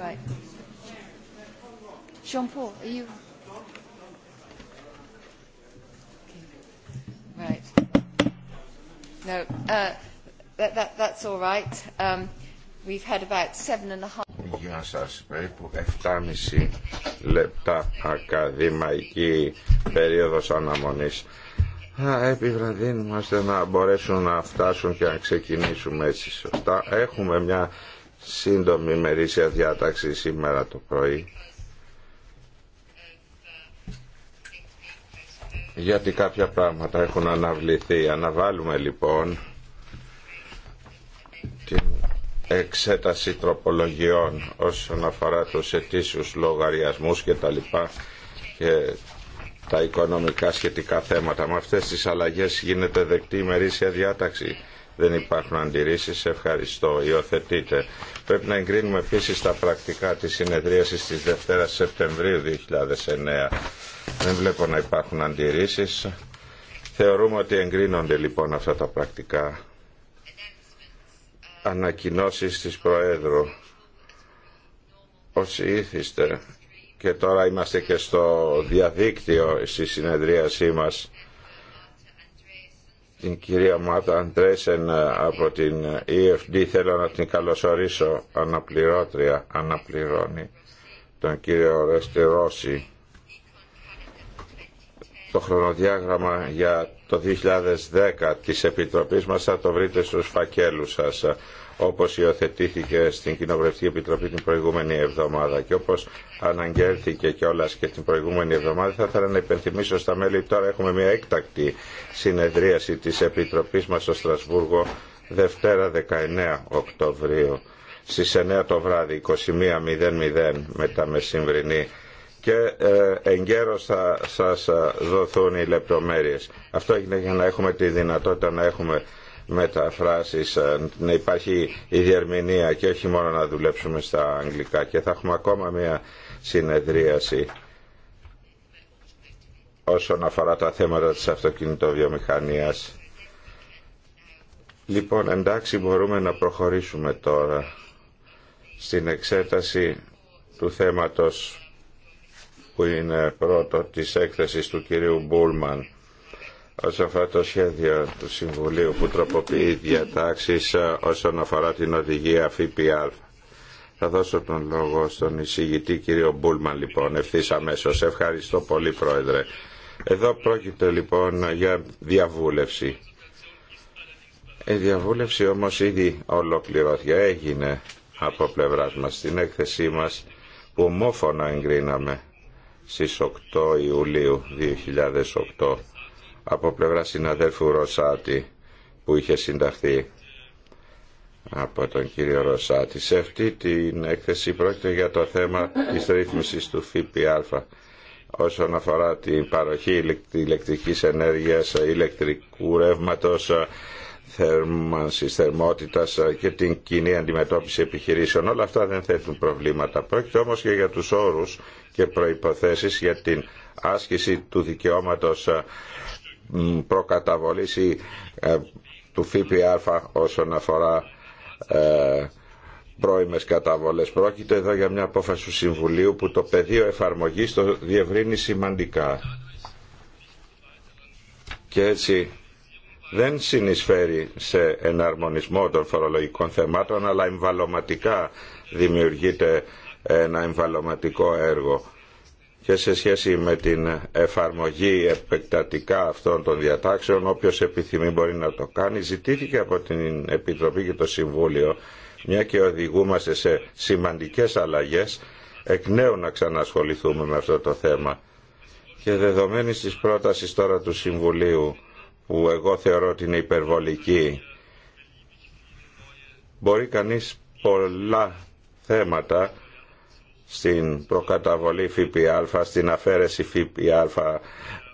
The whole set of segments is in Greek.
Right. Jean-Paul, are you? Right. No, uh, that, that, that's all right. Um, we've had about seven and a half. Γεια σας, περίπου 7,5 λεπτά ακαδημαϊκή περίοδος αναμονής. επιβραδύνουμε ώστε να μπορέσουν να φτάσουν και να ξεκινήσουμε έτσι σωστά. Έχουμε μια σύντομη μερίσια διάταξη σήμερα το πρωί γιατί κάποια πράγματα έχουν αναβληθεί. Αναβάλουμε λοιπόν την εξέταση τροπολογιών όσον αφορά τους ετήσιους λογαριασμούς και τα λοιπά και τα οικονομικά σχετικά θέματα. Με αυτές τις αλλαγές γίνεται δεκτή ημερήσια διάταξη δεν υπάρχουν αντιρρήσει. Ευχαριστώ. Υιοθετείτε. Πρέπει να εγκρίνουμε επίση τα πρακτικά της συνεδρίασης της 2 Σεπτεμβρίου 2009. Δεν βλέπω να υπάρχουν αντιρρήσει. Θεωρούμε ότι εγκρίνονται λοιπόν αυτά τα πρακτικά. Ανακοινώσεις της Προέδρου. Όσοι ήθιστε και τώρα είμαστε και στο διαδίκτυο στη συνεδρίασή μας την κυρία Μάτα Αντρέσεν ε, από την ε, EFD θέλω να την καλωσορίσω αναπληρώτρια, αναπληρώνει τον κύριο Ρέστη Ρώση. Το χρονοδιάγραμμα για το 2010 της Επιτροπής μας θα το βρείτε στους φακέλους σας όπως υιοθετήθηκε στην Κοινοβουλευτική Επιτροπή την προηγούμενη εβδομάδα και όπως αναγγέλθηκε κιόλα και την προηγούμενη εβδομάδα θα ήθελα να υπενθυμίσω στα μέλη τώρα έχουμε μια έκτακτη συνεδρίαση της Επιτροπής μας στο Στρασβούργο Δευτέρα 19 Οκτωβρίου στις 9 το βράδυ 21.00 μετά μεσημβρινή και ε, εγκαίρως θα σας ε, δοθούν οι λεπτομέρειες. Αυτό έγινε για να έχουμε τη δυνατότητα να έχουμε μεταφράσεις, ε, να υπάρχει η διερμηνία και όχι μόνο να δουλέψουμε στα αγγλικά. Και θα έχουμε ακόμα μια συνεδρίαση όσον αφορά τα θέματα της αυτοκινητοβιομηχανίας. Λοιπόν, εντάξει μπορούμε να προχωρήσουμε τώρα στην εξέταση του θέματος που είναι πρώτο της έκθεσης του κυρίου Μπούλμαν όσον αφορά το σχέδιο του Συμβουλίου που τροποποιεί διατάξεις ε, όσον αφορά την οδηγία ΦΠΑ. Θα δώσω τον λόγο στον εισηγητή κύριο Μπούλμαν λοιπόν ευθύς αμέσως. Ευχαριστώ πολύ πρόεδρε. Εδώ πρόκειται λοιπόν για διαβούλευση. Η διαβούλευση όμως ήδη ολοκληρώθηκε, έγινε από πλευράς μας στην έκθεσή μας που ομόφωνα εγκρίναμε στις 8 Ιουλίου 2008 από πλευρά συναδέλφου Ρωσάτη που είχε συνταχθεί από τον κύριο Ρωσάτη. Σε αυτή την έκθεση πρόκειται για το θέμα της ρύθμισης του ΦΠΑ όσον αφορά την παροχή ηλεκτρικής ενέργειας, ηλεκτρικού ρεύματος, θερμανσης, θερμότητας και την κοινή αντιμετώπιση επιχειρήσεων. Όλα αυτά δεν θέτουν προβλήματα. Πρόκειται όμως και για τους όρους και προϋποθέσεις για την άσκηση του δικαιώματος προκαταβολής ή ε, του ΦΠΑ όσον αφορά ε, πρώιμες καταβολές. Πρόκειται εδώ για μια απόφαση του Συμβουλίου που το πεδίο εφαρμογής το διευρύνει σημαντικά. Και έτσι δεν συνεισφέρει σε εναρμονισμό των φορολογικών θεμάτων αλλά εμβαλωματικά δημιουργείται ένα εμβαλωματικό έργο και σε σχέση με την εφαρμογή επεκτατικά αυτών των διατάξεων όποιος επιθυμεί μπορεί να το κάνει ζητήθηκε από την Επιτροπή και το Συμβούλιο μια και οδηγούμαστε σε σημαντικές αλλαγές εκ νέου να ξανασχοληθούμε με αυτό το θέμα και δεδομένη της πρότασης τώρα του Συμβουλίου που εγώ θεωρώ ότι είναι υπερβολική μπορεί κανείς πολλά θέματα στην προκαταβολή ΦΠΑ, στην αφαίρεση ΦΠΑ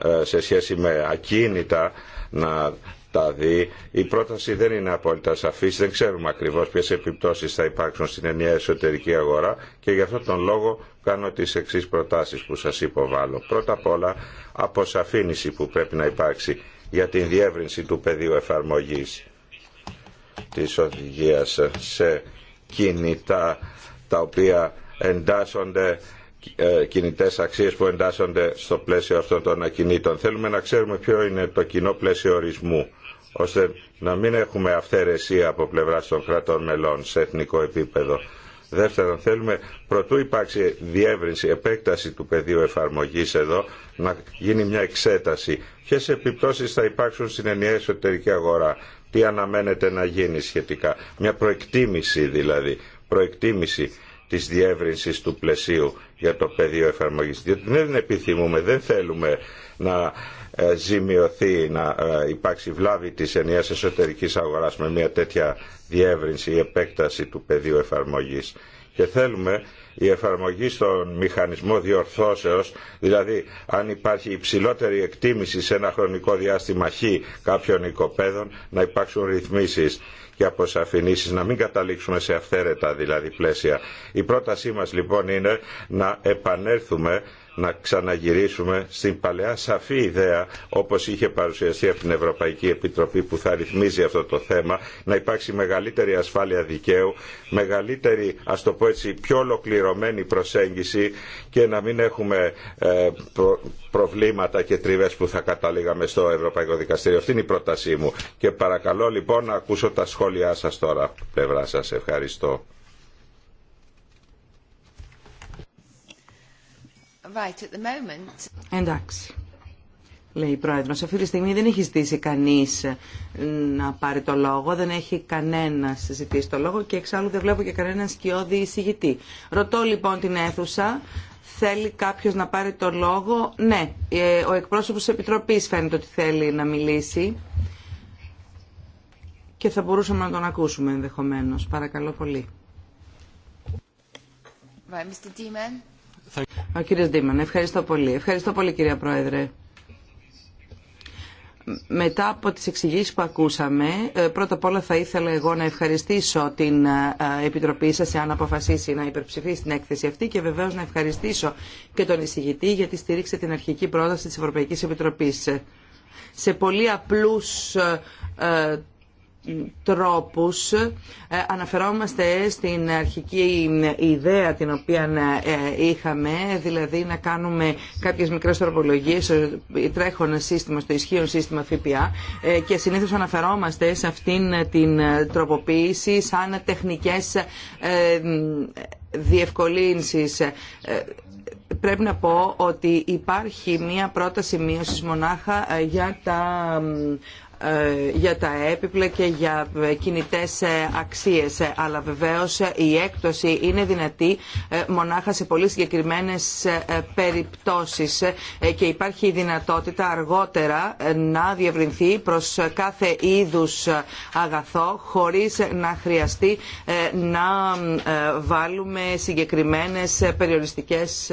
ε, σε σχέση με ακίνητα να τα δει. Η πρόταση δεν είναι απόλυτα σαφής, δεν ξέρουμε ακριβώς ποιες επιπτώσεις θα υπάρξουν στην ενιαία εσωτερική αγορά και γι' αυτόν τον λόγο κάνω τις εξή προτάσεις που σας υποβάλλω. Πρώτα απ' όλα αποσαφήνιση που πρέπει να υπάρξει για την διεύρυνση του πεδίου εφαρμογής της οδηγίας σε κινητά τα οποία εντάσσονται ε, κινητές αξίες που εντάσσονται στο πλαίσιο αυτών των ακινήτων. Θέλουμε να ξέρουμε ποιο είναι το κοινό πλαίσιο ορισμού ώστε να μην έχουμε αυθαιρεσία από πλευρά των κρατών μελών σε εθνικό επίπεδο. Δεύτερον, θέλουμε προτού υπάρξει διεύρυνση, επέκταση του πεδίου εφαρμογή εδώ, να γίνει μια εξέταση. Ποιε επιπτώσει θα υπάρξουν στην ενιαία εσωτερική αγορά, τι αναμένεται να γίνει σχετικά. Μια προεκτίμηση δηλαδή, προεκτίμηση της διεύρυνσης του πλαισίου για το πεδίο εφαρμογής. Διότι δεν επιθυμούμε, δεν θέλουμε να ε, ζημιωθεί, να ε, υπάρξει βλάβη της ενιαίας εσωτερικής αγοράς με μια τέτοια διεύρυνση ή επέκταση του πεδίου εφαρμογής. Και θέλουμε η εφαρμογή στον μηχανισμό διορθώσεως, δηλαδή αν υπάρχει υψηλότερη εκτίμηση σε ένα χρονικό διάστημα χ κάποιων οικοπαίδων, να υπάρξουν ρυθμίσεις και αποσαφηνήσεις, να μην καταλήξουμε σε αυθαίρετα δηλαδή πλαίσια. Η πρότασή μας λοιπόν είναι να επανέλθουμε να ξαναγυρίσουμε στην παλαιά σαφή ιδέα όπως είχε παρουσιαστεί από την Ευρωπαϊκή Επιτροπή που θα ρυθμίζει αυτό το θέμα να υπάρξει μεγαλύτερη ασφάλεια δικαίου, μεγαλύτερη ας το πω έτσι πιο ολοκληρωμένη προσέγγιση και να μην έχουμε ε, προβλήματα και τρίβες που θα καταλήγαμε στο Ευρωπαϊκό Δικαστήριο. Αυτή είναι η πρότασή μου και παρακαλώ λοιπόν να ακούσω τα σχόλιά σας τώρα πλευρά σας. Ευχαριστώ. Εντάξει. Λέει η Σε αυτή τη στιγμή δεν έχει ζητήσει κανεί ε, να πάρει το λόγο, δεν έχει κανένα ζητήσει το λόγο και εξάλλου δεν βλέπω και κανέναν σκιώδη εισηγητή. Ρωτώ λοιπόν την αίθουσα, θέλει κάποιο να πάρει το λόγο. Ναι, ε, ο εκπρόσωπο τη Επιτροπής φαίνεται ότι θέλει να μιλήσει και θα μπορούσαμε να τον ακούσουμε ενδεχομένω. Παρακαλώ πολύ. Ο κύριος ευχαριστώ πολύ. Ευχαριστώ πολύ κυρία Πρόεδρε. Μετά από τις εξηγήσεις που ακούσαμε, ε, πρώτα απ' όλα θα ήθελα εγώ να ευχαριστήσω την ε, Επιτροπή σας αν αποφασίσει να υπερψηφίσει την έκθεση αυτή και βεβαίως να ευχαριστήσω και τον εισηγητή γιατί στήριξε την αρχική πρόταση της Ευρωπαϊκής Επιτροπής. Σε πολύ απλούς ε, τρόπους ε, αναφερόμαστε στην αρχική ιδέα την οποία ε, είχαμε, δηλαδή να κάνουμε κάποιες μικρές τροπολογίες ε, τρέχον σύστημα, στο ισχύον σύστημα ΦΠΑ και συνήθως αναφερόμαστε σε αυτήν την τροποποίηση σαν τεχνικές διευκολύνσεις πρέπει να πω ότι υπάρχει μία πρόταση μείωσης μονάχα για τα ε, για τα έπιπλα και για ε, κινητές ε, αξίες. Αλλά βεβαίως η έκπτωση είναι δυνατή μονάχα σε πολύ συγκεκριμένες περιπτώσεις και υπάρχει η δυνατότητα αργότερα να διευρυνθεί προς κάθε είδους αγαθό χωρίς να χρειαστεί να βάλουμε συγκεκριμένες περιοριστικές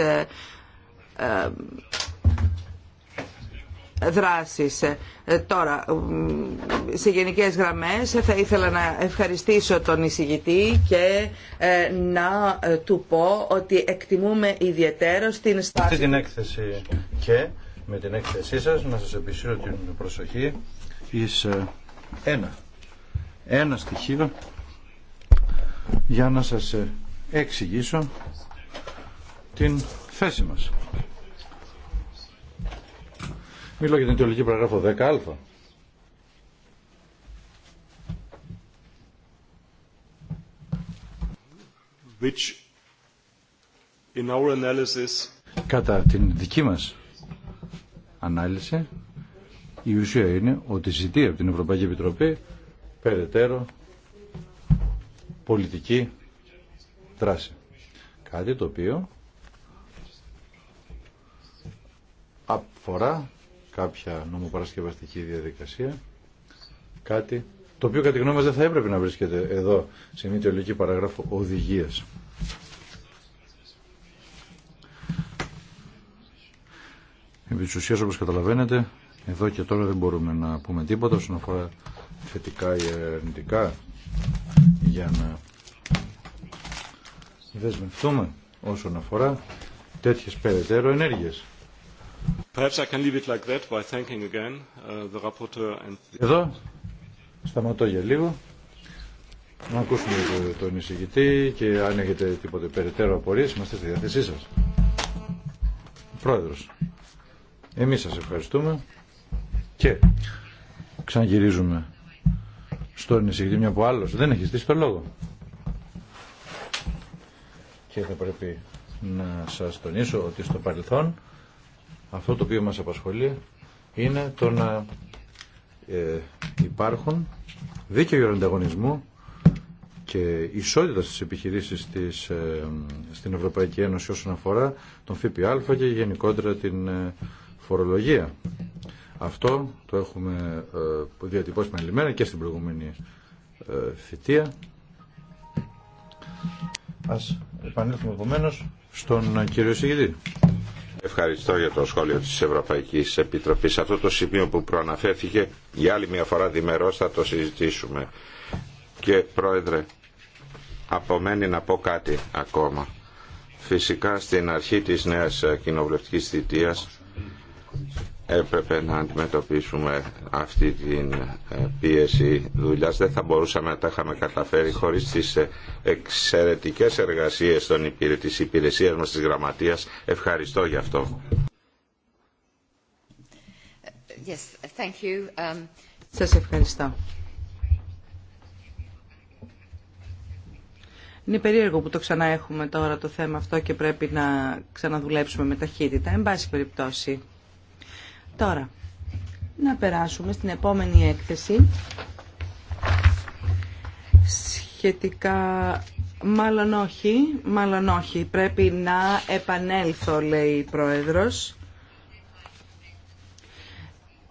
δράσεις. Ε, τώρα, σε γενικές γραμμές θα ήθελα να ευχαριστήσω τον εισηγητή και ε, να ε, του πω ότι εκτιμούμε ιδιαίτερο την στάση... Αυτή την έκθεση και με την έκθεσή σας να σας επισύρω την προσοχή εις ένα. Ένα στοιχείο για να σας εξηγήσω την θέση μας. Μιλώ για την αιτιολογικη παραγραφω παραγράφο 10α. Which in our analysis... Κατά την δική μας ανάλυση η ουσία είναι ότι ζητεί από την Ευρωπαϊκή Επιτροπή περαιτέρω πολιτική δράση. Κάτι το οποίο αφορά κάποια νομοπαρασκευαστική διαδικασία, κάτι το οποίο κατά τη γνώμη μας δεν θα έπρεπε να βρίσκεται εδώ σε μια τελική παράγραφο οδηγίας. Επί της ουσίας, όπως καταλαβαίνετε, εδώ και τώρα δεν μπορούμε να πούμε τίποτα όσον αφορά θετικά ή αρνητικά για να δεσμευτούμε όσον αφορά τέτοιες περαιτέρω ενέργειες. Εδώ σταματώ για λίγο. Να ακούσουμε τον εισηγητή και αν έχετε τίποτε περαιτέρω απορίες είμαστε στη διάθεσή σας. Πρόεδρος, εμείς σας ευχαριστούμε και ξαναγυρίζουμε στον εισηγητή μια που άλλος δεν έχει στήσει το λόγο. Και θα πρέπει να σας τονίσω ότι στο παρελθόν αυτό το οποίο μας απασχολεί είναι το να ε, υπάρχουν δίκαιο ανταγωνισμού και ισότητα στις επιχειρήσεις της, ε, στην Ευρωπαϊκή Ένωση όσον αφορά τον ΦΠΑ και γενικότερα την ε, φορολογία. Αυτό το έχουμε ε, διατυπώσει με και στην προηγούμενη ε, θητεία. Ας επανέλθουμε επομένω στον κύριο Σιγητή. Ευχαριστώ για το σχόλιο της Ευρωπαϊκής Επιτροπής. Αυτό το σημείο που προαναφέρθηκε για άλλη μια φορά διμερώς θα το συζητήσουμε. Και Πρόεδρε, απομένει να πω κάτι ακόμα. Φυσικά στην αρχή της νέας κοινοβουλευτικής θητείας έπρεπε να αντιμετωπίσουμε αυτή την ε, πίεση δουλειά. Δεν θα μπορούσαμε να τα είχαμε καταφέρει χωρίς τις ε, εξαιρετικές εργασίες των υπηρεσία της υπηρεσίας μας της Γραμματείας. Ευχαριστώ γι' αυτό. Yes, thank you. Um... Σας ευχαριστώ. Είναι περίεργο που το ξανά έχουμε τώρα το θέμα αυτό και πρέπει να ξαναδουλέψουμε με ταχύτητα. Εν πάση περιπτώσει. Τώρα, να περάσουμε στην επόμενη έκθεση σχετικά Μάλλον όχι, μάλλον όχι. Πρέπει να επανέλθω, λέει η Πρόεδρος.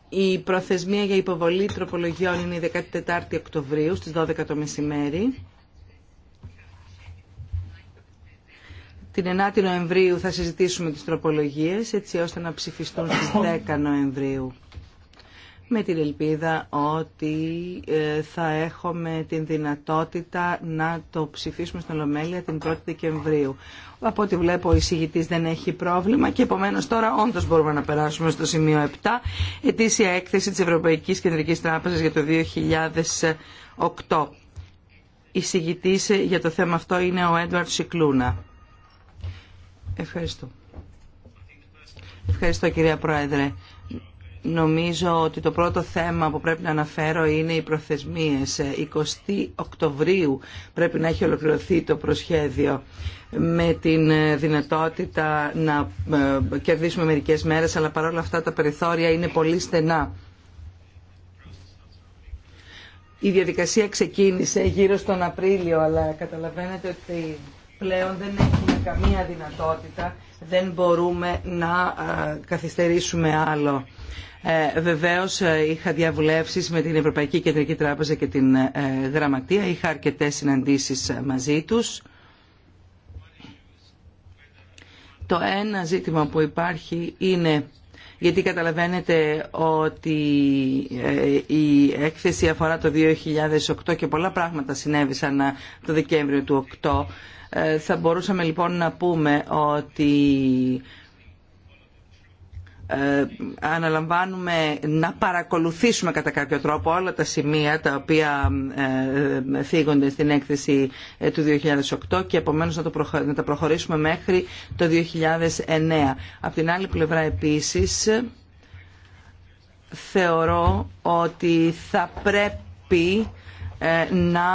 Η προθεσμία για υποβολή τροπολογιών είναι η 14η Οκτωβρίου στις 12 το μεσημέρι. Την 9η Νοεμβρίου θα συζητήσουμε τις τροπολογίες έτσι ώστε να ψηφιστούν στις 10 Νοεμβρίου. Με την ελπίδα ότι ε, θα έχουμε την δυνατότητα να το ψηφίσουμε στον Ολομέλεια την 1η Δεκεμβρίου. Από ό,τι βλέπω ο εισηγητής δεν έχει πρόβλημα και επομένως τώρα όντως μπορούμε να περάσουμε στο σημείο 7. Ετήσια έκθεση της Ευρωπαϊκής Κεντρικής Τράπεζας για το 2008. Η Εισηγητής ε, για το θέμα αυτό είναι ο Έντουαρτ Σικλούνα. Ευχαριστώ. Ευχαριστώ κυρία Πρόεδρε. Νομίζω ότι το πρώτο θέμα που πρέπει να αναφέρω είναι οι προθεσμίες. 20 Οκτωβρίου πρέπει να έχει ολοκληρωθεί το προσχέδιο με την δυνατότητα να ε, κερδίσουμε μερικές μέρες, αλλά παρόλα αυτά τα περιθώρια είναι πολύ στενά. Η διαδικασία ξεκίνησε γύρω στον Απρίλιο, αλλά καταλαβαίνετε ότι πλέον δεν έχουμε καμία δυνατότητα, δεν μπορούμε να ε, καθυστερήσουμε άλλο. Ε, βεβαίως ε, είχα διαβουλεύσεις με την Ευρωπαϊκή Κεντρική Τράπεζα και την ε, Γραμματεία, είχα αρκετές συναντήσεις μαζί τους. Το ένα ζήτημα που υπάρχει είναι γιατί καταλαβαίνετε ότι η έκθεση αφορά το 2008 και πολλά πράγματα συνέβησαν το Δεκέμβριο του 2008 ε, θα μπορούσαμε λοιπόν να πούμε ότι ε, αναλαμβάνουμε να παρακολουθήσουμε κατά κάποιο τρόπο όλα τα σημεία τα οποία ε, θίγονται στην έκθεση του 2008 και επομένως να, το να τα προχωρήσουμε μέχρι το 2009. Από την άλλη πλευρά επίσης θεωρώ ότι θα πρέπει ε, να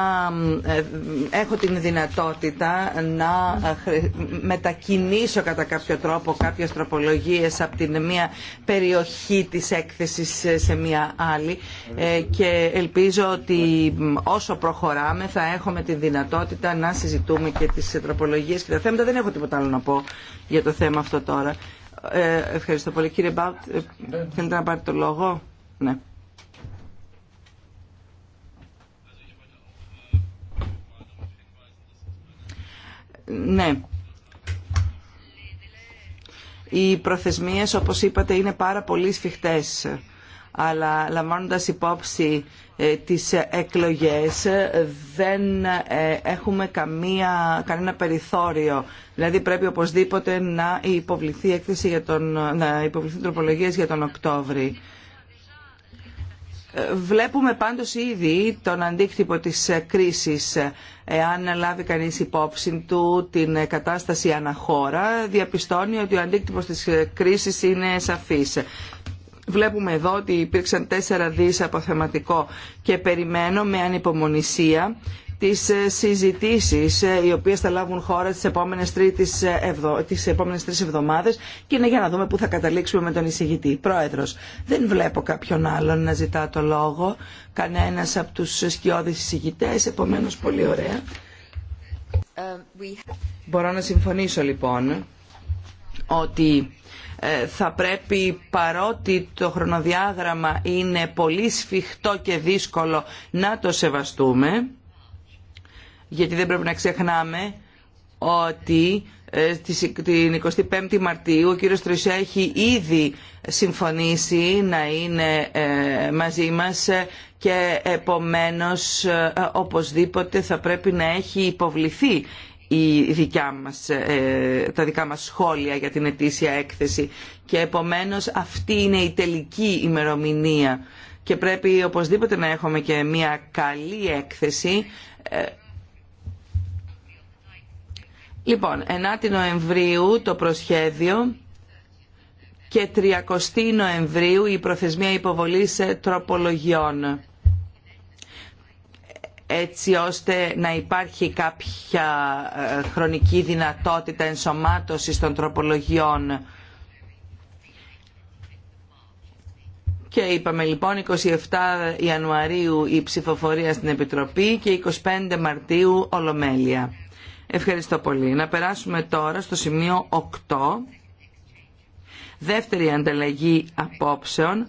ε, έχω την δυνατότητα να ε, μετακινήσω κατά κάποιο τρόπο κάποιες τροπολογίες από την μία περιοχή της έκθεσης σε μία άλλη και ελπίζω ότι όσο προχωράμε θα έχουμε τη δυνατότητα να συζητούμε και τις τροπολογίες και τα θέματα. Δεν έχω τίποτα άλλο να πω για το θέμα αυτό τώρα. ευχαριστώ πολύ. Κύριε Μπάουτ, θέλετε να πάρετε το λόγο. Ναι. ναι. Οι προθεσμίες, όπως είπατε, είναι πάρα πολύ σφιχτές. Αλλά λαμβάνοντας υπόψη ε, τις εκλογές δεν ε, έχουμε καμία, κανένα περιθώριο. Δηλαδή πρέπει οπωσδήποτε να υποβληθεί έκθεση για τον, να για τον Οκτώβρη. Βλέπουμε πάντως ήδη τον αντίκτυπο της κρίσης. Εάν λάβει κανείς υπόψη του την κατάσταση αναχώρα, διαπιστώνει ότι ο αντίκτυπος της κρίσης είναι σαφής. Βλέπουμε εδώ ότι υπήρξαν τέσσερα δις αποθεματικό και περιμένω με ανυπομονησία τις ε, συζητήσεις ε, οι οποίες θα λάβουν χώρα τις επόμενες, τρει τις επόμενες τρεις εβδομάδες και είναι για να δούμε πού θα καταλήξουμε με τον εισηγητή. Πρόεδρος, δεν βλέπω κάποιον άλλον να ζητά το λόγο, κανένας από τους σκιώδεις εισηγητές, επομένως πολύ ωραία. Μπορώ να συμφωνήσω λοιπόν ότι ε, θα πρέπει παρότι το χρονοδιάγραμμα είναι πολύ σφιχτό και δύσκολο να το σεβαστούμε γιατί δεν πρέπει να ξεχνάμε ότι ε, την 25η Μαρτίου ο κύριος Τρισέ έχει ήδη συμφωνήσει να είναι ε, μαζί μας και επομένως ε, οπωσδήποτε θα πρέπει να έχει υποβληθεί η δικιά μας, τα δικά μας σχόλια για την ετήσια έκθεση και επομένως αυτή είναι η τελική ημερομηνία και πρέπει οπωσδήποτε να έχουμε και μια καλή έκθεση Λοιπόν, 9η Νοεμβρίου το προσχέδιο και 30η Νοεμβρίου η προθεσμία υποβολής ε, τροπολογιών έτσι ώστε να υπάρχει κάποια ε, χρονική δυνατότητα ενσωμάτωσης των τροπολογιών. Και είπαμε λοιπόν 27 Ιανουαρίου ψηφοφορία στην Επιτροπή και 25 Μαρτίου Ολομέλεια. Ευχαριστώ πολύ. Να περάσουμε τώρα στο σημείο 8. Δεύτερη ανταλλαγή απόψεων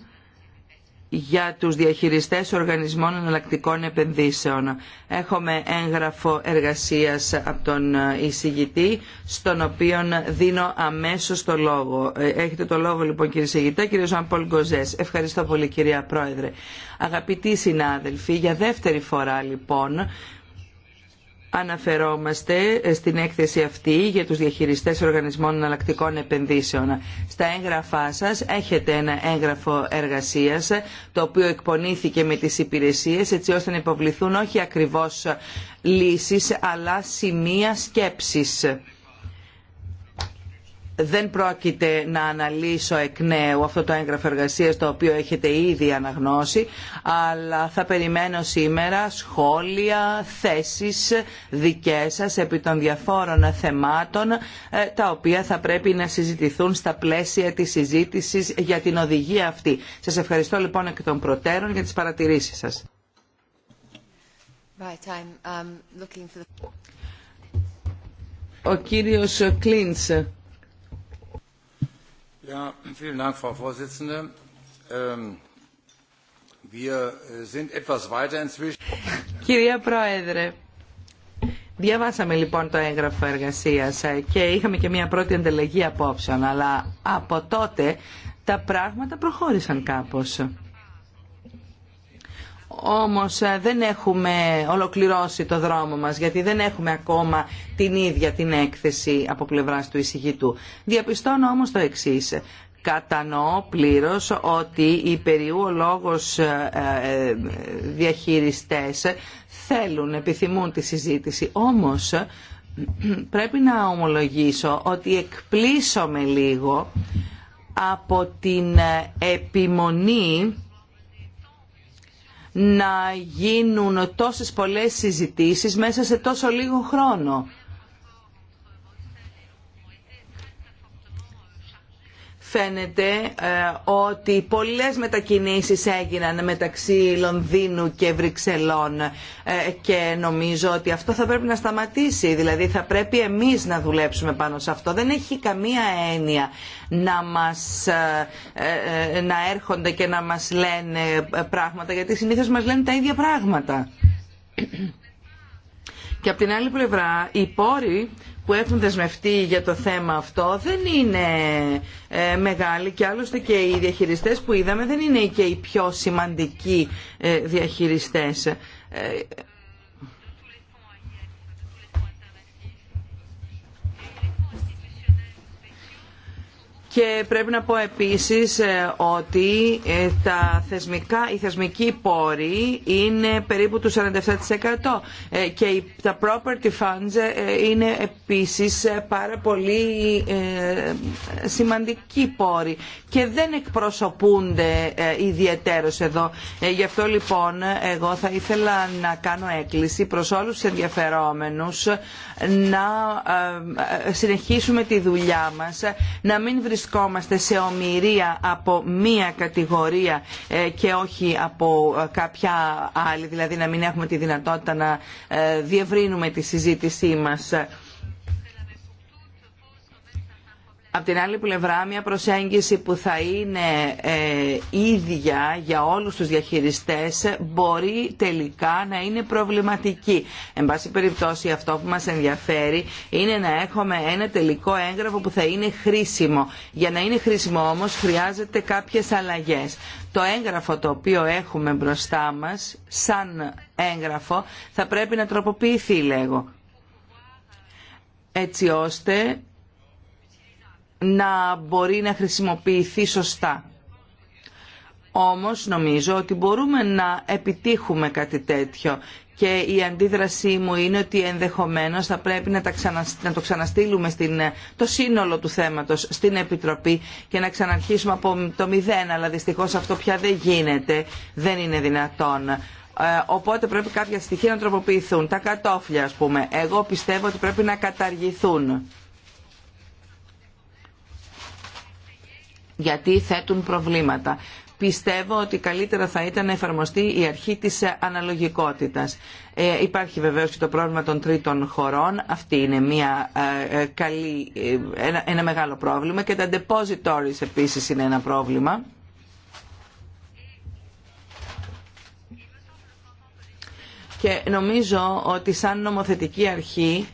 για τους διαχειριστές οργανισμών εναλλακτικών επενδύσεων. Έχουμε έγγραφο εργασίας από τον εισηγητή, στον οποίο δίνω αμέσως το λόγο. Ε, έχετε το λόγο λοιπόν κύριε εισηγητά, κύριε Ζαν Πολ Γκοζές. Ευχαριστώ πολύ κυρία Πρόεδρε. Αγαπητοί συνάδελφοι, για δεύτερη φορά λοιπόν αναφερόμαστε στην έκθεση αυτή για τους διαχειριστές οργανισμών εναλλακτικών επενδύσεων. Στα έγγραφά σας έχετε ένα έγγραφο εργασίας το οποίο εκπονήθηκε με τις υπηρεσίες έτσι ώστε να υποβληθούν όχι ακριβώς λύσεις αλλά σημεία σκέψης δεν πρόκειται να αναλύσω εκ νέου αυτό το έγγραφο εργασίας το οποίο έχετε ήδη αναγνώσει, αλλά θα περιμένω σήμερα σχόλια, θέσεις δικές σας επί των διαφόρων θεμάτων ε, τα οποία θα πρέπει να συζητηθούν στα πλαίσια της συζήτησης για την οδηγία αυτή. Σας ευχαριστώ λοιπόν εκ των προτέρων για τις παρατηρήσεις σας. Um, Ο κύριος Κλίντς Frau Κυρία Πρόεδρε, διαβάσαμε λοιπόν το έγγραφο εργασίας ε, και είχαμε και μια πρώτη ανταλλαγή απόψεων, αλλά από τότε τα πράγματα προχώρησαν κάπως όμως ε, δεν έχουμε ολοκληρώσει το δρόμο μας γιατί δεν έχουμε ακόμα την ίδια την έκθεση από πλευράς του εισηγητού. Διαπιστώνω όμως το εξής. Κατανοώ πλήρως ότι οι περιού λόγος ε, ε, διαχειριστές θέλουν, επιθυμούν τη συζήτηση. Όμως πρέπει να ομολογήσω ότι με λίγο από την επιμονή να γίνουν τόσες πολλές συζητήσεις μέσα σε τόσο λίγο χρόνο. φαίνεται ε, ότι πολλές μετακινήσεις έγιναν μεταξύ Λονδίνου και Βρυξελών ε, και νομίζω ότι αυτό θα πρέπει να σταματήσει. Δηλαδή θα πρέπει εμείς να δουλέψουμε πάνω σε αυτό. Δεν έχει καμία έννοια να, μας, ε, να έρχονται και να μας λένε πράγματα γιατί συνήθως μας λένε τα ίδια πράγματα. Και από την άλλη πλευρά οι πόροι που έχουν δεσμευτεί για το θέμα αυτό δεν είναι ε, μεγάλοι και άλλωστε και οι διαχειριστές που είδαμε δεν είναι και οι πιο σημαντικοί ε, διαχειριστές ε, Και πρέπει να πω επίσης ε, ότι ε, τα θεσμικά, οι θεσμικοί πόροι είναι περίπου του 47% ε, και τα property funds είναι επίσης πάρα πολύ σημαντικοί πόροι και δεν εκπροσωπούνται ιδιαίτερως εδώ. Γι' αυτό λοιπόν εγώ θα ήθελα να κάνω έκκληση προς όλους τους ενδιαφερόμενους να συνεχίσουμε τη δουλειά μας, να μην βρισκόμαστε βρισκόμαστε σε ομοιρία από μία κατηγορία ε, και όχι από ε, κάποια άλλη, δηλαδή να μην έχουμε τη δυνατότητα να ε, διευρύνουμε τη συζήτησή μας. από την άλλη πλευρά μια προσέγγιση που θα είναι ε, ίδια για όλους τους διαχειριστές μπορεί τελικά να είναι προβληματική. Εν πάση περιπτώσει αυτό που μας ενδιαφέρει είναι να έχουμε ένα τελικό έγγραφο που θα είναι χρήσιμο. Για να είναι χρήσιμο όμως χρειάζεται κάποιες αλλαγές. Το έγγραφο το οποίο έχουμε μπροστά μας σαν έγγραφο θα πρέπει να τροποποιηθεί λέγω έτσι ώστε να μπορεί να χρησιμοποιηθεί σωστά. Όμως νομίζω ότι μπορούμε να επιτύχουμε κάτι τέτοιο και η αντίδρασή μου είναι ότι ενδεχομένως θα πρέπει να, το ξαναστείλουμε στην, το σύνολο του θέματος στην Επιτροπή και να ξαναρχίσουμε από το μηδέν, αλλά δυστυχώς αυτό πια δεν γίνεται, δεν είναι δυνατόν. Ε, οπότε πρέπει κάποια στοιχεία να τροποποιηθούν. Τα κατόφλια, ας πούμε. Εγώ πιστεύω ότι πρέπει να καταργηθούν. γιατί θέτουν προβλήματα. Πιστεύω ότι καλύτερα θα ήταν να εφαρμοστεί η αρχή της αναλογικότητας. Ε, υπάρχει βεβαίως και το πρόβλημα των τρίτων χωρών. Αυτή είναι μια, ε, ε, καλή, ε, ένα, ένα μεγάλο πρόβλημα και τα depositories επίσης είναι ένα πρόβλημα. Και νομίζω ότι σαν νομοθετική αρχή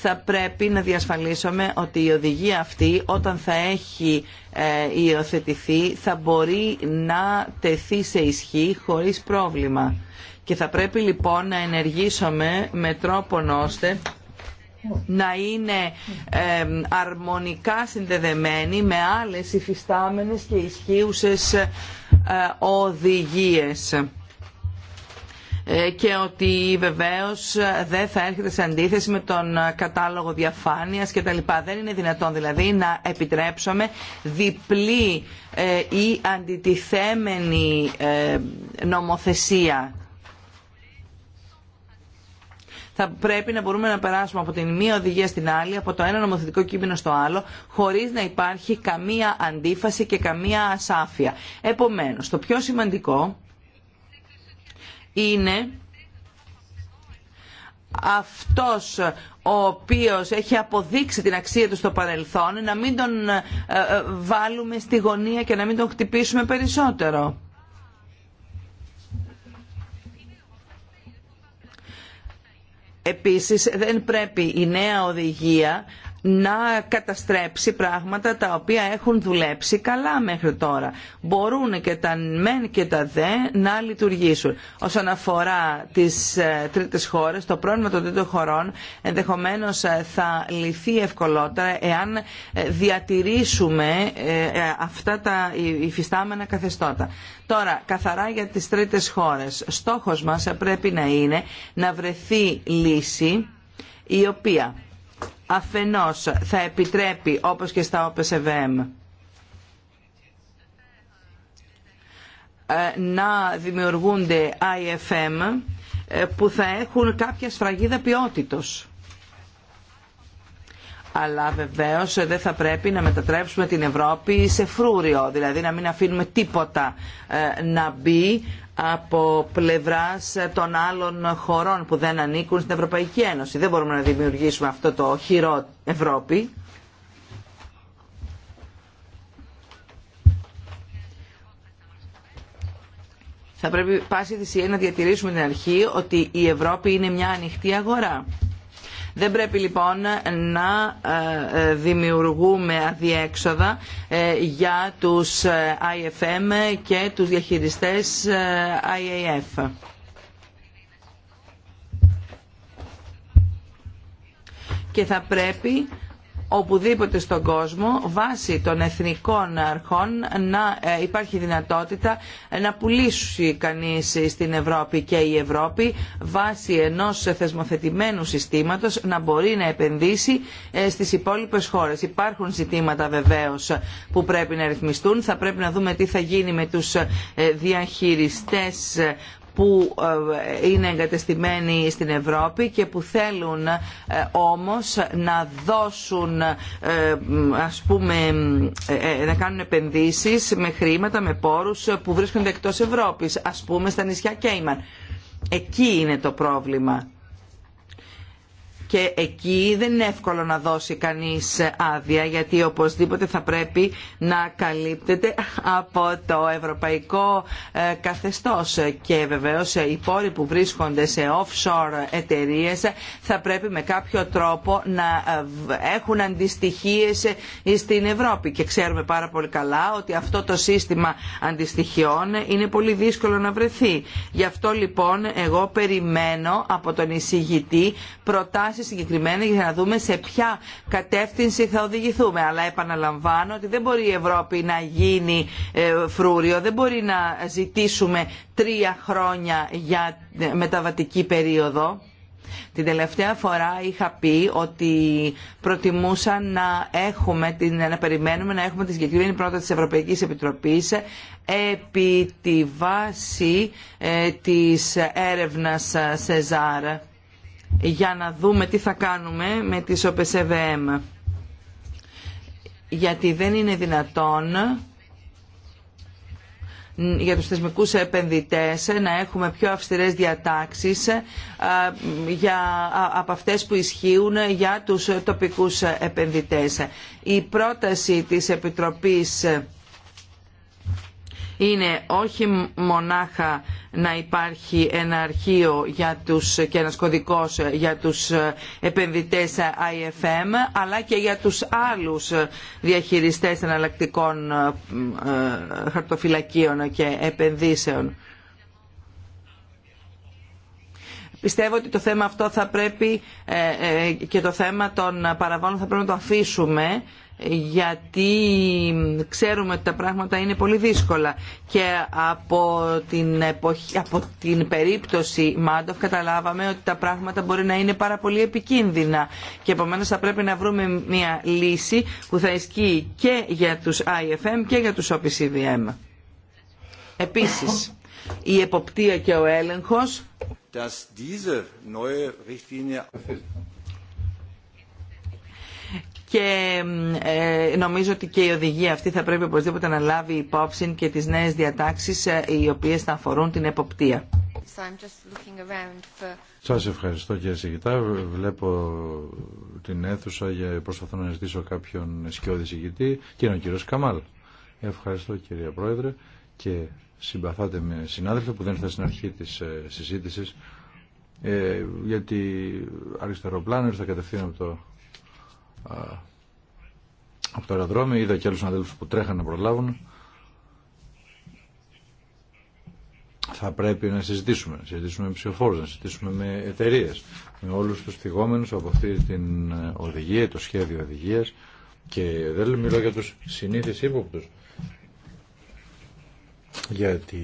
θα πρέπει να διασφαλίσουμε ότι η οδηγία αυτή όταν θα έχει ε, υιοθετηθεί θα μπορεί να τεθεί σε ισχύ χωρίς πρόβλημα. Και θα πρέπει λοιπόν να ενεργήσουμε με τρόπο ώστε να είναι ε, αρμονικά συνδεδεμένοι με άλλες υφιστάμενες και ισχύουσες ε, οδηγίες. Ε, και ότι βεβαίως ε, δεν θα έρχεται σε αντίθεση με τον ε, κατάλογο διαφάνειας κτλ. λοιπά. Δεν είναι δυνατόν δηλαδή να επιτρέψουμε διπλή ή αντιτιθέμενη νομοθεσία θα πρέπει να μπορούμε να περάσουμε από την μία οδηγία στην άλλη, από το ένα νομοθετικό κείμενο στο άλλο, χωρί να υπάρχει καμία αντίφαση και καμία ασάφεια. Επομένω, το πιο σημαντικό είναι αυτός ο οποίος έχει αποδείξει την αξία του στο παρελθόν να μην τον ε, ε, βάλουμε στη γωνία και να μην τον χτυπήσουμε περισσότερο. Επίσης δεν πρέπει η νέα οδηγία να καταστρέψει πράγματα τα οποία έχουν δουλέψει καλά μέχρι τώρα. Μπορούν και τα μεν και τα δε να λειτουργήσουν. Όσον αφορά τις ε, τρίτες χώρες, το πρόβλημα των τρίτων χωρών ενδεχομένως ε, θα λυθεί ευκολότερα εάν ε, διατηρήσουμε αυτά τα υφιστάμενα καθεστώτα. Τώρα, καθαρά για τις τρίτες χώρες. Στόχος μας πρέπει να είναι να βρεθεί λύση η οποία αφενός θα επιτρέπει όπως και στα OPSVM ε, να δημιουργούνται IFM ε, που θα έχουν κάποια σφραγίδα ποιότητος. Αλλά βεβαίως ε, δεν θα πρέπει να μετατρέψουμε την Ευρώπη σε φρούριο, δηλαδή να μην αφήνουμε τίποτα να μπει από πλευράς των άλλων χωρών που δεν ανήκουν στην Ευρωπαϊκή Ένωση. Δεν μπορούμε να δημιουργήσουμε αυτό το χειρό Ευρώπη. Θα πρέπει πάση θυσία να διατηρήσουμε την αρχή ότι η Ευρώπη είναι μια ανοιχτή αγορά. Δεν πρέπει λοιπόν να ε, ε, δημιουργούμε αδιέξοδα ε, για τους IFM και τους διαχειριστές IAF. Και θα πρέπει οπουδήποτε στον κόσμο βάσει των εθνικών αρχών να ε, υπάρχει δυνατότητα να πουλήσει κανείς στην Ευρώπη και η Ευρώπη βάσει ενός θεσμοθετημένου συστήματος να μπορεί να επενδύσει ε, στις υπόλοιπες χώρες. Υπάρχουν ζητήματα βεβαίως που πρέπει να ρυθμιστούν. Θα πρέπει να δούμε τι θα γίνει με τους ε, διαχειριστές που ε, είναι εγκατεστημένοι στην Ευρώπη και που θέλουν ε, όμως να δώσουν ε, ας πούμε να κάνουν επενδύσεις με χρήματα, με πόρους που βρίσκονται εκτός Ευρώπης ας πούμε στα νησιά Κέιμαν. Εκεί είναι το πρόβλημα και εκεί δεν είναι εύκολο να δώσει κανείς άδεια γιατί οπωσδήποτε θα πρέπει να καλύπτεται από το ευρωπαϊκό ε, καθεστώς και βεβαίως ε, οι πόροι που βρίσκονται σε offshore εταιρείες θα πρέπει με κάποιο τρόπο να ε, έχουν αντιστοιχίες στην Ευρώπη και ξέρουμε πάρα πολύ καλά ότι αυτό το σύστημα αντιστοιχιών είναι πολύ δύσκολο να βρεθεί. Γι' αυτό λοιπόν εγώ περιμένω από τον εισηγητή προτάσεις συγκεκριμένα συγκεκριμένη για να δούμε σε ποια κατεύθυνση θα οδηγηθούμε. Αλλά επαναλαμβάνω ότι δεν μπορεί η Ευρώπη να γίνει ε, φρούριο, δεν μπορεί να ζητήσουμε τρία χρόνια για ε, μεταβατική περίοδο. Την τελευταία φορά είχα πει ότι προτιμούσα να, έχουμε, να περιμένουμε να έχουμε τη συγκεκριμένη πρόταση της Ευρωπαϊκής Επιτροπής επί τη βάση ε, της έρευνας Σεζάρ για να δούμε τι θα κάνουμε με τις ΟΠΕΣΕΒΕΜ. Γιατί δεν είναι δυνατόν για τους θεσμικούς επενδυτές να έχουμε πιο αυστηρές διατάξεις ε, για, από αυτές που ισχύουν για τους τοπικούς επενδυτές. Η πρόταση της Επιτροπής είναι όχι μονάχα να υπάρχει ένα αρχείο για τους, και ένας κωδικός για τους ε, επενδυτές IFM αλλά και για τους άλλους διαχειριστές εναλλακτικών ε, ε, χαρτοφυλακίων και επενδύσεων. Πιστεύω ότι το θέμα αυτό θα πρέπει και το θέμα των παραβόλων θα πρέπει να το αφήσουμε γιατί ξέρουμε ότι τα πράγματα είναι πολύ δύσκολα και από την, εποχή, από την περίπτωση Μάντοφ καταλάβαμε ότι τα πράγματα μπορεί να είναι πάρα πολύ επικίνδυνα και επομένως θα πρέπει να βρούμε μια λύση που θα ισχύει και για τους IFM και για τους OPCVM. Επίσης, η εποπτεία και ο έλεγχος και ε, νομίζω ότι και η οδηγία αυτή θα πρέπει οπωσδήποτε να λάβει υπόψη και τις νέες διατάξεις ε, οι οποίες θα αφορούν την εποπτεία. Σας ευχαριστώ κύριε Σιγητά. Βλέπω την αίθουσα για προσπαθώ να ζητήσω κάποιον σκιώδη συγητή και ο κύριος Καμάλ. Ευχαριστώ κύριε Πρόεδρε και συμπαθάτε με συνάδελφο που δεν ήρθα στην αρχή της ε, συζήτησης ε, γιατί πλάνο ήρθα κατευθείαν από το από το αεροδρόμιο, είδα και άλλους αδέλφους που τρέχαν να προλάβουν. Θα πρέπει να συζητήσουμε, να συζητήσουμε με ψηφοφόρους, να συζητήσουμε με εταιρείε, με όλους τους θυγόμενους από αυτή την οδηγία, το σχέδιο οδηγίας και δεν μιλώ για τους συνήθεις ύποπτους. Γιατί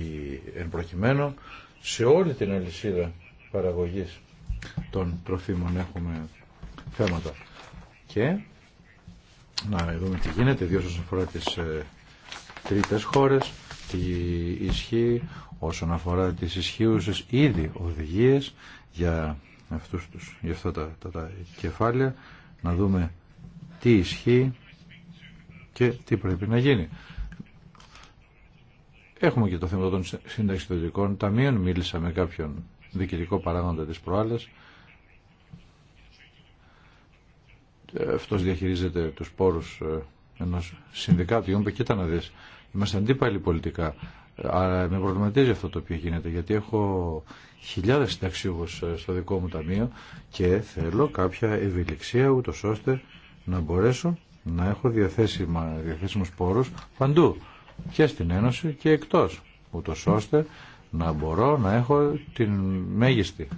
εν προκειμένου σε όλη την αλυσίδα παραγωγής των τροφίμων έχουμε θέματα και να δούμε τι γίνεται, ιδίως όσον αφορά τις ε, τρίτες χώρες, τι ισχύει όσον αφορά τις ισχύουσες ήδη οδηγίες για, αυτούς τους, για αυτά τα, τα, τα κεφάλαια, να δούμε τι ισχύει και τι πρέπει να γίνει. Έχουμε και το θέμα των συνταξιδοτικών ταμείων. Μίλησα με κάποιον διοικητικό παράγοντα της προάλλας αυτός διαχειρίζεται τους πόρους ε, ενός συνδικάτου. Μου και κοίτα να δεις, είμαστε αντίπαλοι πολιτικά. Αλλά με προβληματίζει αυτό το οποίο γίνεται, γιατί έχω χιλιάδες συνταξιούχους ε, στο δικό μου ταμείο και θέλω κάποια ευηλιξία ούτως ώστε να μπορέσω να έχω διαθέσιμα, διαθέσιμους πόρους παντού και στην Ένωση και εκτός ούτως ώστε να μπορώ να έχω την μέγιστη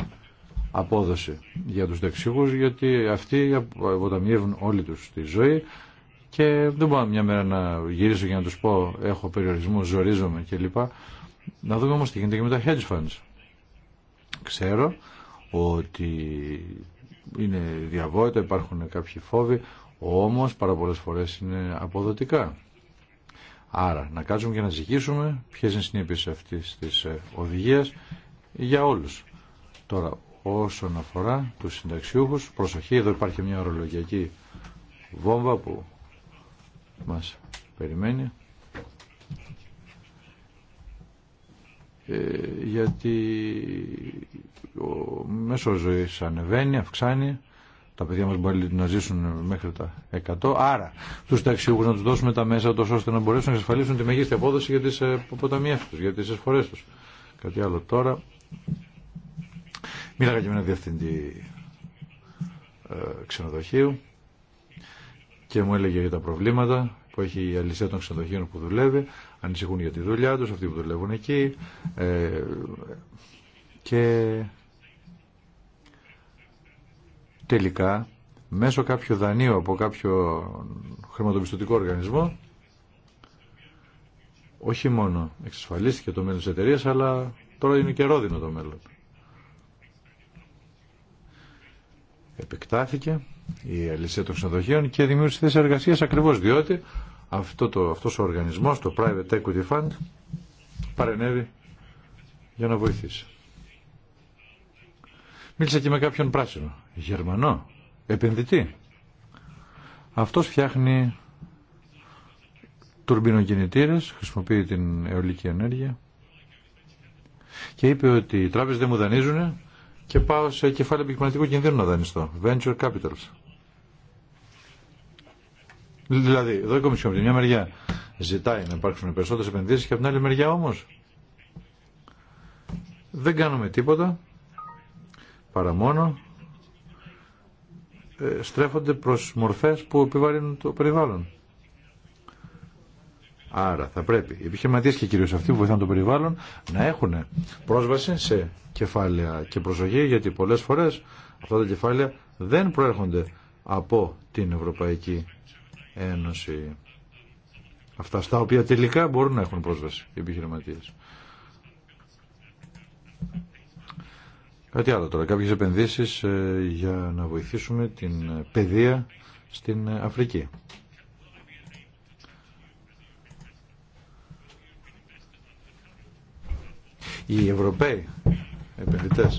απόδοση για τους δεξιούς γιατί αυτοί αποταμιεύουν όλη τους τη ζωή και δεν μπορώ μια μέρα να γυρίσω για να τους πω έχω περιορισμού, ζορίζομαι κλπ. Να δούμε όμως τι γίνεται και με τα hedge funds. Ξέρω ότι είναι διαβόητα, υπάρχουν κάποιοι φόβοι, όμως πάρα πολλές φορές είναι αποδοτικά. Άρα να κάτσουμε και να ζυγίσουμε ποιες είναι οι συνέπειες αυτής της ε, οδηγίας για όλους. Τώρα, όσον αφορά τους συνταξιούχους. Προσοχή, εδώ υπάρχει μια ορολογιακή βόμβα που μας περιμένει. Ε, γιατί ο μέσο ζωής ανεβαίνει, αυξάνει, τα παιδιά μας μπορεί να ζήσουν μέχρι τα 100, άρα τους ταξιούχους να τους δώσουμε τα μέσα τόσο ώστε να μπορέσουν να εξασφαλίσουν τη μεγίστη απόδοση για τις ε, ποταμιές τους, για τις εισφορές τους. Κάτι άλλο τώρα Μίλαγα και με έναν διευθυντή ε, ξενοδοχείου και μου έλεγε για τα προβλήματα που έχει η αλυσία των ξενοδοχείων που δουλεύει, ανησυχούν για τη δουλειά τους, αυτοί που δουλεύουν εκεί ε, και τελικά μέσω κάποιου δανείου από κάποιο χρηματοπιστωτικό οργανισμό όχι μόνο εξασφαλίστηκε το μέλλον της εταιρείας αλλά τώρα είναι και ρόδινο το μέλλον. επεκτάθηκε η αλυσία των ξενοδοχείων και δημιούργησε θέσει εργασία ακριβώ διότι αυτό το, αυτός ο οργανισμό, το Private Equity Fund, παρενέβη για να βοηθήσει. Μίλησα και με κάποιον πράσινο, Γερμανό, επενδυτή. Αυτός φτιάχνει τουρμπινοκινητήρε, χρησιμοποιεί την αιωλική ενέργεια και είπε ότι οι τράπεζε δεν μου δανείζουν και πάω σε κεφάλαιο επιχειρηματικού κινδύνου να δανειστώ. Venture capitals. Δηλαδή, εδώ η Κομισιόν από τη μια μεριά ζητάει να υπάρξουν περισσότερε επενδύσει και από την άλλη μεριά όμω δεν κάνουμε τίποτα παρά μόνο ε, στρέφονται προς μορφές που επιβαρύνουν το περιβάλλον. Άρα θα πρέπει οι επιχειρηματίε και κυρίω αυτοί που βοηθάνε το περιβάλλον να έχουν πρόσβαση σε κεφάλαια και προσοχή γιατί πολλέ φορέ αυτά τα κεφάλαια δεν προέρχονται από την Ευρωπαϊκή Ένωση. Αυτά στα οποία τελικά μπορούν να έχουν πρόσβαση οι επιχειρηματίε. Κάτι άλλο τώρα. Κάποιες επενδύσεις ε, για να βοηθήσουμε την παιδεία στην Αφρική. οι Ευρωπαίοι επενδυτέ,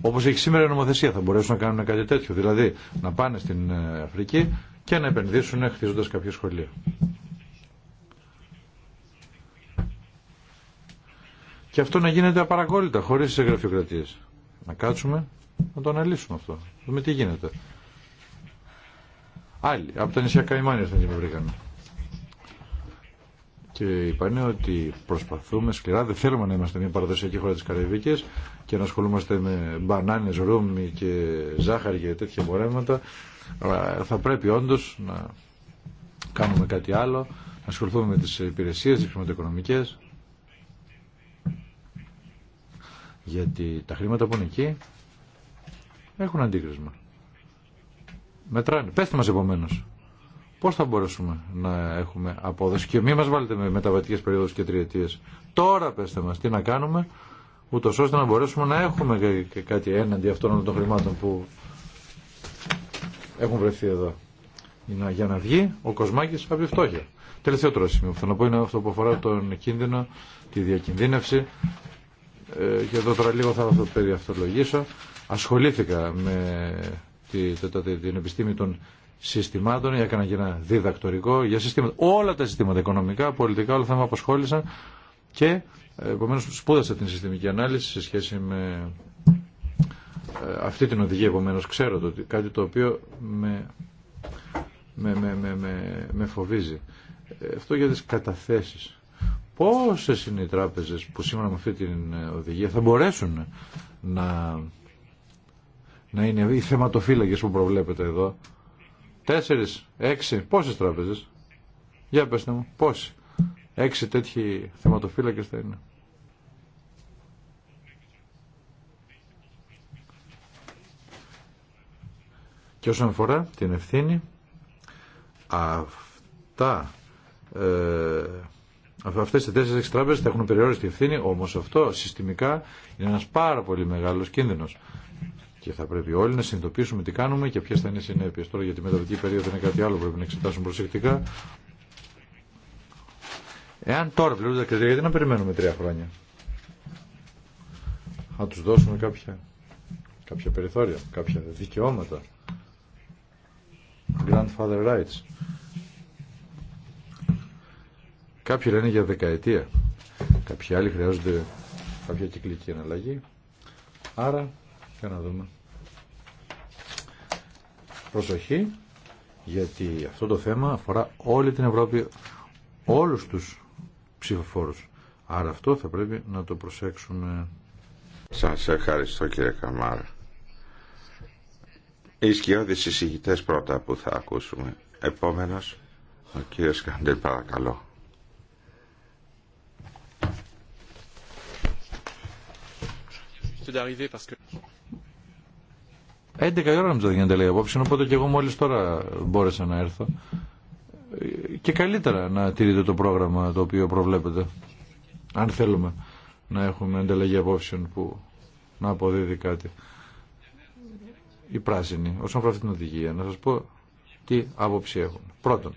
όπως έχει σήμερα η νομοθεσία θα μπορέσουν να κάνουν κάτι τέτοιο δηλαδή να πάνε στην ε, Αφρική και να επενδύσουν χτίζοντα κάποια σχολεία και αυτό να γίνεται απαρακόλλητα χωρίς εγγραφειοκρατίε. να κάτσουμε να το αναλύσουμε αυτό δούμε τι γίνεται άλλοι από τα νησιά Καϊμάνια θα την βρήκαμε και είπανε ότι προσπαθούμε σκληρά, δεν θέλουμε να είμαστε μια παραδοσιακή χώρα της Καραϊβικής και να ασχολούμαστε με μπανάνες, ρούμι και ζάχαρη και τέτοια εμπορεύματα. Θα πρέπει όντως να κάνουμε κάτι άλλο, να ασχοληθούμε με τις υπηρεσίες, τις χρηματοοικονομικές. Γιατί τα χρήματα που είναι εκεί έχουν αντίκρισμα. Μετράνε. Πέστε μας επομένως πώς θα μπορέσουμε να έχουμε απόδοση. Και μη μας βάλετε με μεταβατικές περίοδους και τριετίε. Τώρα πέστε μας τι να κάνουμε, ούτω ώστε να μπορέσουμε να έχουμε και κάτι έναντι αυτών των χρημάτων που έχουν βρεθεί εδώ. Για να βγει ο Κοσμάκης από τη φτώχεια. Τελευταίο τώρα σημείο που θέλω να πω είναι αυτό που αφορά τον κίνδυνο, τη διακινδύνευση. Ε, και εδώ τώρα λίγο θα το περιαυτολογήσω. Ασχολήθηκα με την επιστήμη των συστημάτων, έκανα και ένα διδακτορικό για συστήματα. Όλα τα συστήματα, οικονομικά, πολιτικά, όλα θα με απασχόλησαν και ε, επομένω σπούδασα την συστημική ανάλυση σε σχέση με ε, αυτή την οδηγία. Επομένω, ξέρω το, κάτι το οποίο με, με, με, με, με, φοβίζει. Ε, αυτό για τι καταθέσει. Πόσε είναι οι τράπεζε που σήμερα με αυτή την οδηγία θα μπορέσουν να, να είναι οι θεματοφύλακε που προβλέπετε εδώ Τέσσερις, έξι, πόσες τράπεζες. Για πέστε μου, πόσοι. Έξι τέτοιοι θεματοφύλακες θα είναι. Και όσον αφορά την ευθύνη, αυτά, ε, αυτές οι τέσσερις έξι τράπεζες θα έχουν περιόριστη ευθύνη, όμως αυτό συστημικά είναι ένας πάρα πολύ μεγάλος κίνδυνος. Και θα πρέπει όλοι να συνειδητοποιήσουμε τι κάνουμε και ποιε θα είναι οι συνέπειε. Τώρα για τη μεταδοτική περίοδο είναι κάτι άλλο που πρέπει να εξετάσουμε προσεκτικά. Εάν τώρα βλέπουμε τα κριτήρια, γιατί να περιμένουμε τρία χρόνια. Να του δώσουμε κάποια, κάποια περιθώρια, κάποια δικαιώματα. Grandfather rights. Κάποιοι λένε για δεκαετία. Κάποιοι άλλοι χρειάζονται κάποια κυκλική εναλλαγή. Άρα, για να δούμε προσοχή γιατί αυτό το θέμα αφορά όλη την Ευρώπη, όλους τους ψηφοφόρους. Άρα αυτό θα πρέπει να το προσέξουμε. Σας ευχαριστώ κύριε Καμάρα. Οι σκιώδεις εισηγητές πρώτα που θα ακούσουμε. Επόμενος, ο κύριος Καντήλ παρακαλώ. 11 η ώρα να το δίνετε λέει απόψε, οπότε και εγώ μόλις τώρα μπόρεσα να έρθω. Και καλύτερα να τηρείτε το πρόγραμμα το οποίο προβλέπετε. Αν θέλουμε να έχουμε ανταλλαγή απόψεων που να αποδίδει κάτι. Η πράσινη, όσον αφορά την οδηγία, να σας πω τι άποψη έχουν. Πρώτον,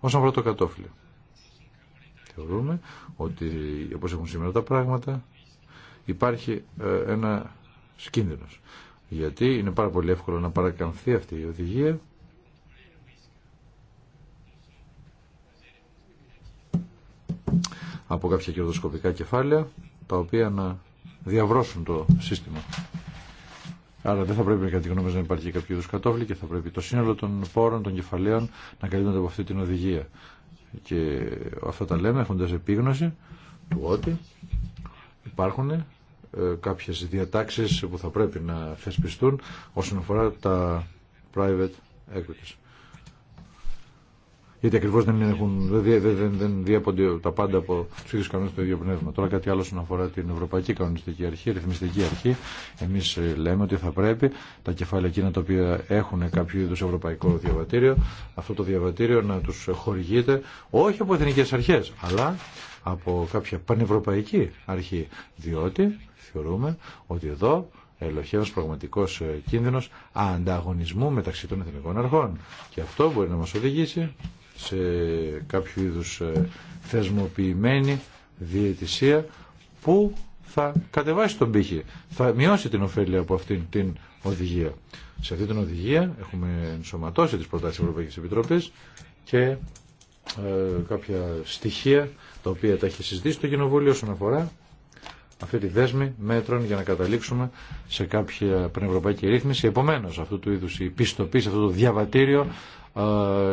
όσον αφορά το κατόφλι. Θεωρούμε ότι όπως έχουν σήμερα τα πράγματα υπάρχει ε, ένα κίνδυνος γιατί είναι πάρα πολύ εύκολο να παρακαμφθεί αυτή η οδηγία από κάποια κερδοσκοπικά κεφάλαια τα οποία να διαβρώσουν το σύστημα. Άρα δεν θα πρέπει κατά τη να υπάρχει κάποιο είδου κατόφλι και θα πρέπει το σύνολο των πόρων, των κεφαλαίων να καλύπτονται από αυτή την οδηγία. Και αυτά τα λέμε έχοντας επίγνωση του ότι υπάρχουν ε, κάποιες διατάξεις που θα πρέπει να θεσπιστούν όσον αφορά τα private equities. Γιατί ακριβώς δεν, έχουν, δεν, δεν, δεν διέπονται τα πάντα από τους ίδιους κανόνες του ίδιο πνεύμα. Τώρα κάτι άλλο όσον αφορά την Ευρωπαϊκή Κανονιστική Αρχή, Ρυθμιστική Αρχή. Εμείς ε, λέμε ότι θα πρέπει τα κεφάλαια εκείνα τα οποία έχουν κάποιο είδους ευρωπαϊκό διαβατήριο, αυτό το διαβατήριο να τους χορηγείται όχι από εθνικές αρχές, αλλά από κάποια πανευρωπαϊκή αρχή. Διότι θεωρούμε ότι εδώ ελοχεύει πραγματικό ε, κίνδυνο ανταγωνισμού μεταξύ των εθνικών αρχών. Και αυτό μπορεί να μα οδηγήσει σε κάποιο είδου ε, θεσμοποιημένη διαιτησία που θα κατεβάσει τον πύχη, θα μειώσει την ωφέλεια από αυτήν την οδηγία. Σε αυτή την οδηγία έχουμε ενσωματώσει τις προτάσεις της Ευρωπαϊκής Επιτροπής και ε, κάποια στοιχεία τα οποία τα έχει συζητήσει το Κοινοβούλιο όσον αφορά αυτή τη δέσμη μέτρων για να καταλήξουμε σε κάποια πανευρωπαϊκή ρύθμιση. Επομένω, αυτού του είδου η πιστοποίηση, αυτό το διαβατήριο ε,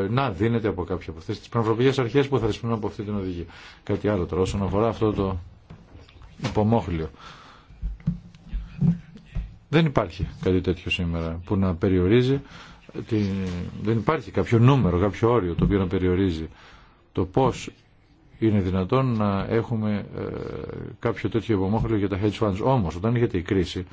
να δίνεται από κάποια από αυτέ τι πνευροπαϊκέ αρχέ που θα δεσμευτούν από αυτή την οδηγία. Κάτι άλλο τώρα όσον αφορά αυτό το υπομόχλιο. Δεν υπάρχει κάτι τέτοιο σήμερα που να περιορίζει. Δεν υπάρχει κάποιο νούμερο, κάποιο όριο το οποίο να περιορίζει το πώς είναι δυνατόν να έχουμε ε, κάποιο τέτοιο υπομόχλιο για τα hedge funds. Όμως, όταν έχετε η κρίση,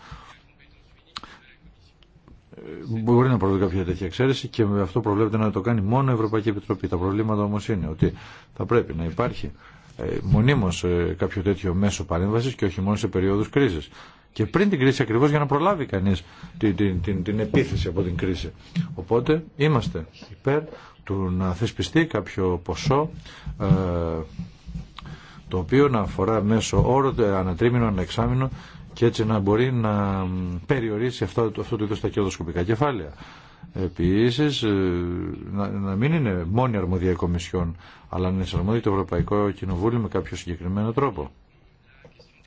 μπορεί να προβλέπει κάποια τέτοια εξαίρεση και με αυτό προβλέπεται να το κάνει μόνο η Ευρωπαϊκή Επιτροπή. Τα προβλήματα όμως είναι ότι θα πρέπει να υπάρχει ε, μονίμως ε, κάποιο τέτοιο μέσο παρέμβασης και όχι μόνο σε περίοδους κρίσης. Και πριν την κρίση ακριβώς για να προλάβει κανείς την, την, την, την επίθεση από την κρίση. Οπότε είμαστε υπέρ του να θεσπιστεί κάποιο ποσό ε, το οποίο να αφορά μέσω όρο ε, ανατρίμηνο, ανεξάμηνο και έτσι να μπορεί να περιορίσει αυτό, αυτό το είδος τα κερδοσκοπικά κεφάλαια. Επίσης, ε, να, να, μην είναι μόνη αρμοδία κομισιών, αλλά να εισαρμόζει το Ευρωπαϊκό Κοινοβούλιο με κάποιο συγκεκριμένο τρόπο.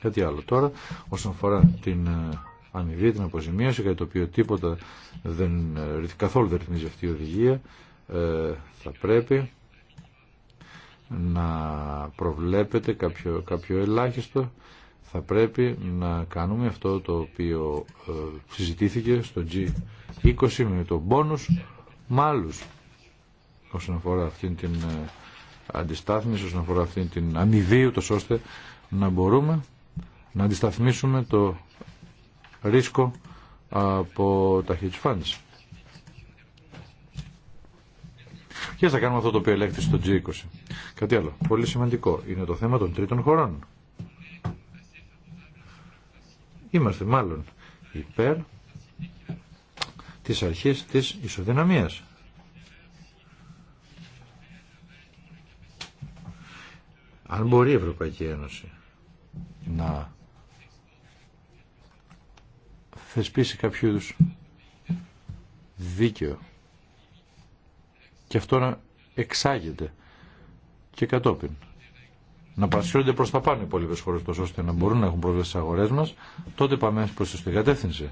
Κάτι άλλο τώρα, όσον αφορά την αμοιβή, την αποζημίωση, για το οποίο τίποτα δεν, καθόλου δεν ρυθμίζει αυτή η οδηγία, ε, θα πρέπει να προβλέπετε κάποιο, κάποιο ελάχιστο θα πρέπει να κάνουμε αυτό το οποίο ε, συζητήθηκε στο G20 με το πόνους μάλους όσον αφορά αυτήν την ε, αντιστάθμιση, όσον αφορά αυτήν την αμοιβή, ούτως ώστε να μπορούμε να αντισταθμίσουμε το ρίσκο από τα hedge funds. Και θα κάνουμε αυτό το οποίο ελέγχθη στο G20. Κάτι άλλο. Πολύ σημαντικό είναι το θέμα των τρίτων χωρών. Είμαστε μάλλον υπέρ της αρχής της ισοδυναμίας. Αν μπορεί η Ευρωπαϊκή Ένωση να θεσπίσει κάποιο δίκαιο και αυτό να εξάγεται και κατόπιν. Να παρασύρονται προ τα πάνω οι υπόλοιπε χώρε τόσο ώστε να μπορούν να έχουν πρόσβαση στι αγορέ μα, τότε πάμε προς τη κατεύθυνση.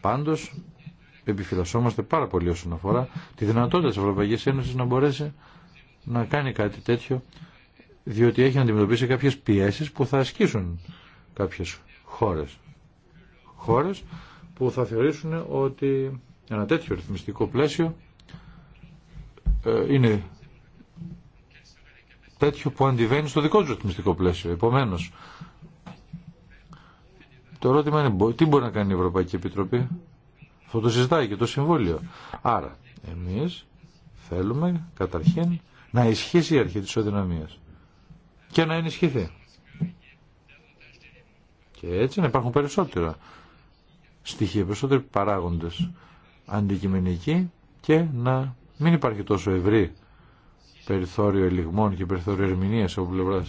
Πάντω, επιφυλασσόμαστε πάρα πολύ όσον αφορά τη δυνατότητα τη Ευρωπαϊκή Ένωση να μπορέσει να κάνει κάτι τέτοιο, διότι έχει να αντιμετωπίσει κάποιε πιέσει που θα ασκήσουν κάποιε χώρε. Χώρε που θα θεωρήσουν ότι ένα τέτοιο ρυθμιστικό πλαίσιο ε, είναι τέτοιο που αντιβαίνει στο δικό του ρυθμιστικό πλαίσιο. Επομένω, το ερώτημα είναι τι μπορεί να κάνει η Ευρωπαϊκή Επιτροπή. Αυτό το συζητάει και το Συμβούλιο. Άρα, εμεί θέλουμε καταρχήν να ισχύσει η αρχή τη οδυναμία και να ενισχυθεί. Και έτσι να υπάρχουν περισσότερα στοιχεία, περισσότεροι παράγοντες αντικειμενική και να μην υπάρχει τόσο ευρύ περιθώριο ελιγμών και περιθώριο ερμηνεία από πλευρά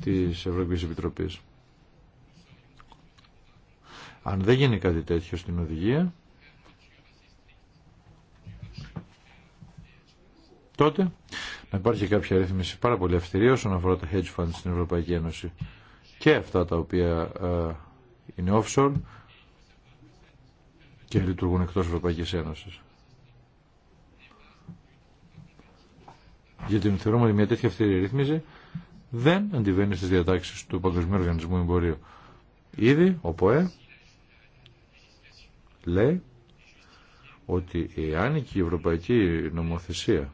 τη Ευρωπαϊκή Επιτροπή. Αν δεν γίνει κάτι τέτοιο στην οδηγία, τότε να υπάρχει κάποια ρύθμιση πάρα πολύ αυστηρή όσον αφορά τα hedge funds στην Ευρωπαϊκή Ένωση και αυτά τα οποία ε, είναι offshore και λειτουργούν εκτός Ευρωπαϊκής Ένωσης. Γιατί θεωρούμε ότι μια τέτοια αυτή ρύθμιση δεν αντιβαίνει στις διατάξεις του Παγκοσμίου Οργανισμού Εμπορίου. Ήδη ο ΠΟΕ λέει ότι εάν και η Ευρωπαϊκή Νομοθεσία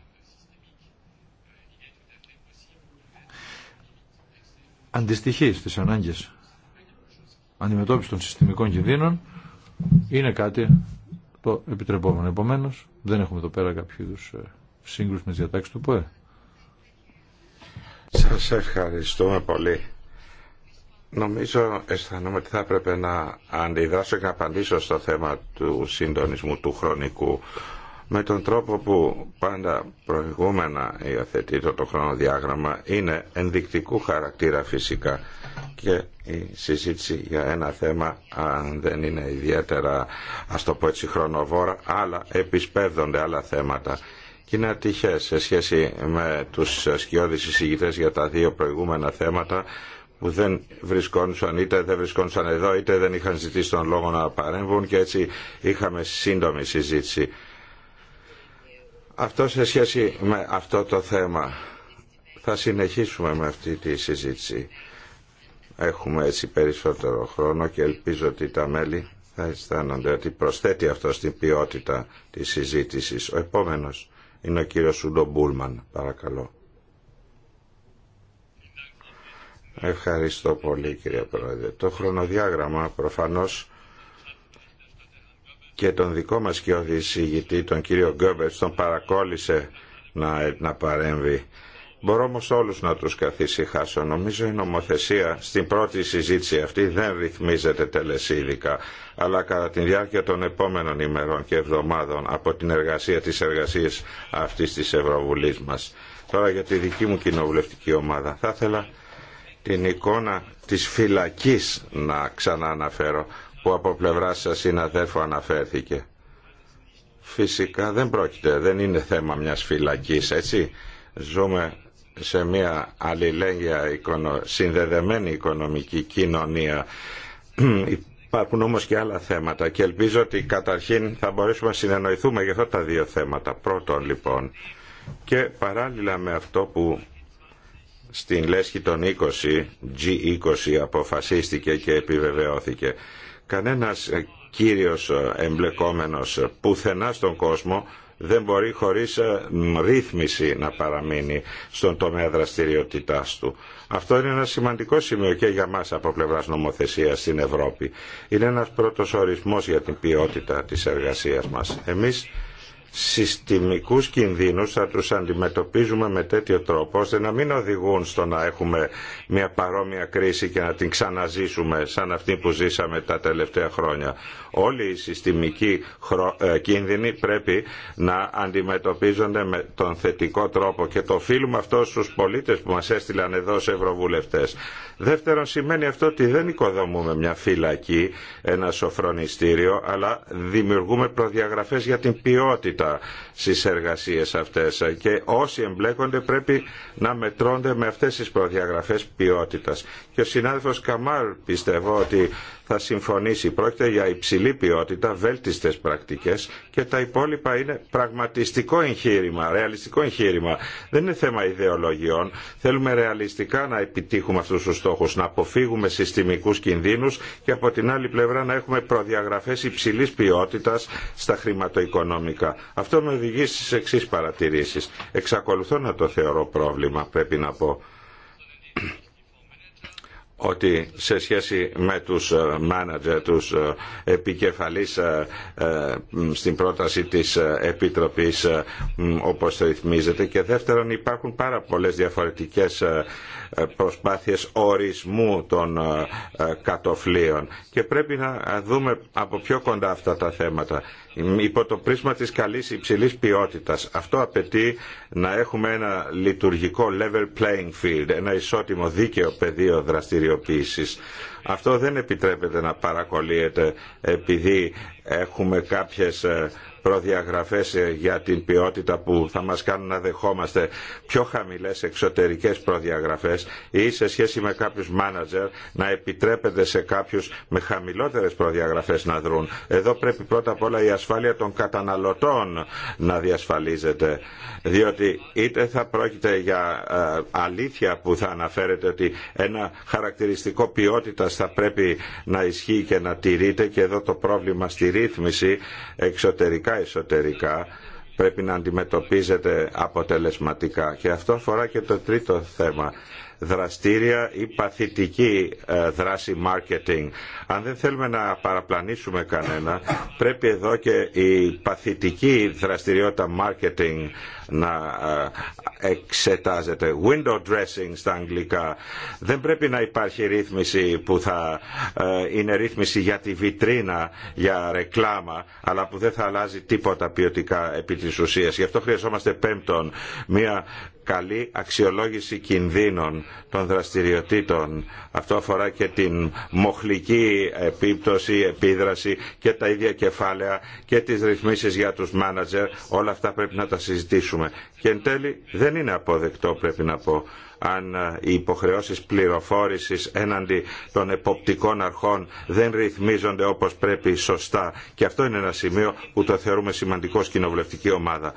αντιστοιχεί στις ανάγκες αντιμετώπιση των συστημικών κινδύνων είναι κάτι το επιτρεπόμενο. Επομένω, δεν έχουμε εδώ πέρα κάποιο είδου ε, σύγκρουση με τι διατάξει του ΠΟΕ. Σας ευχαριστούμε πολύ. Νομίζω αισθανόμαι ότι θα έπρεπε να αντιδράσω και να απαντήσω στο θέμα του συντονισμού του χρονικού με τον τρόπο που πάντα προηγούμενα υιοθετεί το, χρονοδιάγραμμα είναι ενδεικτικού χαρακτήρα φυσικά και η συζήτηση για ένα θέμα αν δεν είναι ιδιαίτερα ας το πω έτσι χρονοβόρα αλλά επισπεύδονται άλλα θέματα και είναι ατυχές σε σχέση με τους σκιώδεις εισηγητές για τα δύο προηγούμενα θέματα που δεν βρισκόντουσαν είτε δεν βρισκόντουσαν εδώ είτε δεν είχαν ζητήσει τον λόγο να παρέμβουν και έτσι είχαμε σύντομη συζήτηση. Αυτό σε σχέση με αυτό το θέμα. Θα συνεχίσουμε με αυτή τη συζήτηση. Έχουμε έτσι περισσότερο χρόνο και ελπίζω ότι τα μέλη θα αισθάνονται ότι προσθέτει αυτό στην ποιότητα της συζήτησης. Ο επόμενος είναι ο κύριος Ούντο Μπούλμαν. Παρακαλώ. Ευχαριστώ πολύ κύριε Πρόεδρε. Το χρονοδιάγραμμα προφανώς και τον δικό μας και τον κύριο Γκόμπετς, τον παρακόλλησε να, να παρέμβει. Μπορώ όμω όλου να του καθησυχάσω. Νομίζω η νομοθεσία στην πρώτη συζήτηση αυτή δεν ρυθμίζεται τελεσίδικα, αλλά κατά τη διάρκεια των επόμενων ημερών και εβδομάδων από την εργασία τη εργασία αυτή τη Ευρωβουλή μα. Τώρα για τη δική μου κοινοβουλευτική ομάδα. Θα ήθελα την εικόνα της φυλακής να ξανααναφέρω που από πλευρά σας συναδέλφου αναφέρθηκε. Φυσικά δεν πρόκειται, δεν είναι θέμα μιας φυλακής, έτσι. Ζούμε σε μια αλληλέγγυα συνδεδεμένη οικονομική κοινωνία. Υπάρχουν όμως και άλλα θέματα και ελπίζω ότι καταρχήν θα μπορέσουμε να συνεννοηθούμε για αυτά τα δύο θέματα. Πρώτον λοιπόν και παράλληλα με αυτό που στην λέσχη των 20, G20 αποφασίστηκε και επιβεβαιώθηκε. Κανένας ε, κύριος ε, εμπλεκόμενος πουθενά στον κόσμο δεν μπορεί χωρίς ε, ρύθμιση να παραμείνει στον τομέα δραστηριότητάς του. Αυτό είναι ένα σημαντικό σημείο και για μας από πλευράς νομοθεσίας στην Ευρώπη. Είναι ένας πρώτος ορισμός για την ποιότητα της εργασίας μας. Εμείς συστημικούς κινδύνους θα τους αντιμετωπίζουμε με τέτοιο τρόπο ώστε να μην οδηγούν στο να έχουμε μια παρόμοια κρίση και να την ξαναζήσουμε σαν αυτή που ζήσαμε τα τελευταία χρόνια. Όλοι οι συστημικοί ε, κίνδυνοι πρέπει να αντιμετωπίζονται με τον θετικό τρόπο και το οφείλουμε αυτό στους πολίτες που μας έστειλαν εδώ σε ευρωβουλευτές. Δεύτερον σημαίνει αυτό ότι δεν οικοδομούμε μια φυλακή, ένα σοφρονιστήριο, αλλά δημιουργούμε προδιαγραφές για την ποιότητα ποιότητα στις εργασίες αυτές και όσοι εμπλέκονται πρέπει να μετρώνται με αυτές τις προδιαγραφές ποιότητας. Και ο συνάδελφος Καμάρ πιστεύω ότι θα συμφωνήσει. Πρόκειται για υψηλή ποιότητα, βέλτιστες πρακτικές και τα υπόλοιπα είναι πραγματιστικό εγχείρημα, ρεαλιστικό εγχείρημα. Δεν είναι θέμα ιδεολογιών. Θέλουμε ρεαλιστικά να επιτύχουμε αυτούς τους στόχους, να αποφύγουμε συστημικούς κινδύνους και από την άλλη πλευρά να έχουμε προδιαγραφές υψηλής ποιότητας στα χρηματοοικονομικά. Αυτό με οδηγεί στις εξής παρατηρήσεις. Εξακολουθώ να το θεωρώ πρόβλημα, πρέπει να πω ότι σε σχέση με τους μάνατζερ, τους ε, επικεφαλείς ε, ε, στην πρόταση της Επιτροπής όπως ρυθμίζεται και δεύτερον υπάρχουν πάρα πολλές διαφορετικές προσπάθειες ορισμού των κατοφλίων και πρέπει να δούμε από πιο κοντά αυτά τα θέματα υπό το πρίσμα της καλής υψηλής ποιότητας. Αυτό απαιτεί να έχουμε ένα λειτουργικό level playing field, ένα ισότιμο δίκαιο πεδίο δραστηριοποίησης. Αυτό δεν επιτρέπεται να παρακολύεται επειδή έχουμε κάποιες ε, προδιαγραφές ε, για την ποιότητα που θα μας κάνουν να δεχόμαστε πιο χαμηλές εξωτερικές προδιαγραφές ή σε σχέση με κάποιους μάνατζερ να επιτρέπεται σε κάποιους με χαμηλότερες προδιαγραφές να δρουν. Εδώ πρέπει πρώτα απ' όλα η ασφάλεια των καταναλωτών να διασφαλίζεται διότι είτε θα πρόκειται για ε, αλήθεια που θα αναφέρεται ότι ένα χαρακτηριστικό ποιότητας θα πρέπει να ισχύει και να τηρείται και εδώ το πρόβλημα στη ρύθμιση εξωτερικά εσωτερικά πρέπει να αντιμετωπίζεται αποτελεσματικά. Και αυτό αφορά και το τρίτο θέμα δραστήρια ή παθητική ε, δράση marketing. Αν δεν θέλουμε να παραπλανήσουμε κανένα, πρέπει εδώ και η παθητική δραστηριότητα marketing να ε, εξετάζεται. Window dressing στα αγγλικά. Δεν πρέπει να υπάρχει ρύθμιση που θα ε, είναι ρύθμιση για τη βιτρίνα, για ρεκλάμα, αλλά που δεν θα αλλάζει τίποτα ποιοτικά επί της ουσίας. Γι' αυτό χρειαζόμαστε πέμπτον μια καλή αξιολόγηση κινδύνων των δραστηριοτήτων. Αυτό αφορά και την μοχλική επίπτωση, επίδραση και τα ίδια κεφάλαια και τις ρυθμίσεις για τους μάνατζερ. Όλα αυτά πρέπει να τα συζητήσουμε. Και εν τέλει δεν είναι αποδεκτό πρέπει να πω αν οι υποχρεώσεις πληροφόρησης έναντι των εποπτικών αρχών δεν ρυθμίζονται όπως πρέπει σωστά. Και αυτό είναι ένα σημείο που το θεωρούμε σημαντικό σκηνοβουλευτική ομάδα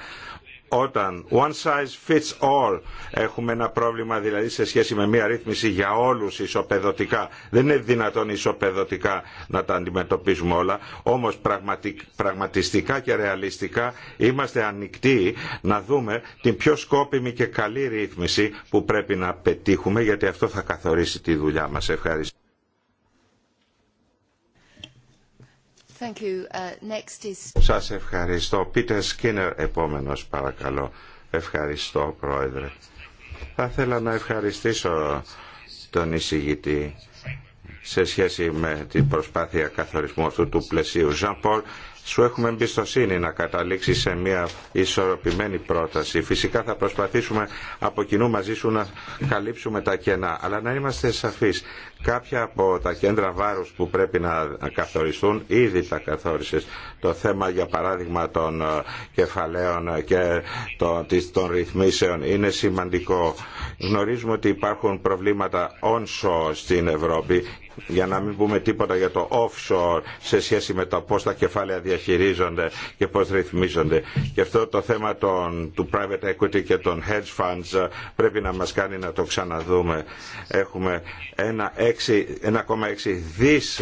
όταν one size fits all έχουμε ένα πρόβλημα δηλαδή σε σχέση με μια ρύθμιση για όλους ισοπεδωτικά δεν είναι δυνατόν ισοπεδωτικά να τα αντιμετωπίζουμε όλα όμως πραγματιστικά και ρεαλιστικά είμαστε ανοιχτοί να δούμε την πιο σκόπιμη και καλή ρύθμιση που πρέπει να πετύχουμε γιατί αυτό θα καθορίσει τη δουλειά μας. Ευχαριστώ. Thank you. Uh, next Σας ευχαριστώ. Πίτερ Σκίνερ επόμενος παρακαλώ. Ευχαριστώ Πρόεδρε. Θα ήθελα να ευχαριστήσω τον εισηγητή σε σχέση με την προσπάθεια καθορισμού αυτού του πλαισίου. Jean σου έχουμε εμπιστοσύνη να καταλήξει σε μια ισορροπημένη πρόταση. Φυσικά θα προσπαθήσουμε από κοινού μαζί σου να καλύψουμε τα κενά, αλλά να είμαστε σαφείς. Κάποια από τα κέντρα βάρους που πρέπει να καθοριστούν ήδη τα καθόρισες. Το θέμα για παράδειγμα των ε, κεφαλαίων και των ρυθμίσεων είναι σημαντικό. Γνωρίζουμε ότι υπάρχουν προβλήματα onshore στην Ευρώπη για να μην πούμε τίποτα για το offshore σε σχέση με το πώς τα κεφάλαια διαχειρίζονται και πώς ρυθμίζονται. Και αυτό το θέμα των, του private equity και των hedge funds πρέπει να μας κάνει να το ξαναδούμε. Έχουμε 1,6 δις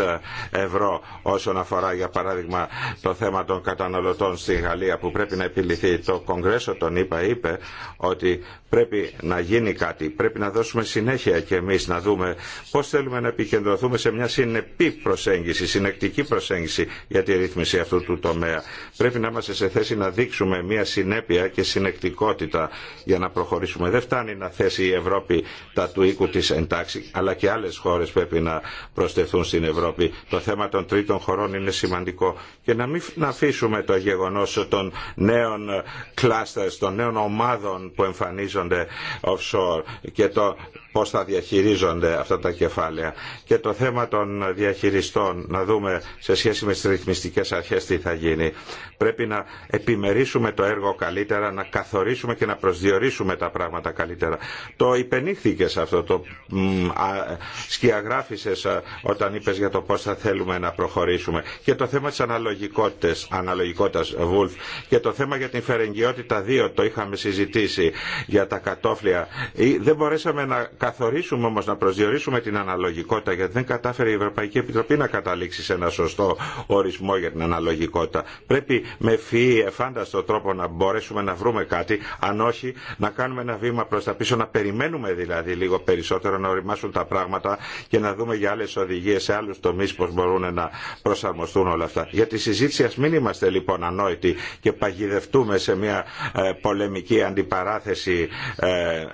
ευρώ όσον αφορά για παράδειγμα το θέμα των καταναλωτών στη Γαλλία που πρέπει να επιληθεί. Το Κογκρέσο τον είπα, είπε ότι πρέπει να γίνει κάτι, πρέπει να δώσουμε συνέχεια και εμείς να δούμε πώς θέλουμε να επικεντρωθούμε επικεντρωθούμε σε μια συνεπή προσέγγιση, συνεκτική προσέγγιση για τη ρύθμιση αυτού του τομέα. Πρέπει να είμαστε σε θέση να δείξουμε μια συνέπεια και συνεκτικότητα για να προχωρήσουμε. Δεν φτάνει να θέσει η Ευρώπη τα του οίκου τη εντάξει, αλλά και άλλε χώρε πρέπει να προστεθούν στην Ευρώπη. Το θέμα των τρίτων χωρών είναι σημαντικό. Και να μην αφήσουμε το γεγονό των νέων κλάστερ, των νέων ομάδων που εμφανίζονται offshore και το πώ θα διαχειρίζονται αυτά τα κεφάλαια. Και το το θέμα των διαχειριστών, να δούμε σε σχέση με τις ρυθμιστικές αρχές τι θα γίνει. Πρέπει να επιμερίσουμε το έργο καλύτερα, να καθορίσουμε και να προσδιορίσουμε τα πράγματα καλύτερα. Το υπενήχθηκε αυτό, το σκιαγράφησες όταν είπες για το πώς θα θέλουμε να προχωρήσουμε. Και το θέμα της αναλογικότητας, αναλογικότητας Βουλφ, και το θέμα για την φερεγγιότητα 2, το είχαμε συζητήσει για τα κατόφλια. Δεν μπορέσαμε να καθορίσουμε όμως, να προσδιορίσουμε την αναλογικότητα, δεν κατάφερε η Ευρωπαϊκή Επιτροπή να καταλήξει σε ένα σωστό ορισμό για την αναλογικότητα. Πρέπει με φύη, εφάνταστο τρόπο να μπορέσουμε να βρούμε κάτι, αν όχι να κάνουμε ένα βήμα προ τα πίσω, να περιμένουμε δηλαδή λίγο περισσότερο να οριμάσουν τα πράγματα και να δούμε για άλλε οδηγίε σε άλλου τομεί πώ μπορούν να προσαρμοστούν όλα αυτά. Για τη συζήτηση α μην είμαστε λοιπόν ανόητοι και παγιδευτούμε σε μια ε, πολεμική αντιπαράθεση ε,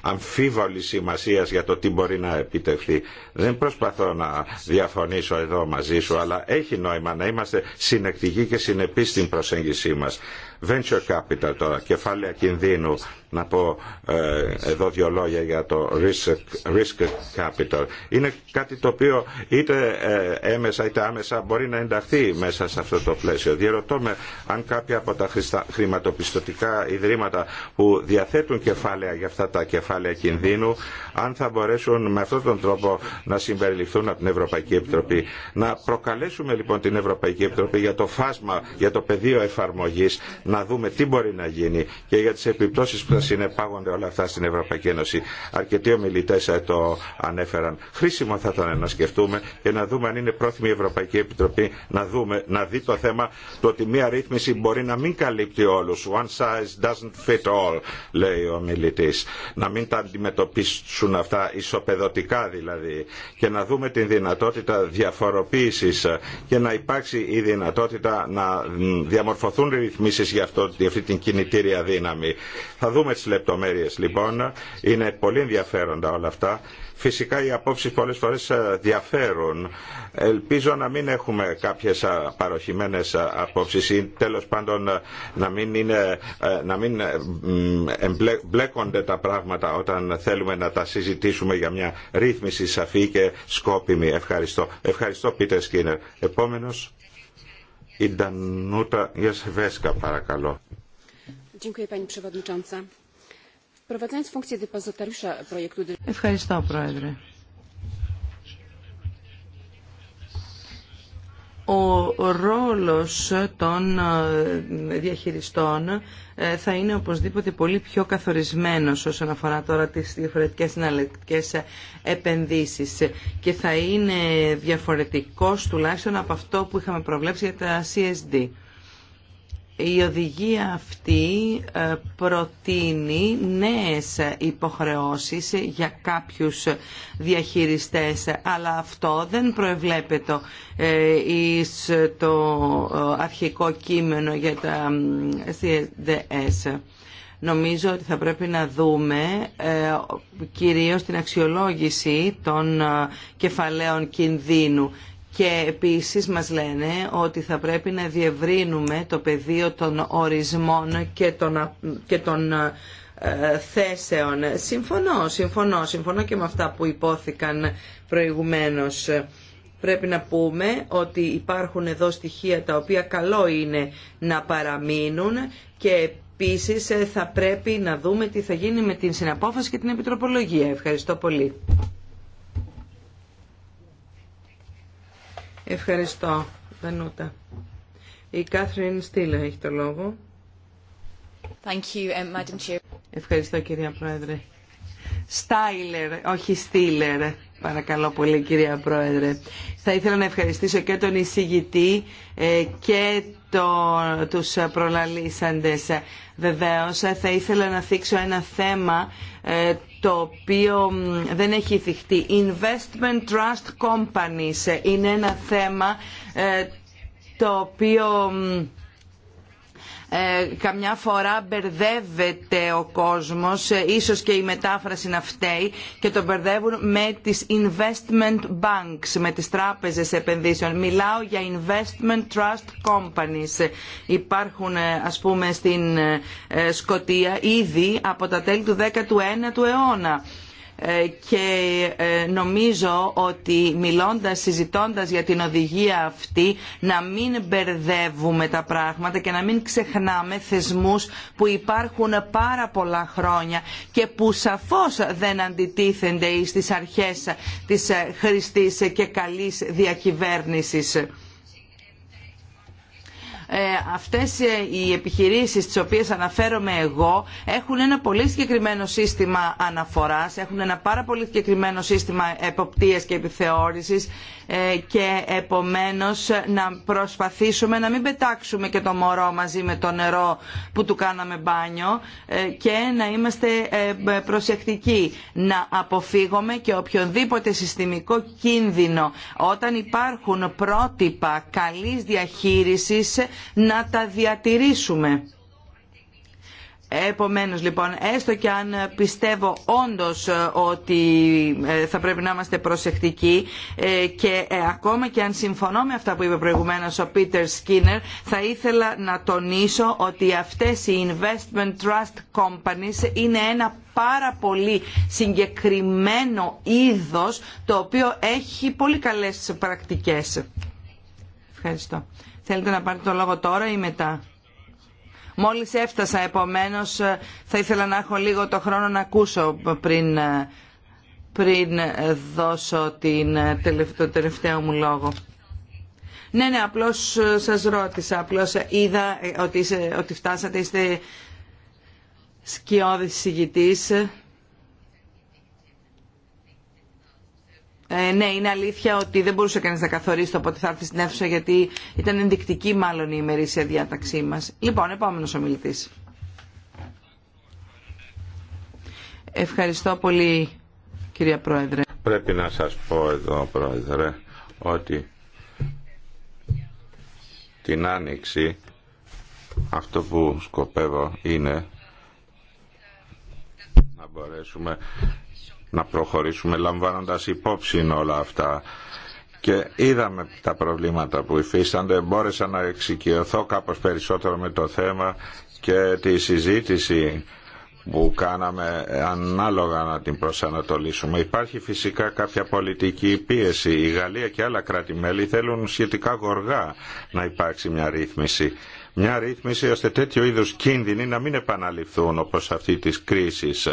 αμφίβολη σημασία για το τι μπορεί να επιτευχθεί. Δεν προσπαθώ να διαφωνήσω εδώ μαζί σου, αλλά έχει νόημα να είμαστε συνεκτικοί και συνεπείς στην προσέγγιση μας. Venture capital τώρα, κεφάλαια κινδύνου να πω ε, εδώ δύο λόγια για το risk, risk capital. Είναι κάτι το οποίο είτε ε, έμεσα είτε άμεσα μπορεί να ενταχθεί μέσα σε αυτό το πλαίσιο. Διερωτώ με αν κάποια από τα χρηματοπιστωτικά ιδρύματα που διαθέτουν κεφάλαια για αυτά τα κεφάλαια κινδύνου, αν θα μπορέσουν με αυτόν τον τρόπο να συμπεριληφθούν από την Ευρωπαϊκή Επιτροπή. Να προκαλέσουμε λοιπόν την Ευρωπαϊκή Επιτροπή για το φάσμα, για το πεδίο εφαρμογής, να δούμε τι μπορεί να γίνει και για τις επιπτώσεις που πάγονται όλα αυτά στην Ευρωπαϊκή Ένωση. Αρκετοί ομιλητέ ε, το ανέφεραν. Χρήσιμο θα ήταν να σκεφτούμε και να δούμε αν είναι πρόθυμη η Ευρωπαϊκή Επιτροπή να, δούμε, να δει το θέμα το ότι μία ρύθμιση μπορεί να μην καλύπτει όλου. One size doesn't fit all, λέει ο μιλητή. Να μην τα αντιμετωπίσουν αυτά ισοπεδωτικά δηλαδή και να δούμε την δυνατότητα διαφοροποίηση ε, και να υπάρξει η δυνατότητα να διαμορφωθούν ρυθμίσει για, αυτό, για αυτή την κινητήρια δύναμη. Θα δούμε δούμε τις λεπτομέρειες λοιπόν. Είναι πολύ ενδιαφέροντα όλα αυτά. Φυσικά οι απόψεις πολλές φορές ε, διαφέρουν. Ελπίζω να μην έχουμε κάποιες παροχημένες ε, απόψεις ή τέλος πάντων ε, να μην, είναι, να μην μπλέκονται τα πράγματα όταν θέλουμε να τα συζητήσουμε για μια ρύθμιση σαφή και σκόπιμη. Ευχαριστώ. Ευχαριστώ Πίτερ Σκίνερ. Επόμενος η Ντανούτα Γεσβέσκα παρακαλώ. Ευχαριστώ, Πρόεδρε. ο ρόλος των ε, διαχειριστών ε, θα είναι οπωσδήποτε πολύ πιο καθορισμένος όσον αφορά τώρα τις διαφορετικές συναλλακτικές ε, επενδύσεις και θα είναι διαφορετικός τουλάχιστον από αυτό που είχαμε προβλέψει για τα CSD. Η οδηγία αυτή ε, προτείνει νέες υποχρεώσεις για κάποιους διαχειριστές, αλλά αυτό δεν προεβλέπεται ε, εις το ε, αρχικό κείμενο για τα CDS. Νομίζω ότι θα πρέπει να δούμε κυρίως την αξιολόγηση των κεφαλαίων κινδύνου και επίσης μας λένε ότι θα πρέπει να διευρύνουμε το πεδίο των ορισμών και των, και των ε, θέσεων. Συμφωνώ, συμφωνώ, συμφωνώ και με αυτά που υπόθηκαν προηγουμένως. Πρέπει να πούμε ότι υπάρχουν εδώ στοιχεία τα οποία καλό είναι να παραμείνουν και επίσης θα πρέπει να δούμε τι θα γίνει με την συναπόφαση και την επιτροπολογία. Ευχαριστώ πολύ. Ευχαριστώ, Δανούτα. Η Κάθριν Στήλα έχει το λόγο. Thank you, um, Madam Chair. Ευχαριστώ, κυρία Πρόεδρε. Στάιλερ, όχι Στήλερ. Παρακαλώ πολύ, κυρία Πρόεδρε. Θα ήθελα να ευχαριστήσω και τον εισηγητή ε, και το, τους προλαλήσαντες. Βεβαίως, θα ήθελα να θίξω ένα θέμα ε, το οποίο δεν έχει θυχτεί. Investment Trust Companies είναι ένα θέμα ε, το οποίο ε, καμιά φορά μπερδεύεται ο κόσμος, ε, ίσως και η μετάφραση να φταίει και το μπερδεύουν με τις investment banks, με τις τράπεζες επενδύσεων. Μιλάω για investment trust companies. Υπάρχουν ε, ας πούμε στην Σκοτία ήδη από τα τέλη του 19ου αιώνα ε, και ε, νομίζω ότι μιλώντας, συζητώντας για την οδηγία αυτή να μην μπερδεύουμε τα πράγματα και να μην ξεχνάμε θεσμούς που υπάρχουν πάρα πολλά χρόνια και που σαφώς δεν αντιτίθενται στις αρχές της ε, χρηστής και καλής διακυβέρνησης ε, αυτές ε, οι επιχειρήσεις τις οποίες αναφέρομαι εγώ έχουν ένα πολύ συγκεκριμένο σύστημα αναφοράς, έχουν ένα πάρα πολύ συγκεκριμένο σύστημα εποπτείας και επιθεώρησης ε, και επομένως να προσπαθήσουμε να μην πετάξουμε και το μωρό μαζί με το νερό που του κάναμε μπάνιο και να είμαστε προσεκτικοί να αποφύγουμε και οποιονδήποτε συστημικό κίνδυνο όταν υπάρχουν πρότυπα καλής διαχείρισης να τα διατηρήσουμε. Επομένως λοιπόν, έστω και αν πιστεύω όντως ε, ότι ε, θα πρέπει να είμαστε προσεκτικοί ε, και ακόμα και αν συμφωνώ με αυτά που είπε προηγουμένως ο Πίτερ Σκίνερ, θα ήθελα να τονίσω ότι αυτές οι investment trust companies είναι ένα πάρα πολύ συγκεκριμένο είδος το οποίο έχει πολύ καλές πρακτικές. Ευχαριστώ. Θέλετε να πάρετε το λόγο τώρα ή μετά. Μόλις έφτασα, επομένως, ε, θα ήθελα να έχω λίγο το χρόνο να ακούσω πριν, ε, πριν ε, δώσω την, το τελευταίο μου λόγο. Ναι, ναι, απλώς σας ρώτησα, απλώς είδα ότι, ότι φτάσατε, είστε σκιώδης συγητής Ε, ναι, είναι αλήθεια ότι δεν μπορούσε κανείς να καθορίσει το πότε θα έρθει στην αίθουσα γιατί ήταν ενδεικτική μάλλον η ημερήσια διάταξή μας. Λοιπόν, επόμενος ομιλητής. Ευχαριστώ πολύ κυρία Πρόεδρε. Πρέπει να σας πω εδώ Πρόεδρε ότι την Άνοιξη αυτό που σκοπεύω είναι να μπορέσουμε να προχωρήσουμε λαμβάνοντας υπόψη όλα αυτά και είδαμε τα προβλήματα που υφίστανται, μπόρεσα να εξοικειωθώ κάπως περισσότερο με το θέμα και τη συζήτηση που κάναμε ανάλογα να την προσανατολίσουμε. Υπάρχει φυσικά κάποια πολιτική πίεση. Η Γαλλία και άλλα κράτη-μέλη θέλουν σχετικά γοργά να υπάρξει μια ρύθμιση. Μια ρύθμιση ώστε τέτοιο είδους κίνδυνοι να μην επαναληφθούν όπως αυτή της κρίσης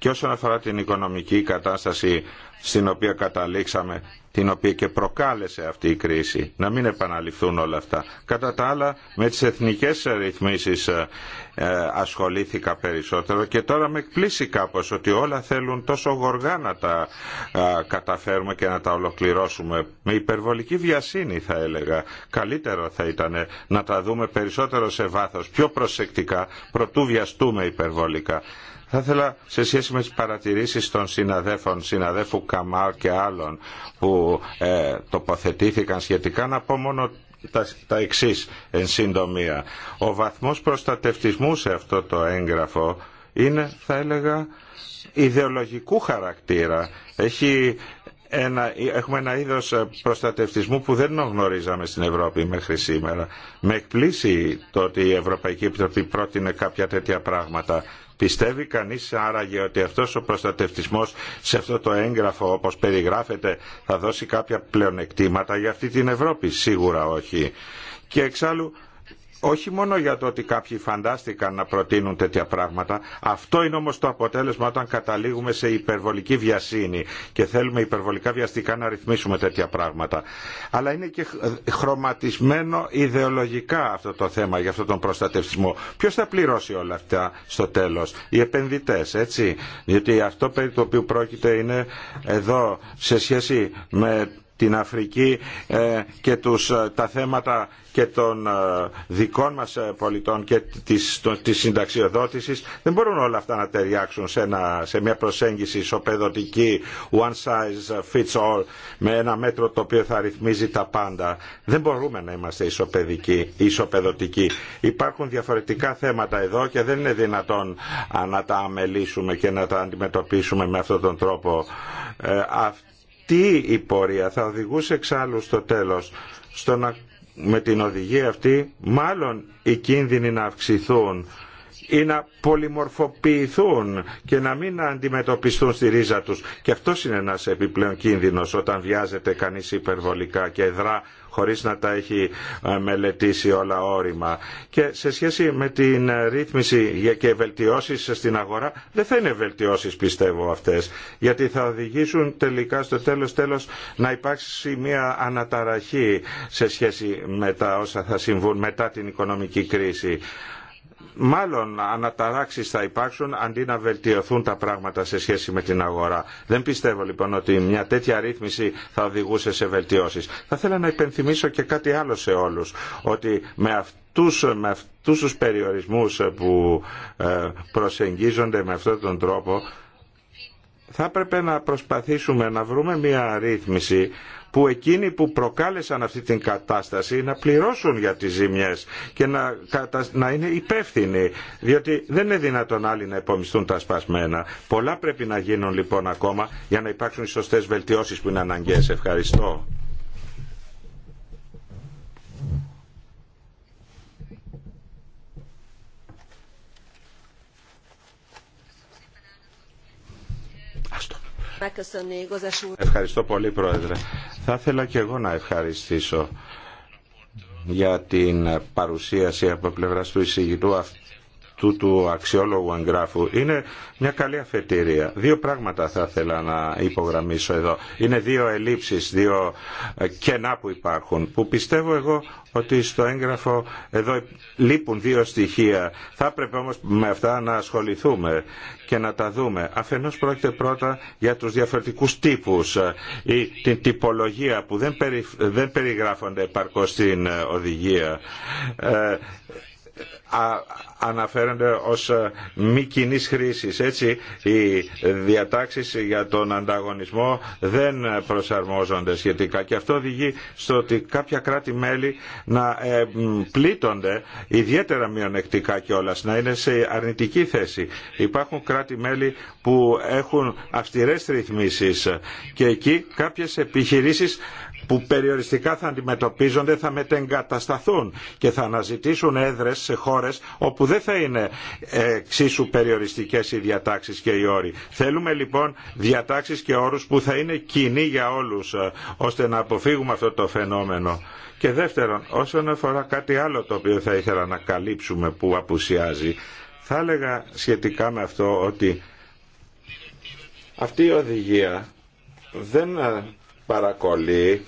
και όσον αφορά την οικονομική κατάσταση στην οποία καταλήξαμε, την οποία και προκάλεσε αυτή η κρίση, να μην επαναληφθούν όλα αυτά. Κατά τα άλλα, με τις εθνικές ρυθμίσεις ε, ασχολήθηκα περισσότερο και τώρα με εκπλήσει κάπως ότι όλα θέλουν τόσο γοργά να τα ε, καταφέρουμε και να τα ολοκληρώσουμε. Με υπερβολική βιασύνη θα έλεγα. Καλύτερο θα ήταν να τα δούμε περισσότερο σε βάθος, πιο προσεκτικά, προτού βιαστούμε υπερβολικά. Θα ήθελα σε σχέση με τις παρατηρήσεις των συναδέφων, συναδέφου καμάλ και άλλων που ε, τοποθετήθηκαν σχετικά να πω μόνο τα, τα εξή εν συντομία. Ο βαθμός προστατευτισμού σε αυτό το έγγραφο είναι θα έλεγα ιδεολογικού χαρακτήρα. Έχει ένα, έχουμε ένα είδος προστατευτισμού που δεν γνωρίζαμε στην Ευρώπη μέχρι σήμερα. Με εκπλήσει το ότι η Ευρωπαϊκή Επιτροπή πρότεινε κάποια τέτοια πράγματα Πιστεύει κανείς άραγε ότι αυτός ο προστατευτισμός σε αυτό το έγγραφο όπως περιγράφεται θα δώσει κάποια πλεονεκτήματα για αυτή την Ευρώπη. Σίγουρα όχι. Και εξάλλου όχι μόνο για το ότι κάποιοι φαντάστηκαν να προτείνουν τέτοια πράγματα. Αυτό είναι όμως το αποτέλεσμα όταν καταλήγουμε σε υπερβολική βιασύνη και θέλουμε υπερβολικά βιαστικά να ρυθμίσουμε τέτοια πράγματα. Αλλά είναι και χρωματισμένο ιδεολογικά αυτό το θέμα για αυτόν τον προστατευτισμό. Ποιος θα πληρώσει όλα αυτά στο τέλος. Οι επενδυτές, έτσι. Διότι αυτό περί το οποίο πρόκειται είναι εδώ σε σχέση με την Αφρική ε, και τους, ε, τα θέματα και των ε, δικών μας πολιτών και της, το, της συνταξιοδότησης δεν μπορούν όλα αυτά να ταιριάξουν σε, ένα, σε μια προσέγγιση ισοπεδωτική one size fits all με ένα μέτρο το οποίο θα ρυθμίζει τα πάντα. Δεν μπορούμε να είμαστε ισοπεδικοί, ισοπεδωτικοί. Υπάρχουν διαφορετικά θέματα εδώ και δεν είναι δυνατόν να τα αμελήσουμε και να τα αντιμετωπίσουμε με αυτόν τον τρόπο. Τι η πορεία θα οδηγούσε εξάλλου στο τέλος στο να, με την οδηγία αυτή μάλλον οι κίνδυνοι να αυξηθούν ή να πολυμορφοποιηθούν και να μην αντιμετωπιστούν στη ρίζα τους. Και αυτό είναι ένας επιπλέον κίνδυνος όταν βιάζεται κανείς υπερβολικά και δρά χωρίς να τα έχει ε, μελετήσει όλα όρημα. Και σε σχέση με την ε, ρύθμιση και βελτιώσεις στην αγορά, δεν θα είναι βελτιώσεις πιστεύω αυτές, γιατί θα οδηγήσουν τελικά στο τέλος τέλος να υπάρξει μια αναταραχή σε σχέση με τα όσα θα συμβούν μετά την οικονομική κρίση μάλλον αναταράξεις θα υπάρξουν αντί να βελτιωθούν τα πράγματα σε σχέση με την αγορά. Δεν πιστεύω λοιπόν ότι μια τέτοια ρύθμιση θα οδηγούσε σε βελτιώσεις. Θα ήθελα να υπενθυμίσω και κάτι άλλο σε όλους, ότι με αυτούς, με αυτούς τους περιορισμούς που ε, προσεγγίζονται με αυτόν τον τρόπο, θα έπρεπε να προσπαθήσουμε να βρούμε μια ρύθμιση που εκείνοι που προκάλεσαν αυτή την κατάσταση να πληρώσουν για τις ζημιές και να, να είναι υπεύθυνοι, διότι δεν είναι δυνατόν άλλοι να υπομισθούν τα σπασμένα. Πολλά πρέπει να γίνουν λοιπόν ακόμα για να υπάρξουν οι σωστές βελτιώσεις που είναι αναγκαίες. Ευχαριστώ. Ευχαριστώ πολύ, Πρόεδρε. Θα ήθελα και εγώ να ευχαριστήσω για την παρουσίαση από πλευρά του εισηγητού του αξιόλογου εγγράφου είναι μια καλή αφετηρία. Δύο πράγματα θα ήθελα να υπογραμμίσω εδώ. Είναι δύο ελλείψεις, δύο ε, κενά που υπάρχουν, που πιστεύω εγώ ότι στο έγγραφο εδώ λείπουν δύο στοιχεία. Θα έπρεπε όμως με αυτά να ασχοληθούμε και να τα δούμε. Αφενός πρόκειται πρώτα για τους διαφορετικούς τύπους ε, ή την τυπολογία που δεν, περιγράφονται επαρκώς στην ε, οδηγία αναφέρονται ως ε, μη κοινή χρήση. Έτσι οι διατάξεις για τον ανταγωνισμό δεν προσαρμόζονται σχετικά και αυτό οδηγεί στο ότι κάποια κράτη-μέλη να ε, πλήττονται ιδιαίτερα μειονεκτικά κιόλα, να είναι σε αρνητική θέση. Υπάρχουν κράτη-μέλη που έχουν αυστηρές ρυθμίσεις και εκεί κάποιες επιχειρήσεις που περιοριστικά θα αντιμετωπίζονται θα μετεγκατασταθούν και θα αναζητήσουν έδρες σε χώρες όπου δεν θα είναι εξίσου περιοριστικές οι διατάξεις και οι όροι. Θέλουμε λοιπόν διατάξεις και όρους που θα είναι κοινοί για όλους ε, ώστε να αποφύγουμε αυτό το φαινόμενο. Και δεύτερον, όσον αφορά κάτι άλλο το οποίο θα ήθελα να καλύψουμε που απουσιάζει, θα έλεγα σχετικά με αυτό ότι αυτή η οδηγία δεν ε, παρακολεί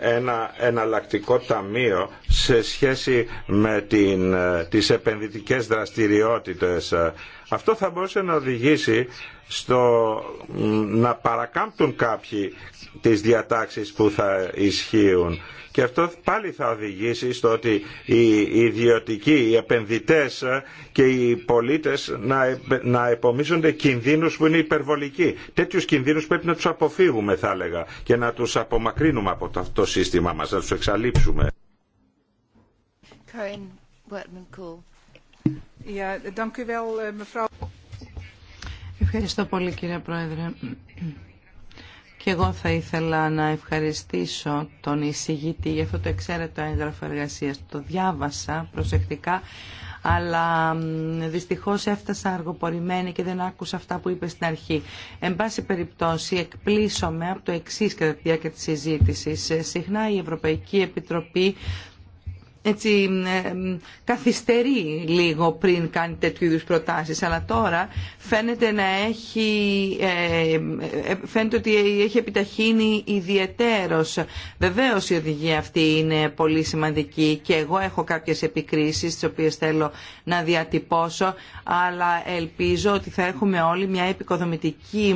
ένα εναλλακτικό ταμείο σε σχέση με την, ε, τις επενδυτικές δραστηριότητες ε, αυτό θα μπορούσε να οδηγήσει στο να παρακάμπτουν κάποιοι τις διατάξεις που θα ισχύουν. Και αυτό πάλι θα οδηγήσει στο ότι οι ιδιωτικοί, οι επενδυτές ε, και οι πολίτες να επομίζονται κινδύνους που είναι υπερβολικοί. Τέτοιους κινδύνους πρέπει να τους αποφύγουμε θα έλεγα και να τους απομακρύνουμε από το, το σύστημα μας, να τους εξαλείψουμε. Eh, Ευχαριστώ πολύ κύριε Πρόεδρε. Και εγώ θα ήθελα να ευχαριστήσω τον εισηγητή για αυτό το εξαίρετο έγγραφο εργασίας. Το διάβασα προσεκτικά, αλλά δυστυχώς έφτασα αργοπορημένη και δεν άκουσα αυτά που είπε στην αρχή. Εν πάση περιπτώσει, εκπλήσωμαι από το εξής κατά τη διάρκεια της συζήτησης. Συχνά η Ευρωπαϊκή Επιτροπή έτσι ε, καθυστερεί λίγο πριν κάνει τέτοιου είδους προτάσεις αλλά τώρα φαίνεται να έχει ε, ε, φαίνεται ότι έχει επιταχύνει ιδιαιτέρως βεβαίως η οδηγία αυτή είναι πολύ σημαντική και εγώ έχω κάποιες επικρίσεις τις οποίες θέλω να διατυπώσω αλλά ελπίζω ότι θα έχουμε όλοι μια επικοδομητική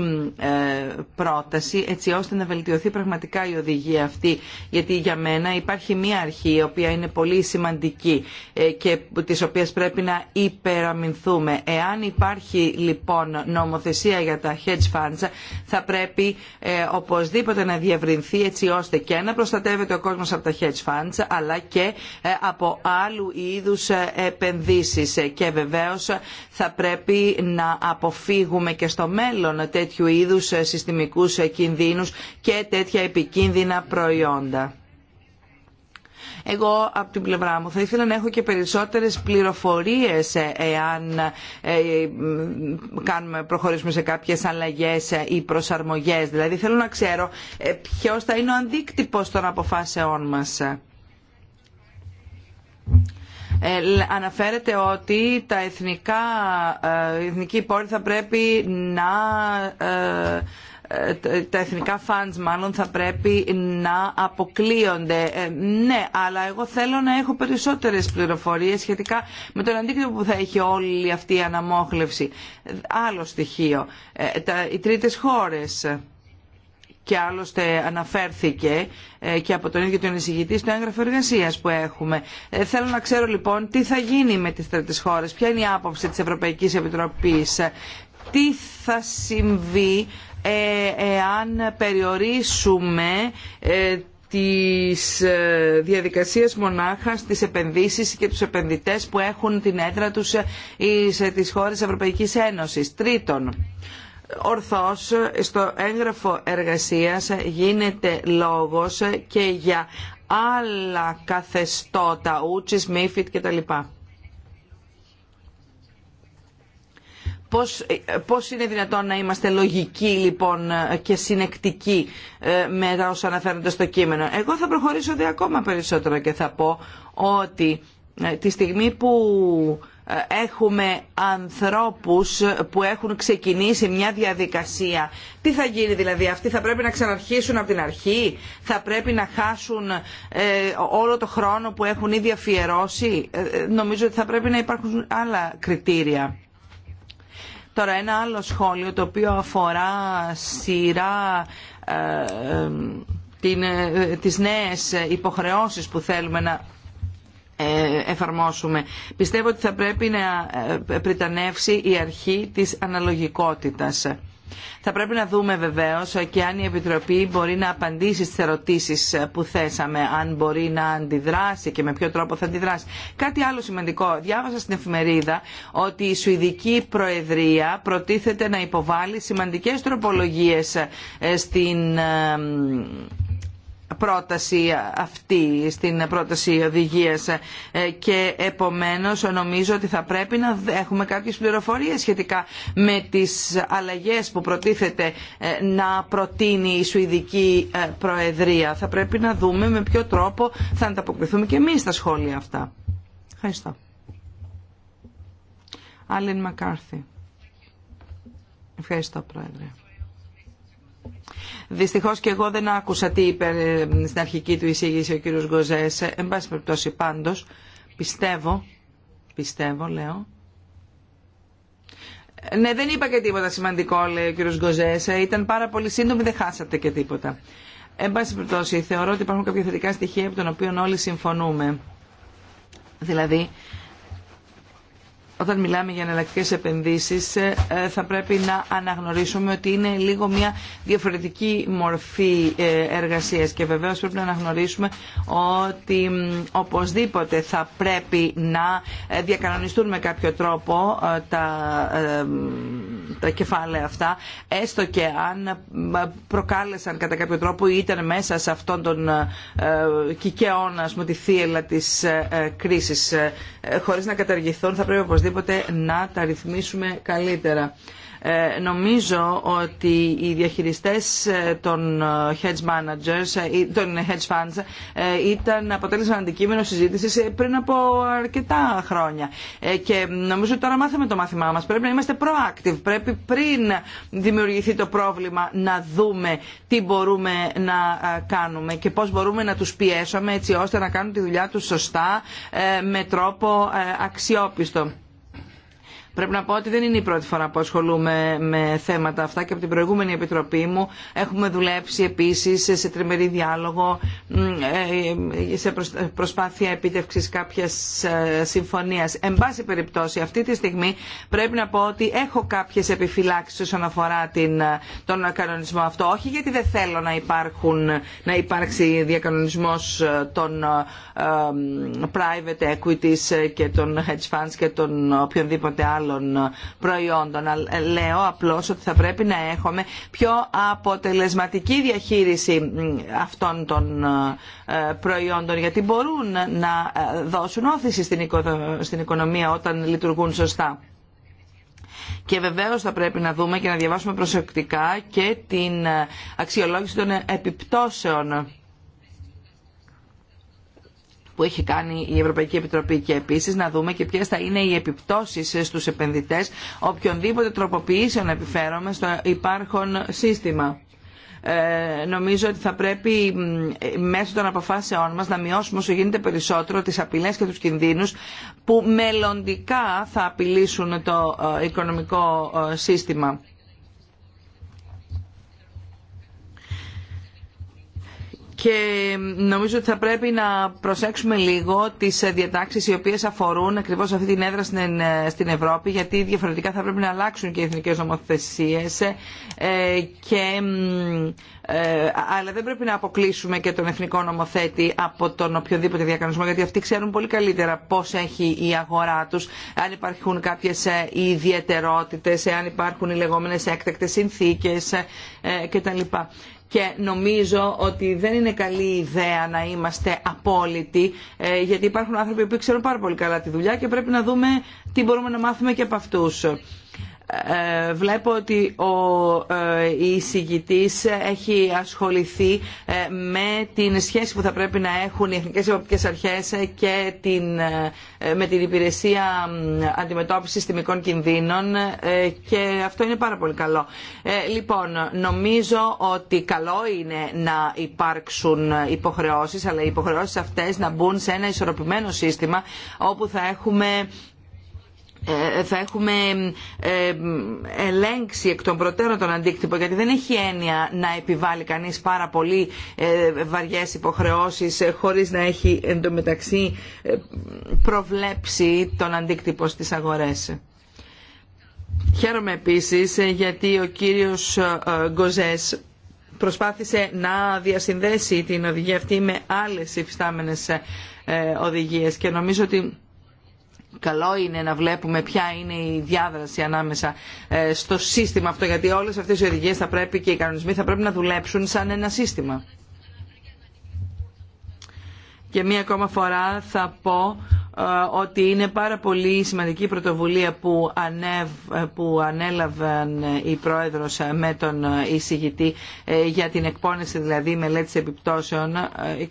πρόταση έτσι ώστε να βελτιωθεί πραγματικά η οδηγία αυτή γιατί για μένα υπάρχει μια αρχή η οποία είναι πολύ πολύ σημαντική ε, και τις οποίας πρέπει να υπεραμεινθούμε. Εάν υπάρχει λοιπόν νομοθεσία για τα hedge funds θα πρέπει ε, οπωσδήποτε να διευρυνθεί έτσι ώστε και να προστατεύεται ο κόσμος από τα hedge funds αλλά και ε, από άλλου είδους επενδύσεις και βεβαίως θα πρέπει να αποφύγουμε και στο μέλλον τέτοιου είδους συστημικούς κινδύνους και τέτοια επικίνδυνα προϊόντα. Εγώ από την πλευρά μου θα ήθελα να έχω και περισσότερες πληροφορίες ε, εάν ε, κάνουμε, προχωρήσουμε σε κάποιες αλλαγές ε, ή προσαρμογές. Δηλαδή θέλω να ξέρω ποιος θα είναι ο αντίκτυπος των αποφάσεών μας. Ε, αναφέρεται ότι τα εθνικά, ε, εθνικοί πόροι θα πρέπει να τα εθνικά φαντς μάλλον θα πρέπει να αποκλείονται. Ε, ναι, αλλά εγώ θέλω να έχω περισσότερες πληροφορίες σχετικά με τον αντίκτυπο που θα έχει όλη αυτή η αναμόχλευση. Άλλο στοιχείο, ε, τα, οι τρίτες χώρες και άλλωστε αναφέρθηκε ε, και από τον ίδιο τον εισηγητή στο έγγραφο εργασία που έχουμε. Θέλω να ξέρω λοιπόν τι θα γίνει με τις τρίτες χώρες, ποια είναι η άποψη της Ευρωπαϊκής Επιτροπής, τι θα συμβεί ε, εάν περιορίσουμε ε, τις ε, διαδικασίες μονάχα στις επενδύσεις και τους επενδυτές που έχουν την έδρα τους σε τις χώρες Ευρωπαϊκής Ένωσης. Τρίτον, ορθώς στο έγγραφο εργασίας γίνεται λόγος και για άλλα καθεστώτα, ούτσις, τα κτλ. Πώς, πώς είναι δυνατόν να είμαστε λογικοί λοιπόν και συνεκτικοί ε, με τα όσα αναφέρονται στο κείμενο. Εγώ θα προχωρήσω δε ακόμα περισσότερο και θα πω ότι ε, τη στιγμή που ε, έχουμε ανθρώπους που έχουν ξεκινήσει μια διαδικασία. Τι θα γίνει δηλαδή, αυτοί θα πρέπει να ξαναρχίσουν από την αρχή, θα πρέπει να χάσουν όλο το χρόνο που έχουν ήδη αφιερώσει. νομίζω ότι θα πρέπει να υπάρχουν άλλα κριτήρια. Τώρα ένα άλλο σχόλιο το οποίο αφορά σειρά ε, την, ε, τις νέες υποχρεώσεις που θέλουμε να ε, εφαρμόσουμε. Πιστεύω ότι θα πρέπει να πριτανεύσει η αρχή της αναλογικότητας. Θα πρέπει να δούμε βεβαίω και αν η Επιτροπή μπορεί να απαντήσει στις ερωτήσεις που θέσαμε, αν μπορεί να αντιδράσει και με ποιο τρόπο θα αντιδράσει. Κάτι άλλο σημαντικό. Διάβασα στην εφημερίδα ότι η Σουηδική Προεδρία προτίθεται να υποβάλει σημαντικές τροπολογίες ε, στην ε, πρόταση αυτή, στην πρόταση οδηγία. Ε, και επομένως νομίζω ότι θα πρέπει να έχουμε κάποιε πληροφορίες σχετικά με τις αλλαγές που προτίθεται ε, να προτείνει η Σουηδική ε, Προεδρία. Θα πρέπει να δούμε με ποιο τρόπο θα ανταποκριθούμε και εμείς στα σχόλια αυτά. Ευχαριστώ. Άλεν Μακάρθη. Ευχαριστώ, Πρόεδρε. Δυστυχώ και εγώ δεν άκουσα τι είπε ε, στην αρχική του εισήγηση ο κύριος Γκοζέ. Ε, εν πάση περιπτώσει πάντω πιστεύω, πιστεύω λέω, ε, ναι, δεν είπα και τίποτα σημαντικό, λέει ο κύριο Γκοζέ. Ήταν πάρα πολύ σύντομη, δεν χάσατε και τίποτα. Εν πάση περιπτώσει, θεωρώ ότι υπάρχουν κάποια θετικά στοιχεία από τον οποίο όλοι συμφωνούμε. Δηλαδή, όταν μιλάμε για εναλλακτικέ επενδύσεις ε, θα πρέπει να αναγνωρίσουμε ότι είναι λίγο μια διαφορετική μορφή ε, εργασίας και βεβαίω πρέπει να αναγνωρίσουμε ότι οπωσδήποτε θα πρέπει να ε, διακανονιστούν με κάποιο τρόπο τα, τα κεφάλαια αυτά έστω και αν προκάλεσαν κατά κάποιο τρόπο ή ήταν μέσα σε αυτόν τον κικαιώνα, τη θύελα τη κρίση, χωρίς να καταργηθούν θα πρέπει οπωσδήποτε οπωσδήποτε να τα ρυθμίσουμε καλύτερα. Ε, νομίζω ότι οι διαχειριστές ε, των ε, hedge managers, των hedge funds, ήταν αποτέλεσαν αντικείμενο συζήτησης πριν από αρκετά χρόνια. και νομίζω ότι τώρα μάθαμε το μάθημά μας. Πρέπει να είμαστε proactive. Πρέπει πριν δημιουργηθεί το πρόβλημα να δούμε τι μπορούμε να κάνουμε και πώς μπορούμε να τους πιέσουμε έτσι ώστε να κάνουν τη δουλειά τους σωστά με τρόπο αξιόπιστο. Πρέπει να πω ότι δεν είναι η πρώτη φορά που ασχολούμαι με θέματα αυτά και από την προηγούμενη επιτροπή μου έχουμε δουλέψει επίσης σε τριμερή διάλογο, ε, σε προσπάθεια επίτευξης κάποιας ε, συμφωνίας. Εν πάση περιπτώσει, αυτή τη στιγμή πρέπει να πω ότι έχω κάποιες επιφυλάξεις όσον αφορά την, ε, τον κανονισμό αυτό. Όχι γιατί δεν θέλω να, υπάρχουν, να υπάρξει διακανονισμός των private equities και των hedge funds και των οποιονδήποτε άλλων άλλων προϊόντων. Λέω απλώς ότι θα πρέπει να έχουμε πιο αποτελεσματική διαχείριση αυτών των ε, προϊόντων γιατί μπορούν να ε, δώσουν όθηση στην οικονομία όταν λειτουργούν σωστά. Και βεβαίως θα πρέπει να δούμε και να διαβάσουμε προσεκτικά και την ε, αξιολόγηση των επιπτώσεων που έχει κάνει η Ευρωπαϊκή Επιτροπή και επίσης να δούμε και ποιε θα είναι οι επιπτώσεις στου επενδυτές οποιονδήποτε τροποποιήσεων επιφέρομαι στο υπάρχον σύστημα. Ε, νομίζω ότι θα πρέπει μέσω των αποφάσεών μας να μειώσουμε όσο γίνεται περισσότερο τις απειλές και τους κινδύνους που μελλοντικά θα απειλήσουν το ε, οικονομικό ε, σύστημα. και νομίζω ότι θα πρέπει να προσέξουμε λίγο τις διατάξεις οι οποίες αφορούν ακριβώς αυτή την έδρα στην ε, Ευρώπη γιατί διαφορετικά θα πρέπει να αλλάξουν και οι εθνικές νομοθεσίες ε, και, ε, αλλά δεν πρέπει να αποκλείσουμε και τον εθνικό νομοθέτη από τον οποιοδήποτε διακανονισμό γιατί αυτοί ξέρουν πολύ καλύτερα πώ έχει η αγορά του, αν υπάρχουν κάποιες ιδιαιτερότητε, αν υπάρχουν οι λεγόμενες έκτακτες συνθήκες κτλ και νομίζω ότι δεν είναι καλή ιδέα να είμαστε απόλυτοι ε, γιατί υπάρχουν άνθρωποι που ξέρουν πάρα πολύ καλά τη δουλειά και πρέπει να δούμε τι μπορούμε να μάθουμε και από αυτούς. Ε, βλέπω ότι ο ε, εισηγητής έχει ασχοληθεί ε, με την σχέση που θα πρέπει να έχουν οι Εθνικές Ευρωπαϊκές Αρχές και την, με την Υπηρεσία Αντιμετώπισης Συστημικών Κινδύνων και αυτό είναι πάρα πολύ καλό. Λοιπόν, νομίζω ότι καλό είναι να υπάρξουν υποχρεώσεις, αλλά οι υποχρεώσεις αυτές να μπουν σε ένα ισορροπημένο σύστημα όπου θα έχουμε ε, θα έχουμε ε, ελέγξει εκ των προτέρων τον αντίκτυπο γιατί δεν έχει έννοια να επιβάλλει κανείς πάρα πολύ ε, βαριές υποχρεώσεις χωρίς να έχει εντωμεταξύ προβλέψει τον αντίκτυπο στις αγορές. Χαίρομαι επίσης γιατί ο κύριος Γκοζές προσπάθησε να διασυνδέσει την οδηγία αυτή με άλλες υφιστάμενες οδηγίες και νομίζω ότι Καλό είναι να βλέπουμε ποια είναι η διάδραση ανάμεσα ε, στο σύστημα αυτό, γιατί όλες αυτές οι οδηγίε θα πρέπει και οι κανονισμοί θα πρέπει να δουλέψουν σαν ένα σύστημα. Και μία ακόμα φορά θα πω ε, ότι είναι πάρα πολύ σημαντική η πρωτοβουλία που, ε, ανέλαβαν ε, η Πρόεδρος με τον εισηγητή για την εκπόνηση δηλαδή μελέτης επιπτώσεων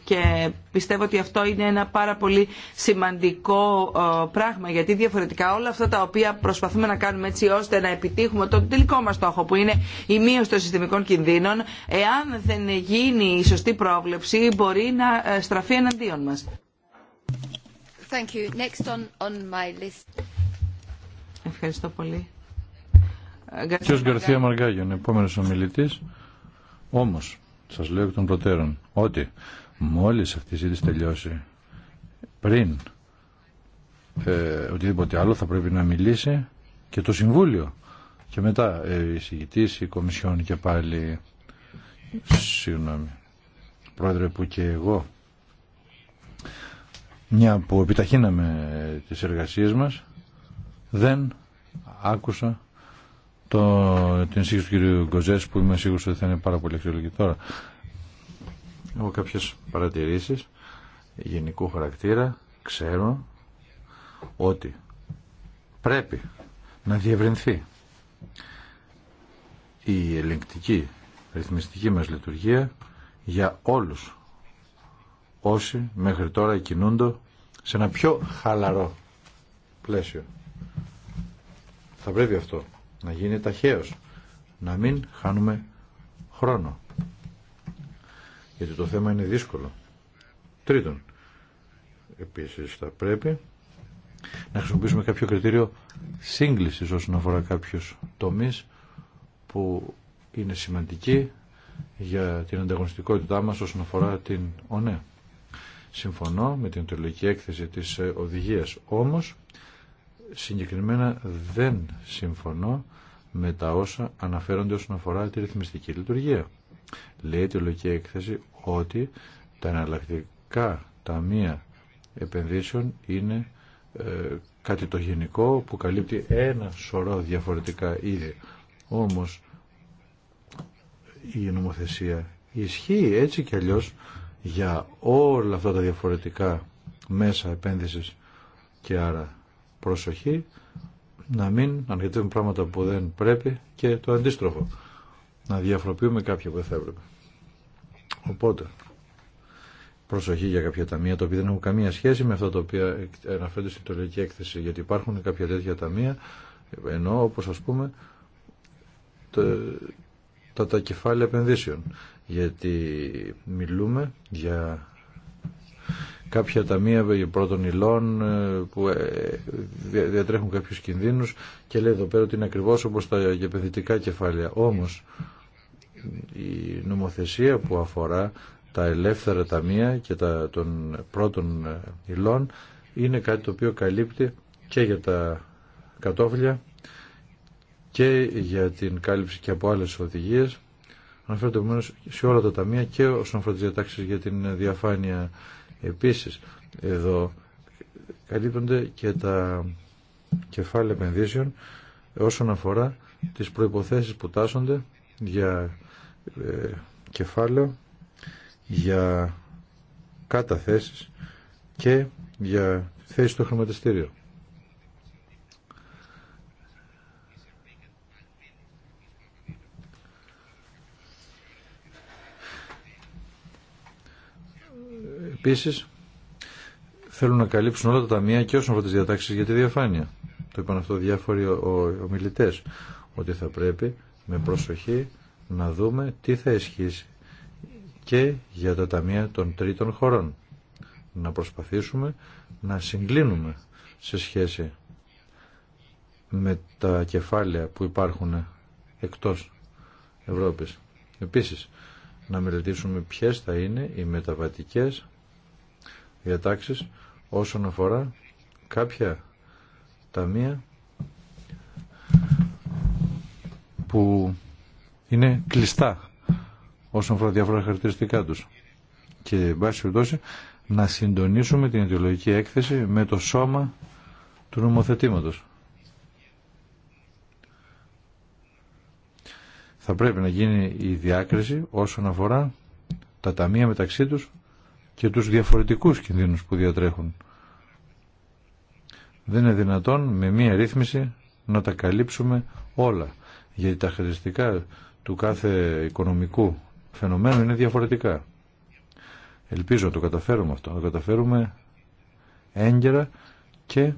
και πιστεύω ότι αυτό είναι ένα πάρα πολύ σημαντικό πράγμα γιατί διαφορετικά όλα αυτά τα οποία προσπαθούμε να κάνουμε έτσι ώστε να επιτύχουμε τον τελικό μας στόχο που είναι η μείωση των συστημικών κινδύνων εάν δεν γίνει η σωστή πρόβλεψη μπορεί να στραφεί εναντίον μας. Thank you. Next on, my list. Ευχαριστώ πολύ. Κύριος Γκαρθία επόμενος ομιλητής. Όμως, σας λέω εκ των προτέρων, ότι μόλις αυτή η ζήτηση τελειώσει, πριν ε, οτιδήποτε άλλο θα πρέπει να μιλήσει και το Συμβούλιο. Και μετά ε, η συγητής, η Κομισιόν και πάλι, συγγνώμη, πρόεδρε που και εγώ μια που επιταχύναμε τις εργασίες μας, δεν άκουσα το, την σύγχυση του κυρίου Γκοζές που είμαι σίγουρος ότι θα είναι πάρα πολύ αξιολογική τώρα. Έχω κάποιες παρατηρήσεις γενικού χαρακτήρα. Ξέρω ότι πρέπει να διευρυνθεί η ελεγκτική ρυθμιστική μας λειτουργία για όλους όσοι μέχρι τώρα κινούνται σε ένα πιο χαλαρό πλαίσιο. Θα πρέπει αυτό να γίνει ταχαίως, να μην χάνουμε χρόνο. Γιατί το θέμα είναι δύσκολο. Τρίτον, επίσης θα πρέπει να χρησιμοποιήσουμε κάποιο κριτήριο σύγκλησης όσον αφορά κάποιους τομείς που είναι σημαντικοί για την ανταγωνιστικότητά μας όσον αφορά την ΟΝΕ. Συμφωνώ με την τελική έκθεση της ε, οδηγίας, όμως συγκεκριμένα δεν συμφωνώ με τα όσα αναφέρονται όσον αφορά τη ρυθμιστική λειτουργία. Λέει η τελική έκθεση ότι τα εναλλακτικά ταμεία επενδύσεων είναι ε, κάτι το γενικό που καλύπτει ένα σωρό διαφορετικά είδη. Όμως η νομοθεσία ισχύει έτσι κι αλλιώς για όλα αυτά τα διαφορετικά μέσα επένδυσης και άρα προσοχή να μην αναγκατεύουμε πράγματα που δεν πρέπει και το αντίστροφο να διαφοροποιούμε κάποια που δεν θα έπρεπε. Οπότε, προσοχή για κάποια ταμεία τα οποία δεν έχουν καμία σχέση με αυτά τα οποία αναφέρονται στην τολική έκθεση γιατί υπάρχουν κάποια τέτοια ταμεία ενώ όπως ας πούμε τα, τα κεφάλαια επενδύσεων γιατί μιλούμε για κάποια ταμεία πρώτων υλών ε, που ε, διατρέχουν κάποιους κινδύνους και λέει εδώ πέρα ότι είναι ακριβώς όπως τα επενδυτικά κεφάλαια. Όμως η νομοθεσία που αφορά τα ελεύθερα ταμεία και τα των πρώτων ε, υλών είναι κάτι το οποίο καλύπτει και για τα κατόφλια και για την κάλυψη και από άλλες οδηγίες Αναφέρεται επομένω σε όλα τα ταμεία και όσον αφορά τι διατάξει για την διαφάνεια επίση. Εδώ καλύπτονται και τα κεφάλαια επενδύσεων όσον αφορά τις προϋποθέσεις που τάσσονται για ε, κεφάλαιο, για καταθέσεις και για θέση στο χρηματιστήριο. Επίσης, θέλουν να καλύψουν όλα τα ταμεία και όσον αφορά τις διατάξεις για τη διαφάνεια. Το είπαν αυτό διάφοροι ομιλητέ, ότι θα πρέπει με προσοχή να δούμε τι θα ισχύσει και για τα ταμεία των τρίτων χωρών. Να προσπαθήσουμε να συγκλίνουμε σε σχέση με τα κεφάλαια που υπάρχουν εκτός Ευρώπης. Επίσης, να μελετήσουμε ποιες θα είναι οι μεταβατικές διατάξεις όσον αφορά κάποια ταμεία που είναι κλειστά όσον αφορά διάφορα χαρακτηριστικά τους. Και, βάση να συντονίσουμε την ιδεολογική έκθεση με το σώμα του νομοθετήματος. θα πρέπει να γίνει η διάκριση όσον αφορά τα ταμεία μεταξύ τους και τους διαφορετικούς κινδύνους που διατρέχουν. Δεν είναι δυνατόν με μία ρύθμιση να τα καλύψουμε όλα, γιατί τα χρηστικά του κάθε οικονομικού φαινομένου είναι διαφορετικά. Ελπίζω να το καταφέρουμε αυτό, να το καταφέρουμε έγκαιρα και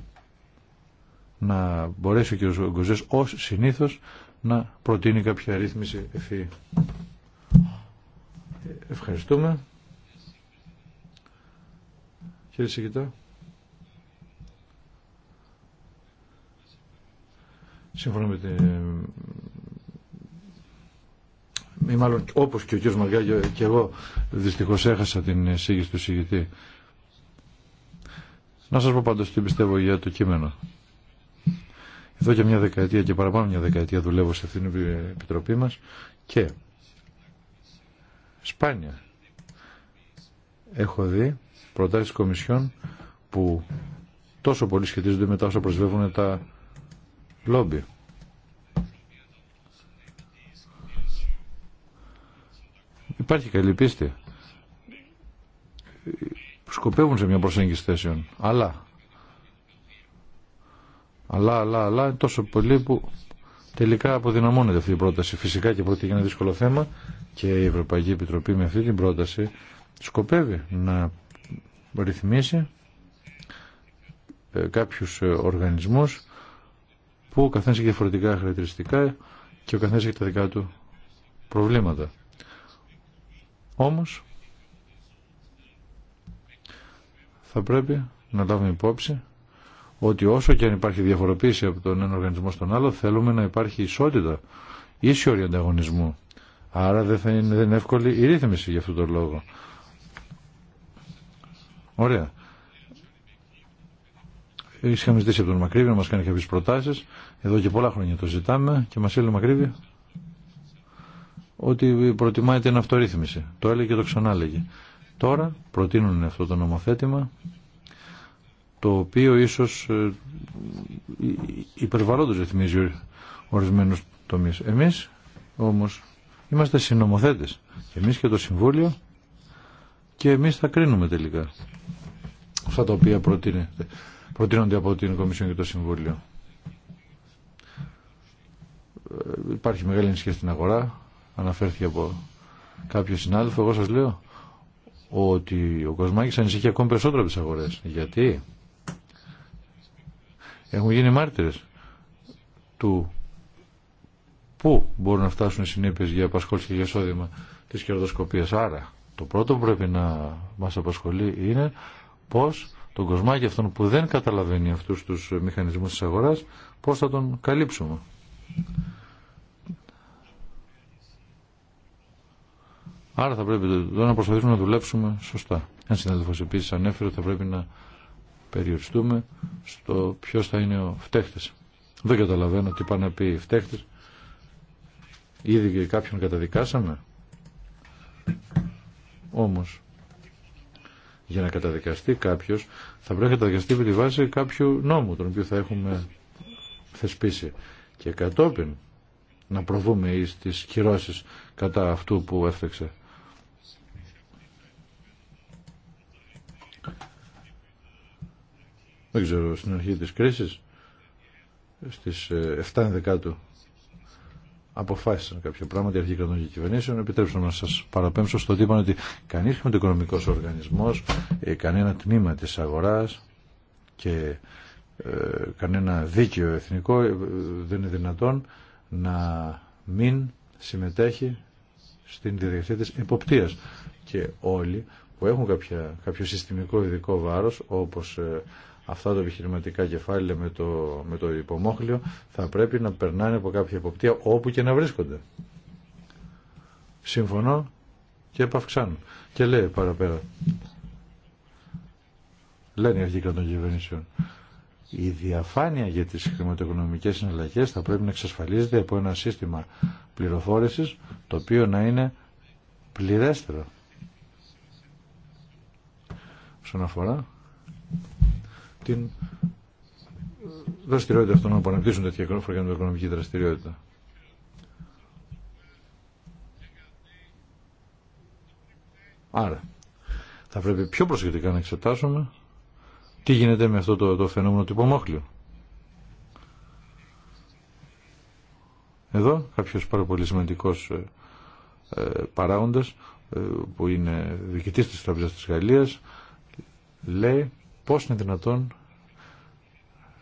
να μπορέσει ο κ. Γκοζές ως συνήθως να προτείνει κάποια ρύθμιση ευφυή. Ευχαριστούμε. Κύριε Σιγητά. Σύμφωνα με την... Ή μάλλον όπως και ο κύριος Μαργάγιο και εγώ δυστυχώς έχασα την εισήγηση του συγητή. Να σας πω πάντως τι πιστεύω για το κείμενο. Εδώ και μια δεκαετία και παραπάνω μια δεκαετία δουλεύω σε αυτήν την επιτροπή μας και σπάνια έχω δει προτάσεις κομισιών που τόσο πολύ σχετίζονται με τα όσα προσβεύουν τα λόμπι. Υπάρχει καλή πίστη. Σκοπεύουν σε μια προσέγγιση θέσεων, αλλά αλλά, αλλά, αλλά, τόσο πολύ που τελικά αποδυναμώνεται αυτή η πρόταση. Φυσικά και πρόκειται για ένα δύσκολο θέμα και η Ευρωπαϊκή Επιτροπή με αυτή την πρόταση σκοπεύει να ρυθμίσει ε, κάποιους ε, οργανισμούς που ο καθένας έχει διαφορετικά χαρακτηριστικά και ο καθένας έχει τα δικά του προβλήματα. Όμως θα πρέπει να λάβουμε υπόψη ότι όσο και αν υπάρχει διαφοροποίηση από τον ένα οργανισμό στον άλλο, θέλουμε να υπάρχει ισότητα, ίση όρια ανταγωνισμού. Άρα δεν, θα είναι, δεν εύκολη η ρύθμιση για αυτόν τον λόγο. Ωραία. Είχαμε ζητήσει από τον Μακρύβη να μα κάνει κάποιε προτάσει. Εδώ και πολλά χρόνια το ζητάμε και μα έλεγε ο Μακρύβη ότι προτιμάει την αυτορύθμιση. Το έλεγε και το ξανάλεγε. Τώρα προτείνουν αυτό το νομοθέτημα το οποίο ίσως ε, υπερβαλλόντως ρυθμίζει ορισμένους τομείς. Εμείς όμως είμαστε συνομοθέτες. Εμείς και το Συμβούλιο και εμείς θα κρίνουμε τελικά αυτά τα οποία προτείνονται από την Κομισιόν και το Συμβούλιο. Ε, υπάρχει μεγάλη ενισχύση στην αγορά, αναφέρθηκε από κάποιο συνάδελφο. Εγώ σας λέω ότι ο Κοσμάκης ανησυχεί ακόμη περισσότερο από τις αγορές. Γιατί? Έχουν γίνει μάρτυρες του πού μπορούν να φτάσουν οι συνέπειες για απασχόληση και για εισόδημα της κερδοσκοπίας. Άρα, το πρώτο που πρέπει να μας απασχολεί είναι πώς τον κοσμάκι αυτόν που δεν καταλαβαίνει αυτούς τους μηχανισμούς της αγοράς, πώς θα τον καλύψουμε. Άρα θα πρέπει εδώ να προσπαθήσουμε να δουλέψουμε σωστά. Ένα επίσης ανέφερε θα πρέπει να περιοριστούμε στο ποιο θα είναι ο φταίχτη. Δεν καταλαβαίνω τι πάνε να πει οι Ήδη και κάποιον καταδικάσαμε. Όμως, για να καταδικαστεί κάποιος, θα πρέπει να καταδικαστεί με τη βάση κάποιου νόμου, τον οποίο θα έχουμε θεσπίσει. Και κατόπιν να προβούμε εις τις κυρώσεις κατά αυτού που έφταξε. δεν ξέρω, στην αρχή της κρίσης, στις 7 ε, δεκάτου αποφάσισαν κάποια πράγματα οι αρχή κρατών και κυβερνήσεων. Επιτρέψτε να σας παραπέμψω στο ότι είπαν ότι κανείς χρηματοοικονομικός οργανισμός, ε, κανένα τμήμα της αγοράς και ε, κανένα δίκαιο εθνικό δεν είναι δυνατόν να μην συμμετέχει στην διαδικασία της εποπτείας. Και όλοι που έχουν κάποια, κάποιο συστημικό ειδικό βάρος, όπως αυτά τα επιχειρηματικά κεφάλαια με το, με το υπομόχλιο θα πρέπει να περνάνε από κάποια εποπτεία όπου και να βρίσκονται. Συμφωνώ και επαυξάνω. Και λέει παραπέρα. Λένε οι αρχικά των κυβερνήσεων. Η διαφάνεια για τις χρηματοοικονομικές συναλλαγές θα πρέπει να εξασφαλίζεται από ένα σύστημα πληροφόρησης το οποίο να είναι πληρέστερο. Όσον αφορά την δραστηριότητα αυτών που αναπτύσσουν τέτοια οικονομική δραστηριότητα. Άρα, θα πρέπει πιο προσεκτικά να εξετάσουμε τι γίνεται με αυτό το, το φαινόμενο του υπομόχλειου. Εδώ κάποιος πάρα πολύ σημαντικός ε, ε παράγοντας ε, που είναι διοικητής της Τραπεζάς της Γαλλίας λέει πώς είναι δυνατόν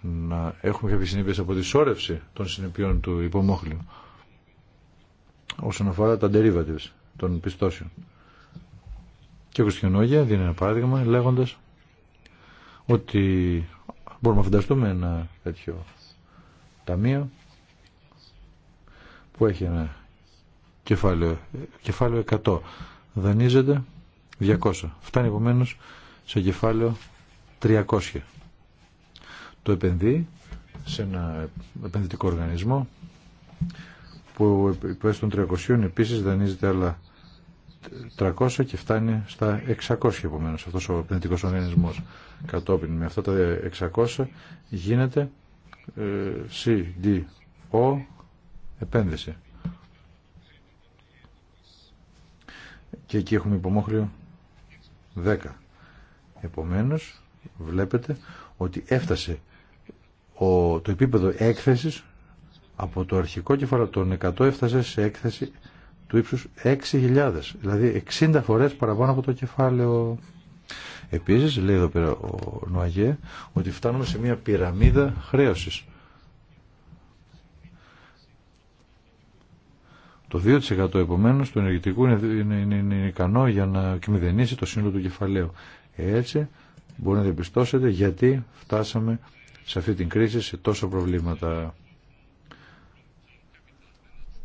να έχουμε κάποιες συνήθειες από τη σόρευση των συνεπειών του υπομόχλιου όσον αφορά τα derivatives των πιστώσεων. Και ο Χριστιανόγια δίνει ένα παράδειγμα λέγοντας ότι μπορούμε να φανταστούμε ένα τέτοιο ταμείο που έχει ένα κεφάλαιο, κεφάλαιο 100 δανείζεται 200. Φτάνει επομένω σε κεφάλαιο 300. Το επενδύει σε ένα επενδυτικό οργανισμό που των 300 επίσης δανείζεται άλλα 300 και φτάνει στα 600 επομένως αυτός ο επενδυτικός οργανισμός κατόπιν με αυτά τα 600 γίνεται CDO ε, επένδυση και εκεί έχουμε υπομόχλιο 10 επομένως βλέπετε ότι έφτασε το επίπεδο έκθεσης από το αρχικό κεφάλαιο των 100 έφτασε σε έκθεση του ύψους 6.000, δηλαδή 60 φορές παραπάνω από το κεφάλαιο. Επίσης, λέει εδώ πέρα ο Νοαγέ, ότι φτάνουμε σε μια πυραμίδα χρέωσης. Το 2% επομένως του ενεργητικού είναι, είναι, είναι, ικανό για να κυμηδενήσει το σύνολο του κεφαλαίου. Έτσι, μπορεί να διαπιστώσετε γιατί φτάσαμε σε αυτή την κρίση σε τόσα προβλήματα.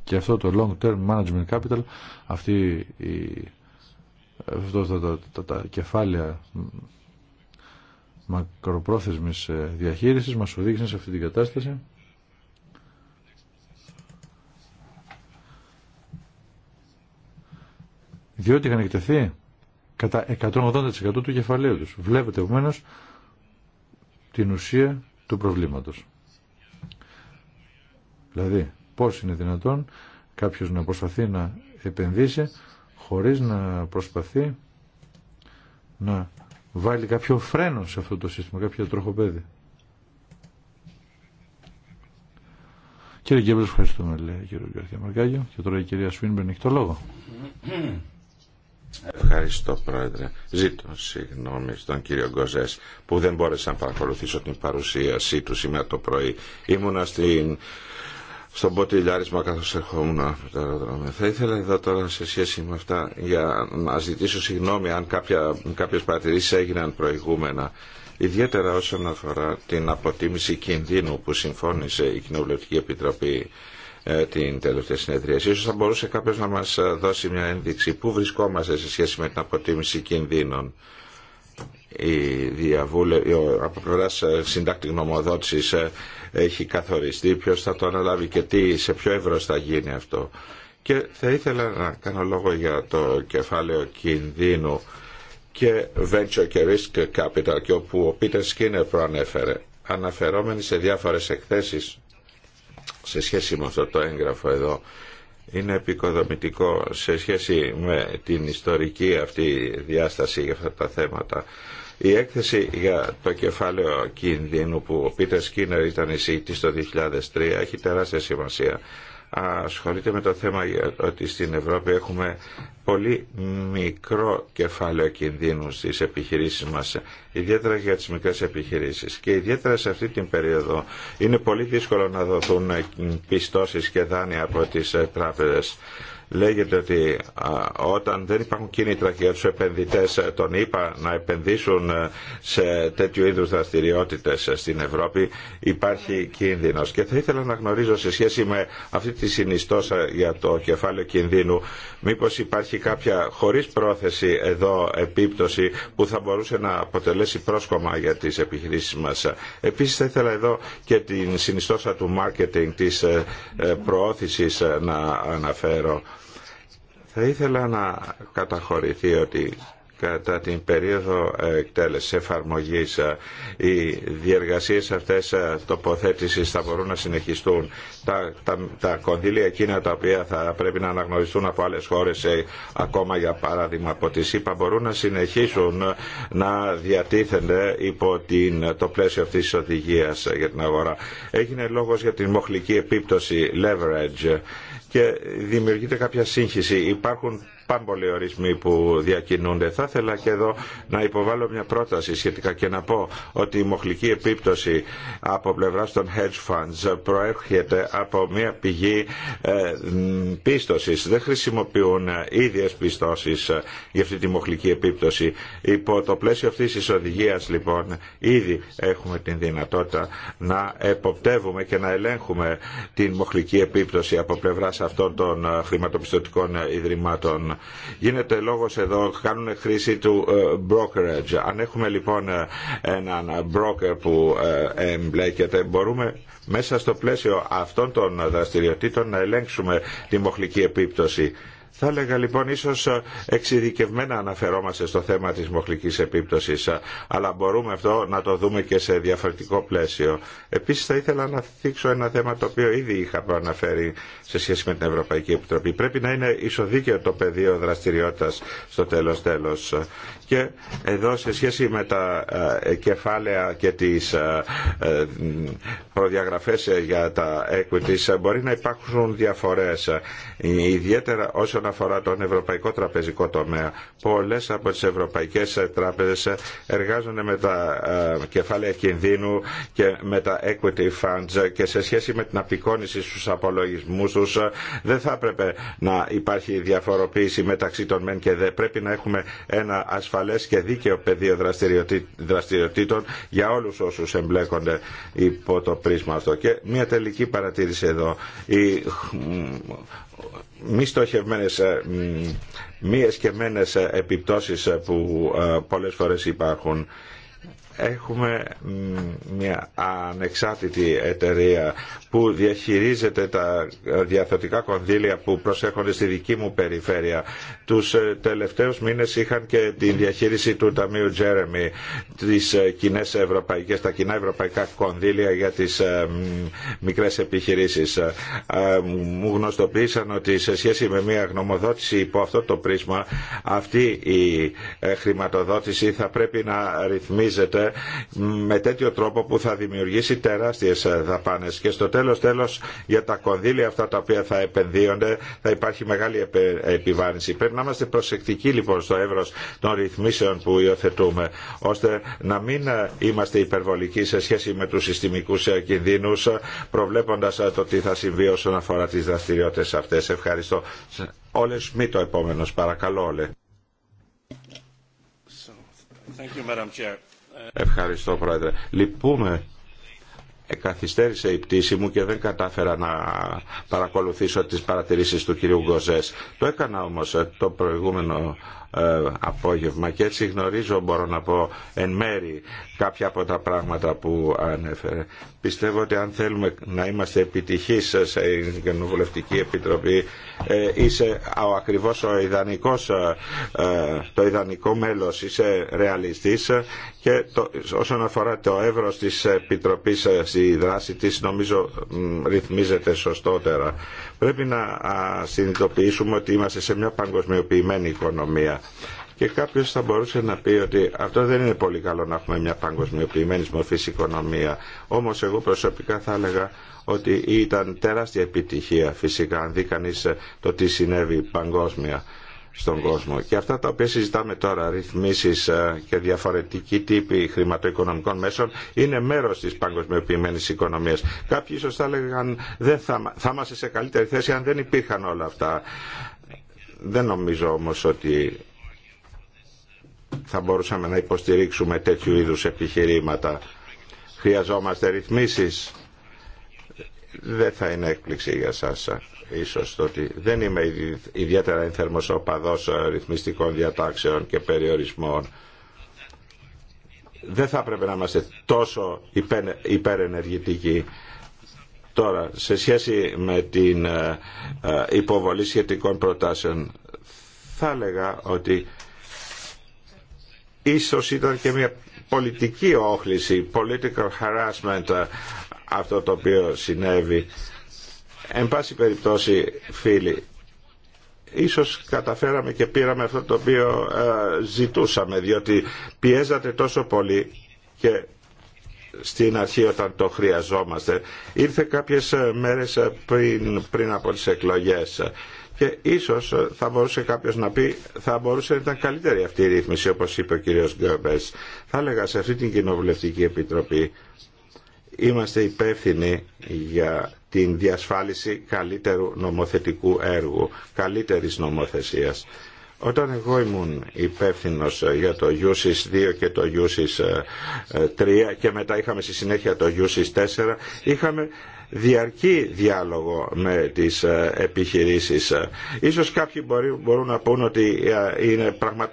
Και αυτό το long term management capital, αυτή η, αυτό, τα, τα, τα, τα κεφάλαια μακροπρόθεσμης ε, διαχείρισης μας οδήγησαν σε αυτή την κατάσταση. Διότι είχαν εκτεθεί κατά 180% του κεφαλαίου τους. Βλέπετε επομένως την ουσία του προβλήματος. Δηλαδή, πώς είναι δυνατόν κάποιος να προσπαθεί να επενδύσει χωρίς να προσπαθεί να βάλει κάποιο φρένο σε αυτό το σύστημα, κάποιο τροχοπέδι. Κύριε Γκέμπρος, ευχαριστούμε, λέει κύριο Γκαρθία Μαρκάγιο. Και τώρα η κυρία έχει το λόγο. Ευχαριστώ Πρόεδρε. Ζήτω συγγνώμη στον κύριο Γκοζές που δεν μπόρεσα να παρακολουθήσω την παρουσίασή του σήμερα το πρωί. Ήμουνα στην... στον Ποτηλιάρισμα καθώς ερχόμουν από το αεροδρόμιο. Θα ήθελα εδώ τώρα σε σχέση με αυτά για να ζητήσω συγγνώμη αν κάποια... κάποιες παρατηρήσεις έγιναν προηγούμενα. Ιδιαίτερα όσον αφορά την αποτίμηση κινδύνου που συμφώνησε η Κοινοβουλευτική Επιτροπή ε, την τελευταία συνεδρία. Ίσως θα μπορούσε κάποιος να μας ε, δώσει μια ένδειξη πού βρισκόμαστε σε σχέση με την αποτίμηση κινδύνων η διαβούλε, από πλευρά ε, συντάκτη γνωμοδότηση έχει καθοριστεί ποιο θα το αναλάβει και τι, σε ποιο ευρώ θα γίνει αυτό. Και θα ήθελα να κάνω λόγο για το κεφάλαιο κινδύνου και venture και risk capital και όπου ο Πίτερ Σκίνερ προανέφερε αναφερόμενοι σε διάφορες εκθέσεις σε σχέση με αυτό το έγγραφο εδώ είναι επικοδομητικό σε σχέση με την ιστορική αυτή διάσταση για αυτά τα θέματα. Η έκθεση για το κεφάλαιο κινδύνου που ο Πίτερ Σκίνερ ήταν εισηγητής το 2003 έχει τεράστια σημασία ασχολείται με το θέμα ότι στην Ευρώπη έχουμε πολύ μικρό κεφάλαιο κινδύνου στις επιχειρήσεις μας, ιδιαίτερα για τις μικρές επιχειρήσεις. Και ιδιαίτερα σε αυτή την περίοδο είναι πολύ δύσκολο να δοθούν πιστώσεις και δάνεια από τις τράπεζες λέγεται ότι όταν δεν υπάρχουν κίνητρα για τους επενδυτές ε, τον είπα, να επενδύσουν ε, σε τέτοιου είδους δραστηριότητες ε, στην Ευρώπη υπάρχει κίνδυνος. Και θα ήθελα να γνωρίζω σε σχέση με αυτή τη συνιστόσα για το κεφάλαιο κινδύνου μήπως υπάρχει κάποια χωρίς πρόθεση εδώ επίπτωση που θα μπορούσε να αποτελέσει πρόσκομα για τις επιχειρήσεις μας. Επίσης θα ήθελα εδώ και την συνιστόσα του μάρκετινγκ της προώθησης να αναφέρω θα ήθελα να καταχωρηθεί ότι κατά την περίοδο εκτέλεσης εφαρμογής ε, οι διεργασίες αυτές ε, τοποθέτησης θα μπορούν να συνεχιστούν. Τα, τα, τα κονδύλια εκείνα τα οποία θα πρέπει να αναγνωριστούν από άλλες χώρες ε, ακόμα για παράδειγμα από τη ΣΥΠΑ μπορούν να συνεχίσουν να διατίθενται υπό την, το πλαίσιο αυτής της οδηγίας για την αγορά. Έγινε λόγος για την μοχλική επίπτωση leverage και δημιουργείται κάποια σύγχυση. Υπάρχουν πάμπολοι ορισμοί που διακινούνται. Θα ήθελα και εδώ να υποβάλω μια πρόταση σχετικά και να πω ότι η μοχλική επίπτωση από πλευρά των hedge funds προέρχεται από μια πηγή ε, πίστοσης. Δεν χρησιμοποιούν ε, ίδιες πιστώσεις ε, για αυτή τη μοχλική επίπτωση. Υπό το πλαίσιο αυτής της οδηγίας λοιπόν ήδη έχουμε την δυνατότητα να εποπτεύουμε και να ελέγχουμε την μοχλική επίπτωση από πλευράς αυτών των χρηματοπιστωτικών ιδρυμάτων. Γίνεται λόγος εδώ, κάνουν χρήση του ε, brokerage. Αν έχουμε λοιπόν ε, έναν broker που ε, εμπλέκεται, μπορούμε μέσα στο πλαίσιο αυτών των δραστηριοτήτων να ελέγξουμε τη μοχλική επίπτωση θα έλεγα λοιπόν ίσως ε, εξειδικευμένα αναφερόμαστε στο θέμα της μοχλικής επίπτωσης, ε, αλλά μπορούμε αυτό να το δούμε και σε διαφορετικό πλαίσιο. Επίσης θα ήθελα να θίξω ένα θέμα το οποίο ήδη είχα αναφέρει σε σχέση με την Ευρωπαϊκή Επιτροπή. Πρέπει να είναι ισοδίκαιο το πεδίο δραστηριότητας στο τέλος τέλος. Και εδώ σε σχέση με τα ε, κεφάλαια και τις ε, ε, προδιαγραφές για τα equities μπορεί να υπάρχουν διαφορές ιδιαίτερα όσον αφορά τον ευρωπαϊκό τραπεζικό τομέα. Πολλές από τις ευρωπαϊκές τράπεζες εργάζονται με τα κεφάλαια κινδύνου και με τα equity funds και σε σχέση με την απεικόνηση στους απολογισμούς τους δεν θα έπρεπε να υπάρχει διαφοροποίηση μεταξύ των μεν και δε. Πρέπει να έχουμε ένα ασφαλή ασφαλέ και δίκαιο πεδίο δραστηριοτήτων για όλους όσου εμπλέκονται υπό το πρίσμα αυτό. Και μια τελική παρατήρηση εδώ. Οι μη στοχευμένε ε, μη εσκεμμένε ε, επιπτώσεις ε, που πολλέ φορέ υπάρχουν έχουμε μια ανεξάρτητη εταιρεία που διαχειρίζεται τα διαθετικά κονδύλια που προσέχονται στη δική μου περιφέρεια. Τους ε, τελευταίους μήνες είχαν και τη διαχείριση του Ταμείου Τζέρεμι, τις ε, κοινές ευρωπαϊκές, τα κοινά ευρωπαϊκά κονδύλια για τις ε, μικρές επιχειρήσεις. Μου γνωστοποίησαν ότι σε σχέση με μια γνωμοδότηση υπό αυτό το πρίσμα αυτή η χρηματοδότηση θα πρέπει να ρυθμίζεται με τέτοιο τρόπο που θα δημιουργήσει τεράστιες δαπάνες. Και στο τέλος τέλος για τα κονδύλια αυτά τα οποία θα επενδύονται θα υπάρχει μεγάλη επιβάρυνση. Πρέπει να είμαστε προσεκτικοί λοιπόν στο εύρος των ρυθμίσεων που υιοθετούμε ώστε να μην είμαστε υπερβολικοί σε σχέση με τους συστημικούς κινδύνους προβλέποντας το τι θα συμβεί όσον αφορά τις δραστηριότητες αυτές. Ευχαριστώ. Όλε μη το επόμενος. Παρακαλώ όλε. Thank you, Madam Chair. Ευχαριστώ Πρόεδρε. Λυπούμε καθυστέρησε η πτήση μου και δεν κατάφερα να παρακολουθήσω τις παρατηρήσεις του κυρίου Γκοζές. Το έκανα όμως το προηγούμενο ε, απόγευμα και έτσι γνωρίζω μπορώ να πω εν μέρη κάποια από τα πράγματα που ανέφερε. Πιστεύω ότι αν θέλουμε να είμαστε επιτυχείς σε Γενοβουλευτική Επιτροπή ε, είσαι ο, ακριβώς ο ιδανικός, ε, το ιδανικό μέλος, είσαι ρεαλιστής και το, όσον αφορά το εύρος της Επιτροπής στη δράση της νομίζω ρυθμίζεται σωστότερα. Πρέπει να συνειδητοποιήσουμε ότι είμαστε σε μια παγκοσμιοποιημένη οικονομία. Και κάποιο θα μπορούσε να πει ότι αυτό δεν είναι πολύ καλό να έχουμε μια παγκοσμιοποιημένη μορφή οικονομία. Όμω εγώ προσωπικά θα έλεγα ότι ήταν τεράστια επιτυχία φυσικά αν δει κανεί το τι συνέβη παγκόσμια στον κόσμο. Και αυτά τα οποία συζητάμε τώρα, ρυθμίσει ε, και διαφορετικοί τύποι χρηματοοικονομικών μέσων, είναι μέρο τη παγκοσμιοποιημένη οικονομία. Κάποιοι ίσω θα έλεγαν δεν θα, θα είμαστε σε καλύτερη θέση αν δεν υπήρχαν όλα αυτά. Δεν νομίζω όμως ότι θα μπορούσαμε να υποστηρίξουμε τέτοιου είδου επιχειρήματα. Χρειαζόμαστε ρυθμίσει Δεν θα είναι έκπληξη για σας ίσως το ότι δεν είμαι ιδιαίτερα ενθερμός οπαδός ε, ρυθμιστικών διατάξεων και περιορισμών. Δεν θα έπρεπε να είμαστε τόσο υπερενεργητικοί. Τώρα, σε σχέση με την ε, ε, υποβολή σχετικών προτάσεων, θα έλεγα ότι ίσως ήταν και μια πολιτική όχληση, political harassment αυτό το οποίο συνέβη Εν πάση περιπτώσει, φίλοι, ίσως καταφέραμε και πήραμε αυτό το οποίο ε, ζητούσαμε, διότι πιέζατε τόσο πολύ και στην αρχή όταν το χρειαζόμαστε. Ήρθε κάποιες ε, μέρες ε, πριν, πριν από τις εκλογές και ίσως θα μπορούσε κάποιος να πει θα μπορούσε να ήταν καλύτερη αυτή η ρύθμιση όπως είπε ο κύριος Γκέμπες. Θα έλεγα σε αυτή την κοινοβουλευτική επιτροπή είμαστε υπεύθυνοι για την διασφάλιση καλύτερου νομοθετικού έργου, καλύτερης νομοθεσίας. Όταν εγώ ήμουν υπεύθυνο για το USIS 2 και το USIS 3 ε, ε, και μετά είχαμε στη συνέχεια το USIS 4, είχαμε διαρκή διάλογο με τις ε, επιχειρήσεις. Ίσως κάποιοι μπορούν να πούν ότι είναι πραγμα...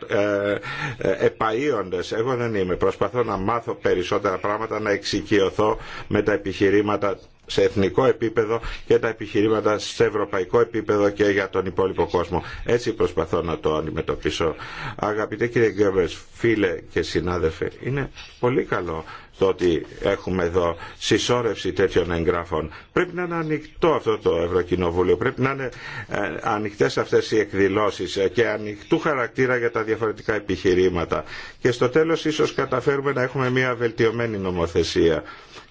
Εγώ δεν είμαι. Προσπαθώ να μάθω περισσότερα πράγματα, να εξοικειωθώ με τα επιχειρήματα σε εθνικό επίπεδο και τα επιχειρήματα σε ευρωπαϊκό επίπεδο και για τον υπόλοιπο κόσμο. Έτσι προσπαθώ να το αντιμετωπίσω. Αγαπητέ κύριε Γκέμπερς, φίλε και συνάδελφε, είναι πολύ καλό το ότι έχουμε εδώ συσσόρευση τέτοιων εγγράφων. Πρέπει να είναι ανοιχτό αυτό το Ευρωκοινοβούλιο, πρέπει να είναι ε, ανοιχτές αυτές οι εκδηλώσεις ε, και ανοιχτού χαρακτήρα για τα διαφορετικά επιχειρήματα. Και στο τέλος ίσως καταφέρουμε να έχουμε μια βελτιωμένη νομοθεσία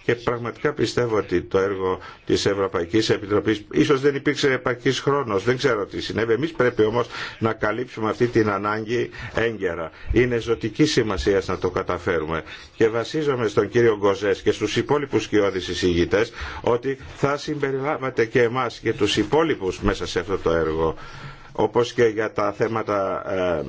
και πραγματικά πιστεύω ότι το έργο τη Ευρωπαϊκή Επιτροπή ίσω δεν υπήρξε επαρκή χρόνο. δεν ξέρω τι συνέβη. Εμεί πρέπει όμω να καλύψουμε αυτή την ανάγκη έγκαιρα. Είναι ζωτική σημασία να το καταφέρουμε. Και βασίζομαι στον κύριο Γκοζέ και στου υπόλοιπου κοιόδης εισηγητές ότι θα συμπεριλάβατε και εμά και του υπόλοιπου μέσα σε αυτό το έργο όπως και για τα θέματα ε,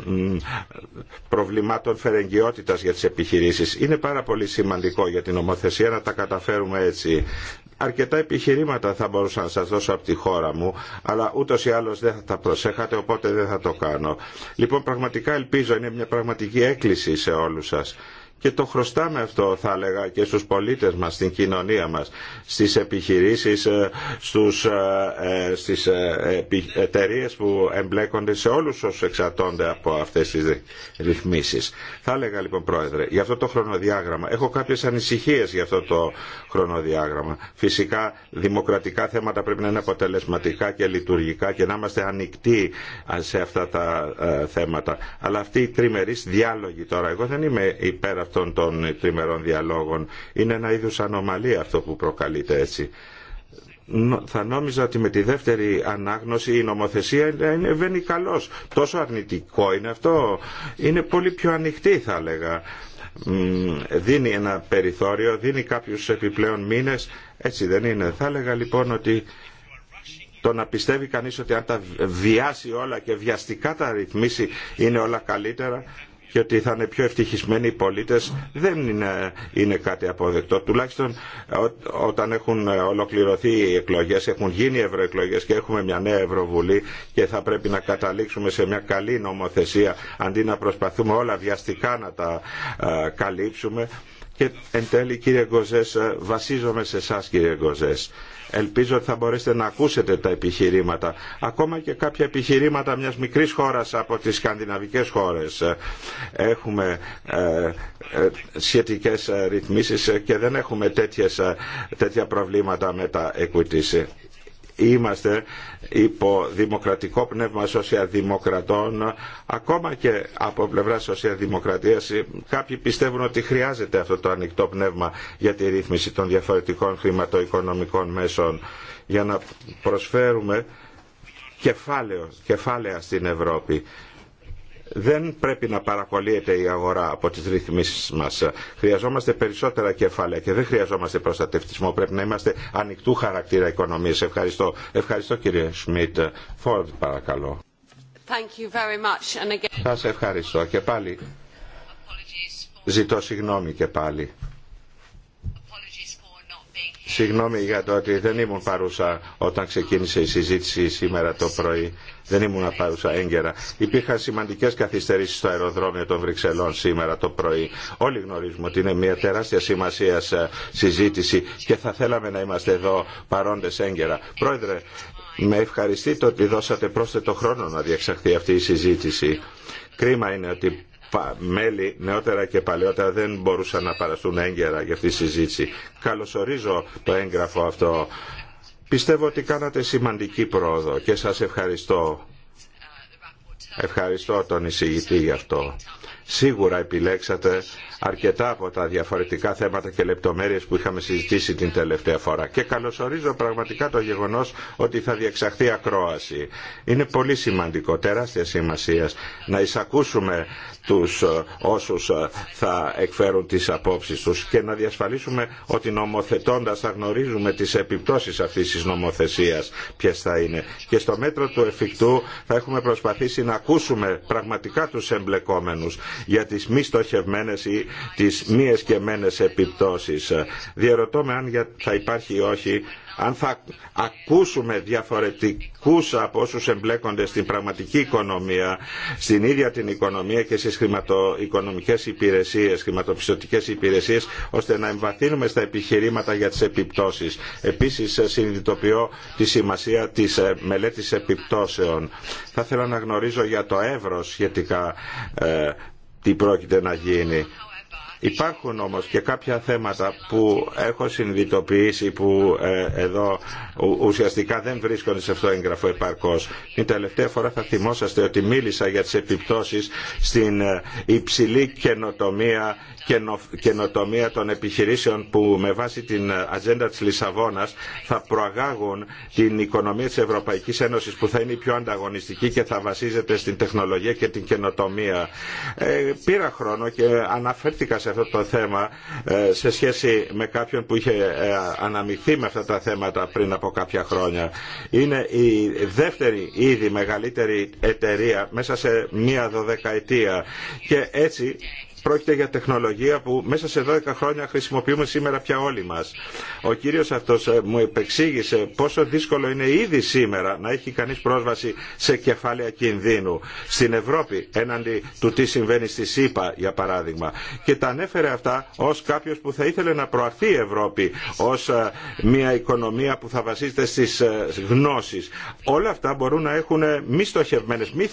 προβλημάτων φερεγγιότητας για τις επιχειρήσεις. Είναι πάρα πολύ σημαντικό για την νομοθεσία να τα καταφέρουμε έτσι. Αρκετά επιχειρήματα θα μπορούσα να σας δώσω από τη χώρα μου, αλλά ούτως ή άλλως δεν θα τα προσέχατε, οπότε δεν θα το κάνω. Λοιπόν, πραγματικά ελπίζω, είναι μια πραγματική έκκληση σε όλους σας και το χρωστάμε αυτό θα έλεγα και στους πολίτες μας, στην κοινωνία μας, στις επιχειρήσεις, ε, στους, ε, ε, στις εταιρείες που εμπλέκονται σε όλους όσους εξατώνται από αυτές τις ρυθμίσεις. Θα έλεγα λοιπόν Πρόεδρε, για αυτό το χρονοδιάγραμμα, έχω κάποιες ανησυχίες για αυτό το χρονοδιάγραμμα. Φυσικά δημοκρατικά θέματα πρέπει να είναι αποτελεσματικά και λειτουργικά και να είμαστε ανοιχτοί σε αυτά τα θέματα. Αλλά αυτή οι τριμερείς διάλογοι τώρα, εγώ δεν είμαι υπέρα αυτών των τριμερών διαλόγων. Είναι ένα είδους ανομαλία αυτό που προκαλείται έτσι. Θα νόμιζα ότι με τη δεύτερη ανάγνωση η νομοθεσία είναι βαίνει καλός. Τόσο αρνητικό είναι αυτό. Είναι πολύ πιο ανοιχτή θα έλεγα. Δίνει ένα περιθώριο, δίνει κάποιους επιπλέον μήνες. Έτσι δεν είναι. Θα έλεγα λοιπόν ότι το να πιστεύει κανείς ότι αν τα βιάσει όλα και βιαστικά τα ρυθμίσει είναι όλα καλύτερα και ότι θα είναι πιο ευτυχισμένοι οι πολίτες δεν είναι, είναι κάτι αποδεκτό. Τουλάχιστον όταν έχουν ολοκληρωθεί οι εκλογές, έχουν γίνει ευρωεκλογές και έχουμε μια νέα Ευρωβουλή και θα πρέπει να καταλήξουμε σε μια καλή νομοθεσία αντί να προσπαθούμε όλα βιαστικά να τα καλύψουμε και εν τέλει κύριε Γκοζές, ε, βασίζομαι σε εσά κύριε Γκοζές. Ελπίζω ότι θα μπορέσετε να ακούσετε τα επιχειρήματα, ακόμα και κάποια επιχειρήματα μιας μικρής χώρας από τις σκανδιναβικές χώρες. Έχουμε ε, ε σχετικές ε, ρυθμίσεις και δεν έχουμε τέτοια προβλήματα με τα equity είμαστε υπό δημοκρατικό πνεύμα σοσιαλδημοκρατών, ακόμα και από πλευρά σοσιαδημοκρατίας κάποιοι πιστεύουν ότι χρειάζεται αυτό το ανοιχτό πνεύμα για τη ρύθμιση των διαφορετικών χρηματοοικονομικών μέσων για να προσφέρουμε κεφάλαια στην Ευρώπη δεν πρέπει να παρακολύεται η αγορά από τις ρυθμίσεις μας. Χρειαζόμαστε περισσότερα κεφάλαια και δεν χρειαζόμαστε προστατευτισμό. Πρέπει να είμαστε ανοιχτού χαρακτήρα οικονομίας. Ευχαριστώ. Ευχαριστώ κύριε Σμιτ. Φόρντ παρακαλώ. Thank you very much. And again... Σας ευχαριστώ και πάλι. Ζητώ συγγνώμη και πάλι. Συγγνώμη για το ότι δεν ήμουν παρούσα όταν ξεκίνησε η συζήτηση σήμερα το πρωί δεν ήμουν παρούσα έγκαιρα. Υπήρχαν σημαντικέ καθυστερήσει στο αεροδρόμιο των Βρυξελών σήμερα το πρωί. Όλοι γνωρίζουμε ότι είναι μια τεράστια σημασία συζήτηση και θα θέλαμε να είμαστε εδώ παρόντε έγκαιρα. Πρόεδρε, με ευχαριστείτε ότι δώσατε πρόσθετο χρόνο να διεξαχθεί αυτή η συζήτηση. Κρίμα είναι ότι μέλη νεότερα και παλαιότερα δεν μπορούσαν να παραστούν έγκαιρα για αυτή τη συζήτηση. Καλωσορίζω το έγγραφο αυτό Πιστεύω ότι κάνατε σημαντική πρόοδο και σας ευχαριστώ. Ευχαριστώ τον εισηγητή γι' αυτό. Σίγουρα επιλέξατε αρκετά από τα διαφορετικά θέματα και λεπτομέρειες που είχαμε συζητήσει την τελευταία φορά. Και καλωσορίζω πραγματικά το γεγονός ότι θα διεξαχθεί ακρόαση. Είναι πολύ σημαντικό, τεράστια σημασία να εισακούσουμε τους ε, όσους ε, θα εκφέρουν τις απόψεις τους και να διασφαλίσουμε ότι νομοθετώντας θα γνωρίζουμε τις επιπτώσεις αυτής της νομοθεσίας ποιε θα είναι. Και στο μέτρο του εφικτού θα έχουμε προσπαθήσει να ακούσουμε πραγματικά τους εμπλεκόμενους για τις μη στοχευμένες ή τις μη εσκεμμένες επιπτώσεις. Διερωτώ με αν θα υπάρχει ή όχι αν θα ακούσουμε διαφορετικούς από όσους εμπλέκονται στην πραγματική οικονομία, στην ίδια την οικονομία και στις χρηματοοικονομικές υπηρεσίες, χρηματοπιστωτικές υπηρεσίες, ώστε να εμβαθύνουμε στα επιχειρήματα για τις επιπτώσεις. Επίσης συνειδητοποιώ τη σημασία της ε, μελέτης επιπτώσεων. Θα ήθελα να γνωρίζω για το εύρος σχετικά ε, τι πρόκειται να γίνει. Υπάρχουν όμως και κάποια θέματα που έχω συνειδητοποιήσει που ε, εδώ ουσιαστικά δεν βρίσκονται σε αυτό το έγγραφο επαρκώς. Την τελευταία φορά θα θυμόσαστε ότι μίλησα για τις επιπτώσεις στην ε, υψηλή καινοτομία, καινο, καινοτομία των επιχειρήσεων που με βάση την ατζέντα της Λισαβόνας θα προαγάγουν την οικονομία της Ευρωπαϊκής Ένωσης που θα είναι η πιο ανταγωνιστική και θα βασίζεται στην τεχνολογία και την καινοτομία. Ε, πήρα χρόνο και αναφέρθηκα σε αυτό το θέμα ε, σε σχέση με κάποιον που είχε ε, αναμειχθεί με αυτά τα θέματα πριν από κάποια χρόνια. Είναι η δεύτερη ήδη μεγαλύτερη εταιρεία μέσα σε μία δωδεκαετία και έτσι Πρόκειται για τεχνολογία που μέσα σε 12 χρόνια χρησιμοποιούμε σήμερα πια όλοι μας. Ο κύριος αυτός ε, μου επεξήγησε πόσο δύσκολο είναι ήδη σήμερα να έχει κανείς πρόσβαση σε κεφάλαια κινδύνου στην Ευρώπη έναντι του τι συμβαίνει στη ΣΥΠΑ για παράδειγμα. Και τα ανέφερε αυτά ως κάποιος που θα ήθελε να προαρθεί η Ευρώπη ως ε, μια οικονομία που θα βασίζεται στις ε, γνώσεις. Όλα αυτά μπορούν να έχουν μη στοχευμένες, μη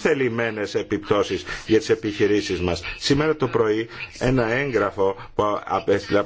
επιπτώσεις για τις επιχειρήσεις μας. Σήμερα το πρωί ένα έγγραφο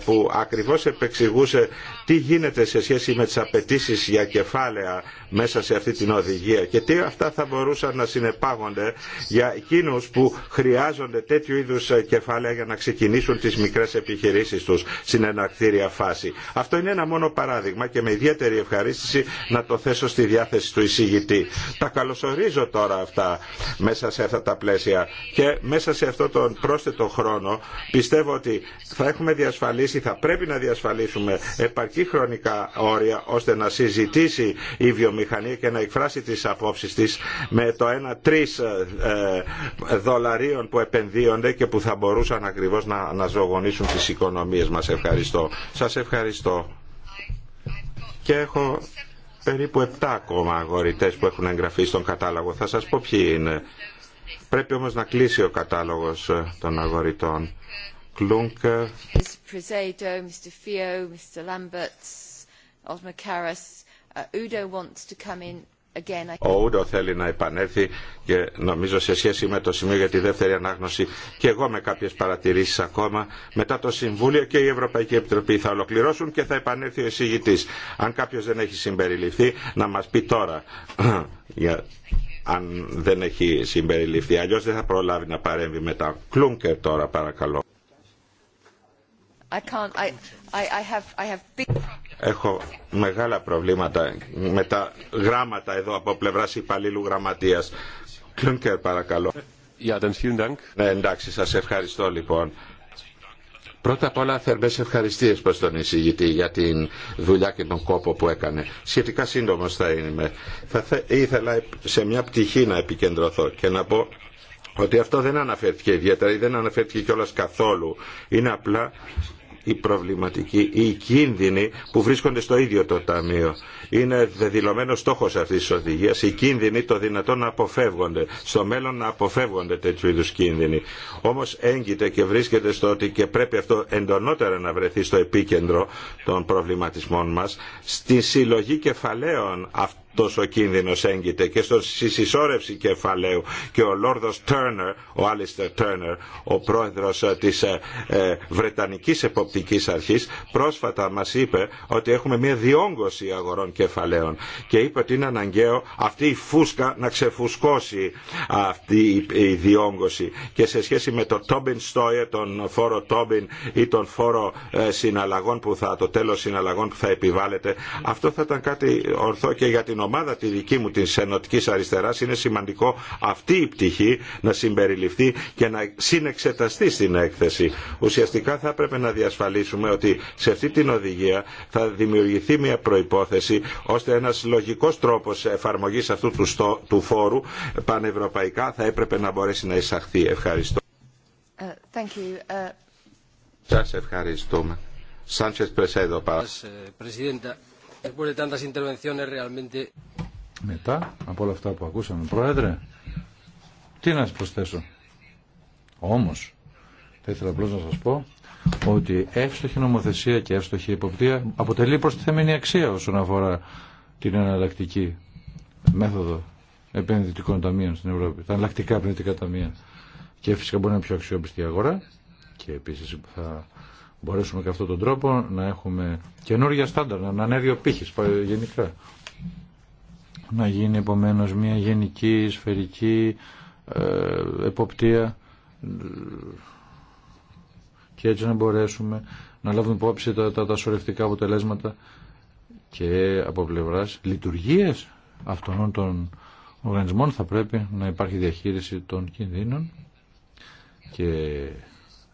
που ακριβώς επεξηγούσε τι γίνεται σε σχέση με τις απαιτήσει για κεφάλαια μέσα σε αυτή την οδηγία και τι αυτά θα μπορούσαν να συνεπάγονται για εκείνους που χρειάζονται τέτοιου είδους κεφάλαια για να ξεκινήσουν τις μικρές επιχειρήσεις τους στην ενακτήρια φάση. Αυτό είναι ένα μόνο παράδειγμα και με ιδιαίτερη ευχαρίστηση να το θέσω στη διάθεση του εισηγητή. Τα καλωσορίζω τώρα αυτά μέσα σε αυτά τα πλαίσια και μέσα σε αυτόν τον πρόσθετο χρόνο πιστεύω ότι θα έχουμε διασφαλίσει, θα πρέπει να διασφαλίσουμε επαρκή χρονικά όρια ώστε να συζητήσει η βιομηχανία βιομηχανία και να εκφράσει τις απόψεις της με το 1-3 ε, ε, δολαρίων που επενδύονται και που θα μπορούσαν ακριβώς να αναζωογονήσουν τις οικονομίες μας. Ευχαριστώ. Σας ευχαριστώ. Και έχω περίπου 7 ακόμα αγορητές που έχουν εγγραφεί στον κατάλογο. Θα σας πω ποιοι είναι. Πρέπει όμως να κλείσει ο κατάλογος ε, των αγορητών. Κλούνκ. Uh, ο Ούντο θέλει να επανέλθει και νομίζω σε σχέση με το σημείο για τη δεύτερη ανάγνωση και εγώ με κάποιες παρατηρήσεις ακόμα μετά το Συμβούλιο και η Ευρωπαϊκή Επιτροπή θα ολοκληρώσουν και θα επανέλθει ο εισηγητής. Αν κάποιος δεν έχει συμπεριληφθεί να μας πει τώρα αν δεν έχει συμπεριληφθεί. Αλλιώς δεν θα προλάβει να παρέμβει μετά. Κλούνκερ τώρα παρακαλώ. Έχω μεγάλα προβλήματα με τα γράμματα εδώ από πλευρά υπαλλήλου γραμματεία. Κλούνκερ, παρακαλώ. Ναι, εντάξει, σα ευχαριστώ λοιπόν. Πρώτα απ' όλα θερμές ευχαριστίες προς τον εισηγητή για την δουλειά και τον κόπο που έκανε. Σχετικά σύντομος θα είμαι. Θα θε, ήθελα σε μια πτυχή να επικεντρωθώ και να πω ότι αυτό δεν αναφέρθηκε ιδιαίτερα ή δεν αναφέρθηκε κιόλας καθόλου. Είναι απλά οι προβληματικοί ή οι κίνδυνοι που βρίσκονται στο ίδιο το Ταμείο. Είναι δεδηλωμένο στόχο αυτή τη οδηγία οι κίνδυνοι το δυνατόν να αποφεύγονται. Στο μέλλον να αποφεύγονται τέτοιου είδου κίνδυνοι. Όμω έγκυται και βρίσκεται στο ότι και πρέπει αυτό εντονότερα να βρεθεί στο επίκεντρο των προβληματισμών μα στη συλλογή κεφαλαίων αυτών αυτός ο κίνδυνος έγκυται και στο συσσόρευση κεφαλαίου και ο Λόρδος Τέρνερ, ο Άλιστερ Τέρνερ, ο πρόεδρος ε, της ε, ε, Βρετανικής Εποπτικής Αρχής, πρόσφατα μας είπε ότι έχουμε μια διόγκωση αγορών κεφαλαίων και είπε ότι είναι αναγκαίο αυτή η φούσκα να ξεφουσκώσει αυτή η διόγκωση και σε σχέση με το Tobin Stoyer, τον φόρο Tobin ή τον φόρο συναλλαγών που θα, το τέλος συναλλαγών που θα επιβάλλεται, αυτό θα ήταν κάτι ορθό και για την ομάδα τη δική μου της Ενωτικής αριστερά, είναι σημαντικό αυτή η πτυχή να συμπεριληφθεί και να συνεξεταστεί στην έκθεση. Ουσιαστικά θα έπρεπε να διασφαλίσουμε ότι σε αυτή την οδηγία θα δημιουργηθεί μια προϋπόθεση ώστε ένας λογικός τρόπος εφαρμογής αυτού του, στο, του φόρου πανευρωπαϊκά θα έπρεπε να μπορέσει να εισαχθεί. Ευχαριστώ. Ε, ε, ευχαριστούμε. Μετά από όλα αυτά που ακούσαμε, Πρόεδρε, τι να σας προσθέσω. Όμως, θα ήθελα απλώς να σας πω ότι εύστοχη νομοθεσία και εύστοχη υποπτία αποτελεί προστιθέμενη αξία όσον αφορά την εναλλακτική μέθοδο επενδυτικών ταμείων στην Ευρώπη, τα εναλλακτικά επενδυτικά ταμεία. Και φυσικά μπορεί να είναι πιο αξιόπιστη η αγορά και επίσης θα μπορέσουμε και αυτόν τον τρόπο να έχουμε καινούργια στάνταρ, να ανέβει ο πύχης γενικά. Να γίνει επομένως μια γενική, σφαιρική ε, εποπτεία και έτσι να μπορέσουμε να λάβουμε υπόψη τα, τα, τα σωρευτικά αποτελέσματα και από πλευρά λειτουργίες αυτών των οργανισμών θα πρέπει να υπάρχει διαχείριση των κινδύνων και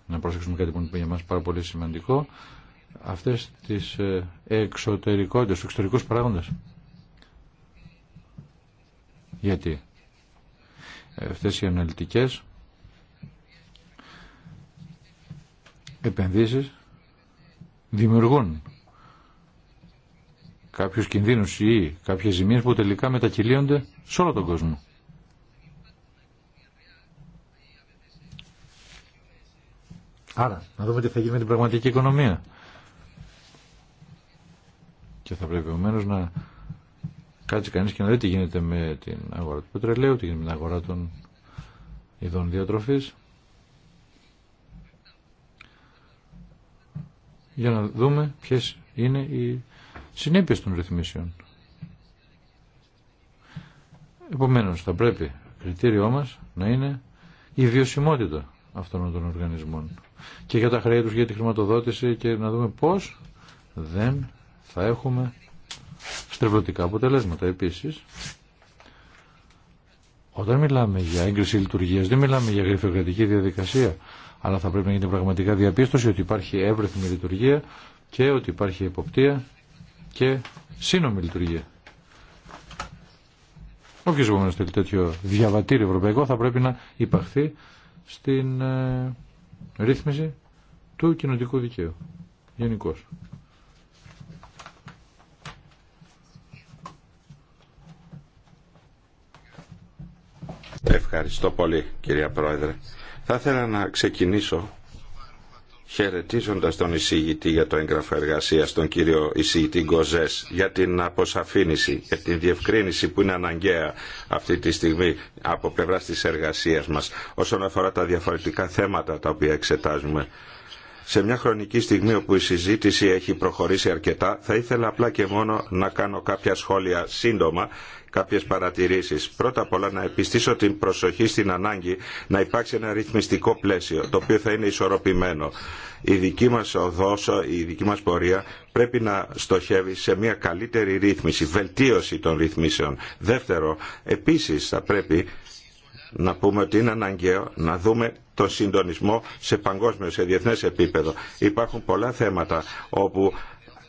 να προσέξουμε κάτι που είναι για μας πάρα πολύ σημαντικό, αυτές τις ε, εξωτερικότητες, τους εξωτερικούς παράγοντες. Γιατί αυτές οι αναλυτικές επενδύσεις δημιουργούν κάποιους κινδύνους ή κάποιες ζημίες που τελικά μετακυλίονται σε όλο τον κόσμο. Άρα, να δούμε τι θα γίνει με την πραγματική οικονομία. Και θα πρέπει ομένω να κάτσει κανείς και να δει τι γίνεται με την αγορά του πετρελαίου, τι γίνεται με την αγορά των ειδών διατροφής. Για να δούμε ποιε είναι οι συνέπειε των ρυθμίσεων. Επομένω, θα πρέπει κριτήριό μας να είναι η βιωσιμότητα αυτών των οργανισμών και για τα χρέη τους, για τη χρηματοδότηση και να δούμε πώς δεν θα έχουμε στρεβλωτικά αποτελέσματα. Επίσης, όταν μιλάμε για έγκριση λειτουργία, δεν μιλάμε για γραφειοκρατική διαδικασία, αλλά θα πρέπει να γίνει πραγματικά διαπίστωση ότι υπάρχει εύρεθμη λειτουργία και ότι υπάρχει εποπτεία και σύνομη λειτουργία. Όποιος επομένως θέλει τέτοιο διαβατήριο ευρωπαϊκό θα πρέπει να υπαχθεί στην ε, ρύθμιση του κοινοτικού δικαίου. Γενικώ. Ευχαριστώ πολύ κυρία Πρόεδρε. Θα ήθελα να ξεκινήσω χαιρετίζοντα τον εισηγητή για το έγγραφο εργασία, τον κύριο εισηγητή Γκοζέ, για την αποσαφήνιση, για την διευκρίνηση που είναι αναγκαία αυτή τη στιγμή από πλευρά τη εργασία μα όσον αφορά τα διαφορετικά θέματα τα οποία εξετάζουμε. Σε μια χρονική στιγμή όπου η συζήτηση έχει προχωρήσει αρκετά, θα ήθελα απλά και μόνο να κάνω κάποια σχόλια σύντομα Κάποιε παρατηρήσεις. Πρώτα απ' όλα να επιστήσω την προσοχή στην ανάγκη να υπάρξει ένα ρυθμιστικό πλαίσιο το οποίο θα είναι ισορροπημένο. Η δική μας οδό, η δική μας πορεία πρέπει να στοχεύει σε μια καλύτερη ρύθμιση, βελτίωση των ρυθμίσεων. Δεύτερο, επίσης θα πρέπει να πούμε ότι είναι αναγκαίο να δούμε τον συντονισμό σε παγκόσμιο, σε διεθνές επίπεδο. Υπάρχουν πολλά θέματα όπου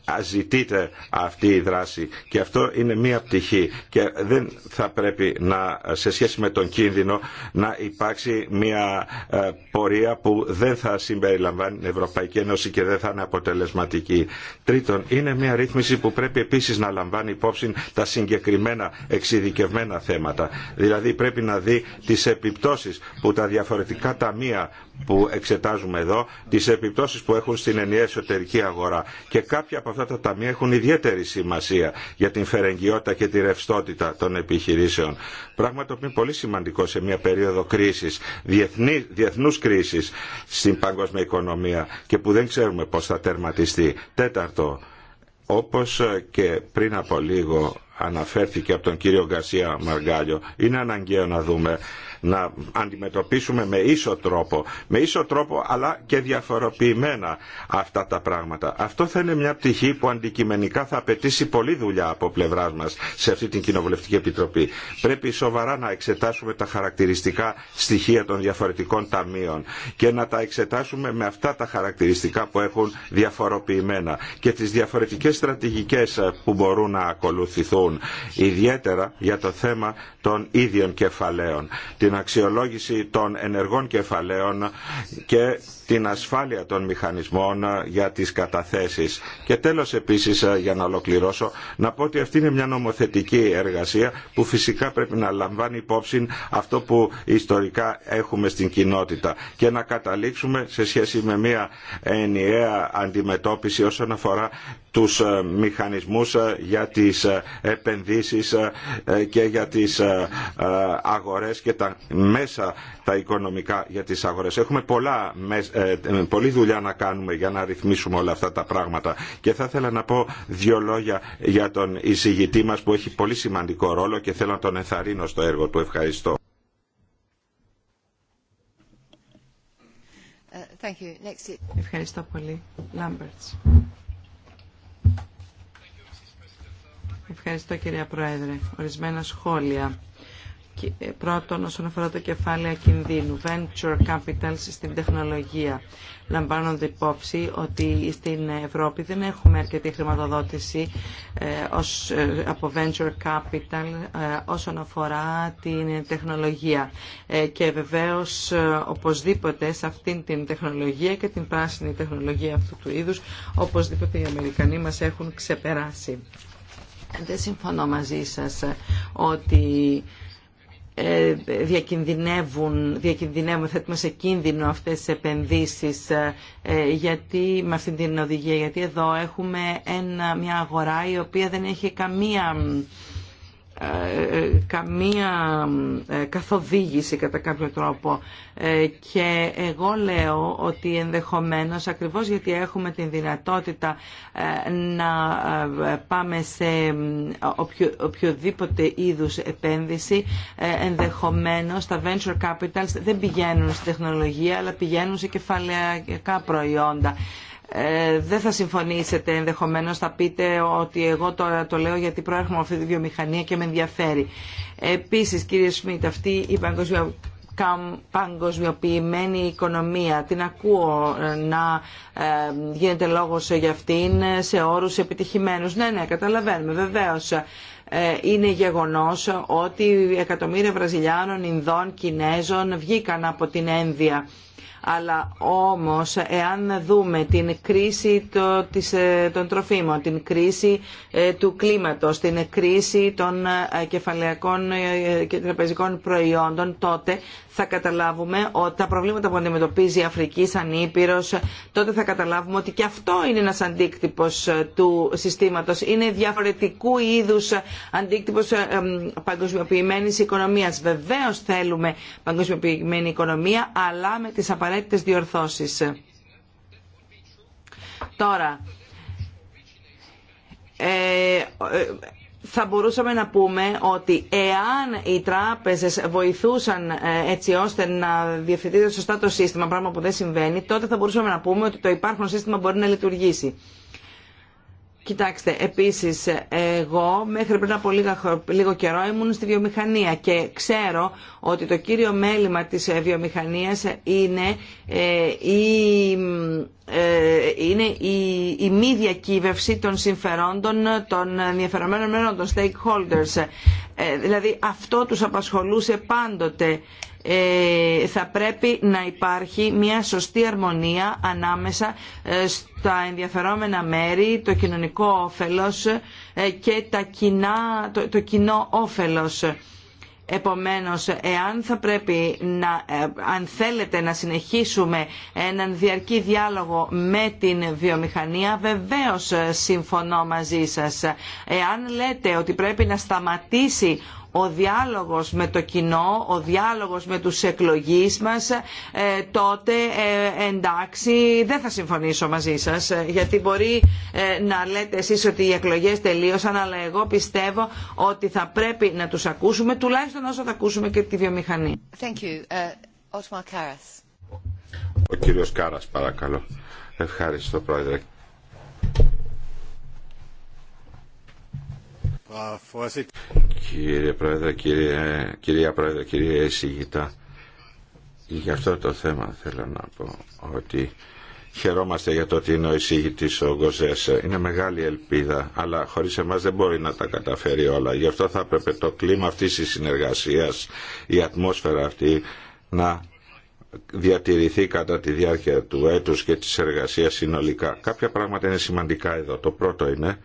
Αζητείτε αυτή η δράση και αυτό είναι μία πτυχή και δεν θα πρέπει να, σε σχέση με τον κίνδυνο να υπάρξει μία ε, πορεία που δεν θα συμπεριλαμβάνει την Ευρωπαϊκή Ένωση και δεν θα είναι αποτελεσματική. Τρίτον, είναι μία ρύθμιση που πρέπει επίσης να λαμβάνει υπόψη τα συγκεκριμένα εξειδικευμένα θέματα. Δηλαδή πρέπει να δει τις επιπτώσεις που τα διαφορετικά ταμεία που εξετάζουμε εδώ, τις επιπτώσεις που έχουν στην ενιαία εσωτερική αγορά. Και κάποια από αυτά τα ταμεία έχουν ιδιαίτερη σημασία για την φερεγγιότητα και τη ρευστότητα των επιχειρήσεων. Πράγμα το οποίο είναι πολύ σημαντικό σε μια περίοδο κρίσης, διεθνού κρίση κρίσης στην παγκόσμια οικονομία και που δεν ξέρουμε πώ θα τερματιστεί. Τέταρτο, όπως και πριν από λίγο αναφέρθηκε από τον κύριο Γκαρσία Μαργκάλιο, είναι αναγκαίο να δούμε να αντιμετωπίσουμε με ίσο τρόπο, με ίσο τρόπο αλλά και διαφοροποιημένα αυτά τα πράγματα. Αυτό θα είναι μια πτυχή που αντικειμενικά θα απαιτήσει πολλή δουλειά από πλευρά μα σε αυτή την Κοινοβουλευτική Επιτροπή. Πρέπει σοβαρά να εξετάσουμε τα χαρακτηριστικά στοιχεία των διαφορετικών ταμείων και να τα εξετάσουμε με αυτά τα χαρακτηριστικά που έχουν διαφοροποιημένα και τις διαφορετικές στρατηγικές που μπορούν να ακολουθηθούν ιδιαίτερα για το θέμα των ίδιων κεφαλαίων την αξιολόγηση των ενεργών κεφαλαίων και την ασφάλεια των μηχανισμών ε, για τις καταθέσεις. Και τέλος επίσης, ε, για να ολοκληρώσω, να πω ότι αυτή είναι μια νομοθετική εργασία που φυσικά πρέπει να λαμβάνει υπόψη αυτό που ιστορικά έχουμε στην κοινότητα και να καταλήξουμε σε σχέση με μια ενιαία αντιμετώπιση όσον αφορά τους ε, μηχανισμούς για τις επενδύσεις και για τις αγορές και τα μέσα τα οικονομικά για τις αγορές. Έχουμε πολλά, ε, ε, πολλή δουλειά να κάνουμε για να ρυθμίσουμε όλα αυτά τα πράγματα. Και θα ήθελα να πω δύο λόγια για τον εισηγητή μας που έχει πολύ σημαντικό ρόλο και θέλω να τον ενθαρρύνω στο έργο του. Ευχαριστώ. Ε, Ευχαριστώ πολύ. Λάμπερτς. Ευχαριστώ κυρία Πρόεδρε. Ορισμένα σχόλια ε, πρώτον, όσον αφορά το κεφάλαιο κινδύνου, venture capital στην τεχνολογία. Λαμβάνονται υπόψη ότι στην Ευρώπη δεν έχουμε αρκετή χρηματοδότηση ε, ως, ε, από venture capital όσον αφορά την τεχνολογία. και βεβαίως οπωσδήποτε σε αυτήν την τεχνολογία και την πράσινη τεχνολογία αυτού του είδους, οπωσδήποτε οι Αμερικανοί μας έχουν ξεπεράσει. Δεν συμφωνώ μαζί σας ότι ε, διακινδυνεύουν, διακινδυνεύουν, θέτουμε σε κίνδυνο αυτές τις επενδύσεις ε, γιατί, με αυτή την οδηγία, γιατί εδώ έχουμε ένα, μια αγορά η οποία δεν έχει καμία ε, ε, καμία ε, καθοδήγηση κατά κάποιο τρόπο και εγώ λέω ότι ενδεχομένως ακριβώς γιατί έχουμε την δυνατότητα να πάμε σε οποιοδήποτε είδους επένδυση ενδεχομένως τα venture capitals δεν πηγαίνουν στη τεχνολογία αλλά πηγαίνουν σε κεφαλαϊκά προϊόντα ε, δεν θα συμφωνήσετε ενδεχομένως θα πείτε ότι εγώ τώρα το λέω γιατί προέρχομαι αυτή τη βιομηχανία και με ενδιαφέρει. Επίσης κύριε Σμιτ αυτή η παγκοσμιοποιημένη οικονομία. Την ακούω ε, να ε, γίνεται λόγος για αυτήν σε όρους επιτυχημένους. Ναι, ναι, καταλαβαίνουμε, βεβαίως. Είναι γεγονός ότι εκατομμύρια Βραζιλιάνων, Ινδών, Κινέζων βγήκαν από την ένδια αλλά όμως εάν δούμε την κρίση ε, των τροφίμων, την κρίση ε, του κλίματος, την κρίση των ε, κεφαλαιακών και τραπεζικών προϊόντων, τότε θα καταλάβουμε ότι τα προβλήματα που αντιμετωπίζει η Αφρική σαν Ήπειρος, τότε θα καταλάβουμε ότι και αυτό είναι ένας αντίκτυπος ε, του συστήματος. Είναι διαφορετικού είδους αντίκτυπος ε, παγκοσμιοποιημένης οικονομίας. Βεβαίως θέλουμε παγκοσμιοποιημένη οικονομία, αλλά με τις απαραίτητες διορθώσεις. Τώρα, ε, ε θα μπορούσαμε να πούμε ότι εάν οι τράπεζες βοηθούσαν ε, έτσι ώστε να διευθετείται σωστά το σύστημα, πράγμα που δεν συμβαίνει, τότε θα μπορούσαμε να πούμε ότι το υπάρχον σύστημα μπορεί να λειτουργήσει. Κοιτάξτε, επίσης εγώ μέχρι πριν από λίγο καιρό ήμουν στη βιομηχανία και ξέρω ότι το κύριο μέλημα της ε, βιομηχανία είναι, ε, η, ε, είναι η, η μη διακύβευση των συμφερόντων των ενδιαφερομένων μέλων, των stakeholders. δηλαδή αυτό τους απασχολούσε πάντοτε ε, θα πρέπει να υπάρχει μια σωστή αρμονία ανάμεσα ε, στα ενδιαφερόμενα μέρη, το κοινωνικό όφελος ε, και τα το, κοινό όφελος. Επομένως, εάν θα πρέπει να, αν θέλετε να συνεχίσουμε έναν διαρκή διάλογο με την βιομηχανία, βεβαίως συμφωνώ μαζί σας. Εάν λέτε ότι πρέπει να σταματήσει ο διάλογος με το κοινό, ο διάλογος με τους εκλογείς μας, ε, τότε ε, εντάξει δεν θα συμφωνήσω μαζί σας ε, γιατί μπορεί να λέτε εσείς ότι οι εκλογές τελείωσαν αλλά εγώ πιστεύω ότι θα πρέπει να τους ακούσουμε τουλάχιστον όσο θα ακούσουμε και τη βιομηχανία. Thank Ο κύριος Κάρας παρακαλώ. Ευχαριστώ πρόεδρε. Κύριε Πρόεδρε, κύριε, κυρία Πρόεδρε, κύριε Εισηγητά, για αυτό το θέμα θέλω να πω ότι χαιρόμαστε για το ότι είναι ο εισηγητής ο Γκοζέσε Είναι μεγάλη ελπίδα, αλλά χωρίς εμάς δεν μπορεί να τα καταφέρει όλα. Γι' αυτό θα έπρεπε το κλίμα αυτής της συνεργασίας, η ατμόσφαιρα αυτή να διατηρηθεί κατά τη διάρκεια του έτους και της εργασίας συνολικά. Κάποια πράγματα είναι σημαντικά εδώ. Το πρώτο είναι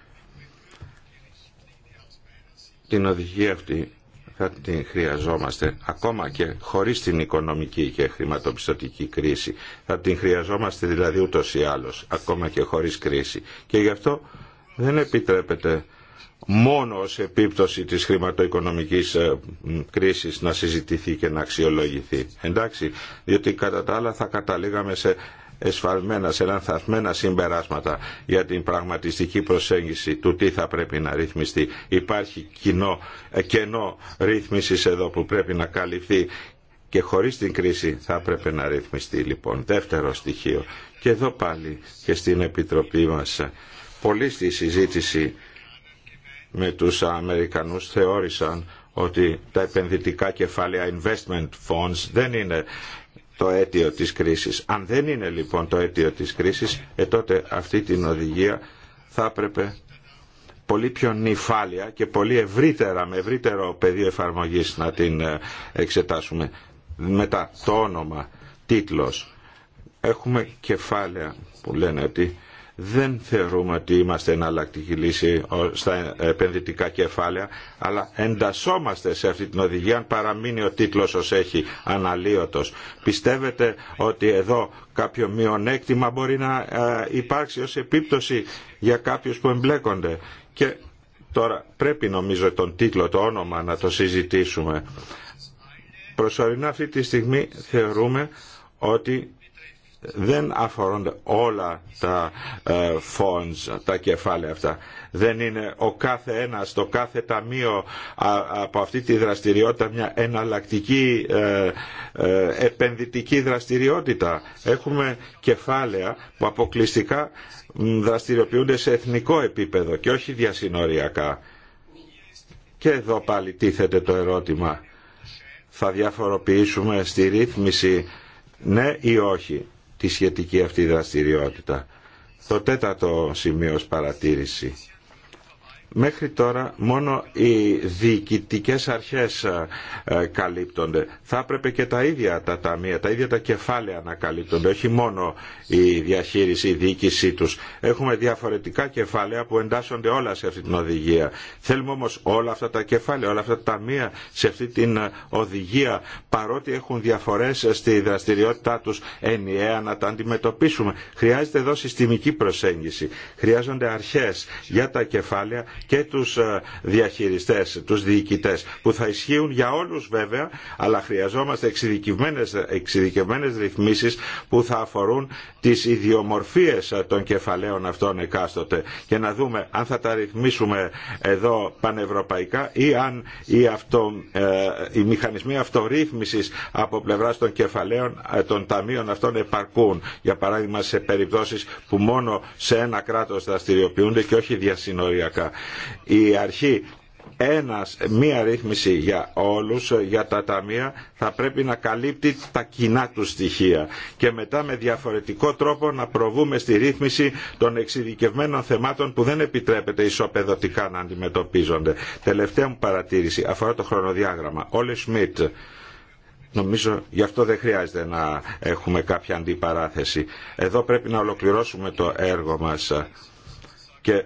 την οδηγία αυτή θα την χρειαζόμαστε ακόμα και χωρίς την οικονομική και χρηματοπιστωτική κρίση. Θα την χρειαζόμαστε δηλαδή ούτως ή άλλως, ακόμα και χωρίς κρίση. Και γι' αυτό δεν επιτρέπεται μόνο ως επίπτωση της χρηματοοικονομικής ε, κρίσης να συζητηθεί και να αξιολογηθεί. Εντάξει, διότι κατά τα άλλα θα καταλήγαμε σε εσφαλμένα, σε λανθασμένα συμπεράσματα για την πραγματιστική προσέγγιση του τι θα πρέπει να ρυθμιστεί. Υπάρχει κοινό, ε, κενό ρύθμισης εδώ που πρέπει να καλυφθεί και χωρίς την κρίση θα έπρεπε να ρυθμιστεί λοιπόν. Δεύτερο στοιχείο. Και εδώ πάλι και στην Επιτροπή μας. Πολλοί στη συζήτηση με τους Αμερικανούς θεώρησαν ότι τα επενδυτικά κεφάλαια investment funds δεν είναι το αίτιο της κρίσης. Αν δεν είναι λοιπόν το αίτιο της κρίσης, ε, τότε αυτή την οδηγία θα έπρεπε πολύ πιο νυφάλια και πολύ ευρύτερα, με ευρύτερο πεδίο εφαρμογής να την ε, εξετάσουμε. Μετά το όνομα, τίτλος. Έχουμε κεφάλαια που λένε ότι δεν θεωρούμε ότι είμαστε εναλλακτική λύση στα επενδυτικά κεφάλαια, αλλά εντασσόμαστε σε αυτή την οδηγία αν παραμείνει ο τίτλος ως έχει αναλύωτος. Πιστεύετε ότι εδώ κάποιο μειονέκτημα μπορεί να ε, υπάρξει ως επίπτωση για κάποιους που εμπλέκονται. Και τώρα πρέπει νομίζω τον τίτλο, το όνομα να το συζητήσουμε. Προσωρινά αυτή τη στιγμή θεωρούμε ότι δεν αφορούν όλα τα funds, ε, τα κεφάλαια αυτά. Δεν είναι ο κάθε ένας, το κάθε ταμείο από αυτή τη δραστηριότητα μια εναλλακτική ε, ε, επενδυτική δραστηριότητα. Έχουμε κεφάλαια που αποκλειστικά δραστηριοποιούνται σε εθνικό επίπεδο και όχι διασυνοριακά. Και εδώ πάλι τίθεται το ερώτημα. Θα διαφοροποιήσουμε στη ρύθμιση ναι ή όχι τη σχετική αυτή δραστηριότητα. Το τέταρτο σημείο παρατήρηση Μέχρι τώρα μόνο οι διοικητικέ αρχές ε, ε, καλύπτονται. Θα έπρεπε και τα ίδια τα ταμεία, τα ίδια τα κεφάλαια να καλύπτονται, όχι μόνο η διαχείριση, η διοίκησή τους. Έχουμε διαφορετικά κεφάλαια που εντάσσονται όλα σε αυτή την οδηγία. Θέλουμε όμως όλα αυτά τα κεφάλαια, όλα αυτά τα ταμεία σε αυτή την ε, οδηγία, παρότι έχουν διαφορές στη δραστηριότητά τους ενιαία να τα αντιμετωπίσουμε. Χρειάζεται εδώ συστημική προσέγγιση. Χρειάζονται αρχέ για τα κεφάλαια και τους ε, διαχειριστές, τους διοικητές που θα ισχύουν για όλους βέβαια αλλά χρειαζόμαστε εξειδικευμένες, εξειδικευμένες ρυθμίσεις που θα αφορούν τις ιδιομορφίες ε, των κεφαλαίων αυτών εκάστοτε και να δούμε αν θα τα ρυθμίσουμε εδώ πανευρωπαϊκά ή αν οι, αυτο, ε, οι μηχανισμοί αυτορύθμισης από πλευράς των κεφαλαίων των ταμείων αυτών επαρκούν για παράδειγμα σε περιπτώσεις που μόνο σε ένα κράτος δραστηριοποιούνται και όχι διασυνοριακά η αρχή ένας, μία ρύθμιση για όλους, για τα ταμεία, θα πρέπει να καλύπτει τα κοινά του στοιχεία και μετά με διαφορετικό τρόπο να προβούμε στη ρύθμιση των εξειδικευμένων θεμάτων που δεν επιτρέπεται ισοπεδωτικά να αντιμετωπίζονται. Τελευταία μου παρατήρηση αφορά το χρονοδιάγραμμα. Όλε Σμιτ, Νομίζω γι' αυτό δεν χρειάζεται να έχουμε κάποια αντιπαράθεση. Εδώ πρέπει να ολοκληρώσουμε το έργο μας και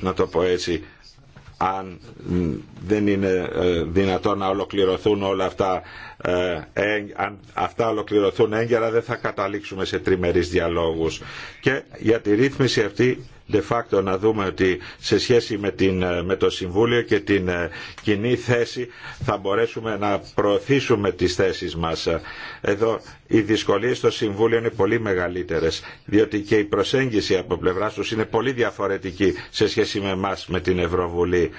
να το πω έτσι, αν δεν είναι ε, δυνατόν να ολοκληρωθούν όλα αυτά, ε, αν αυτά ολοκληρωθούν έγκαιρα δεν θα καταλήξουμε σε τριμερείς διαλόγους. Και για τη ρύθμιση αυτή de facto να δούμε ότι σε σχέση με, την, το Συμβούλιο και την ε, κοινή θέση θα μπορέσουμε να προωθήσουμε τις θέσεις μας. Εδώ οι δυσκολίες στο Συμβούλιο είναι πολύ μεγαλύτερες, διότι και η προσέγγιση από πλευρά τους είναι πολύ διαφορετική σε σχέση με εμά με την Ευρωβουλή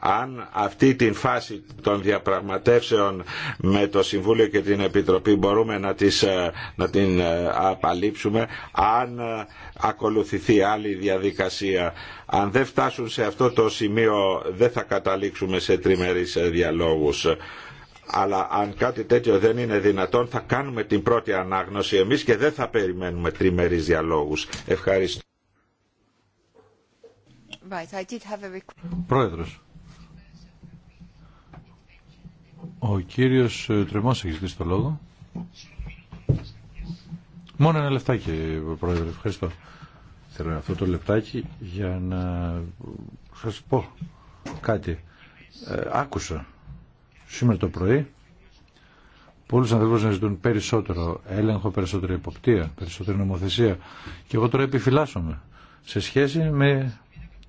αν αυτή την φάση των διαπραγματεύσεων με το Συμβούλιο και την Επιτροπή μπορούμε να, τις, ε, να την ε, απαλείψουμε, αν ε, ακολουθηθεί άλλη διαδικασία. Αν δεν φτάσουν σε αυτό το σημείο δεν θα καταλήξουμε σε τριμερείς διαλόγους αλλά αν κάτι τέτοιο δεν είναι δυνατόν θα κάνουμε την πρώτη ανάγνωση εμείς και δεν θα περιμένουμε τριμερείς διαλόγους. Ευχαριστώ. Right, Ο κύριος ε, Τρεμός έχει ζητήσει το λόγο. Μόνο ένα λεφτάκι, Πρόεδρε. Ευχαριστώ. Θέλω αυτό το λεπτάκι για να σας πω κάτι. Ε, άκουσα σήμερα το πρωί πολλούς ανθρώπους να ζητούν περισσότερο έλεγχο, περισσότερη υποπτία, περισσότερη νομοθεσία. Και εγώ τώρα επιφυλάσσομαι σε σχέση με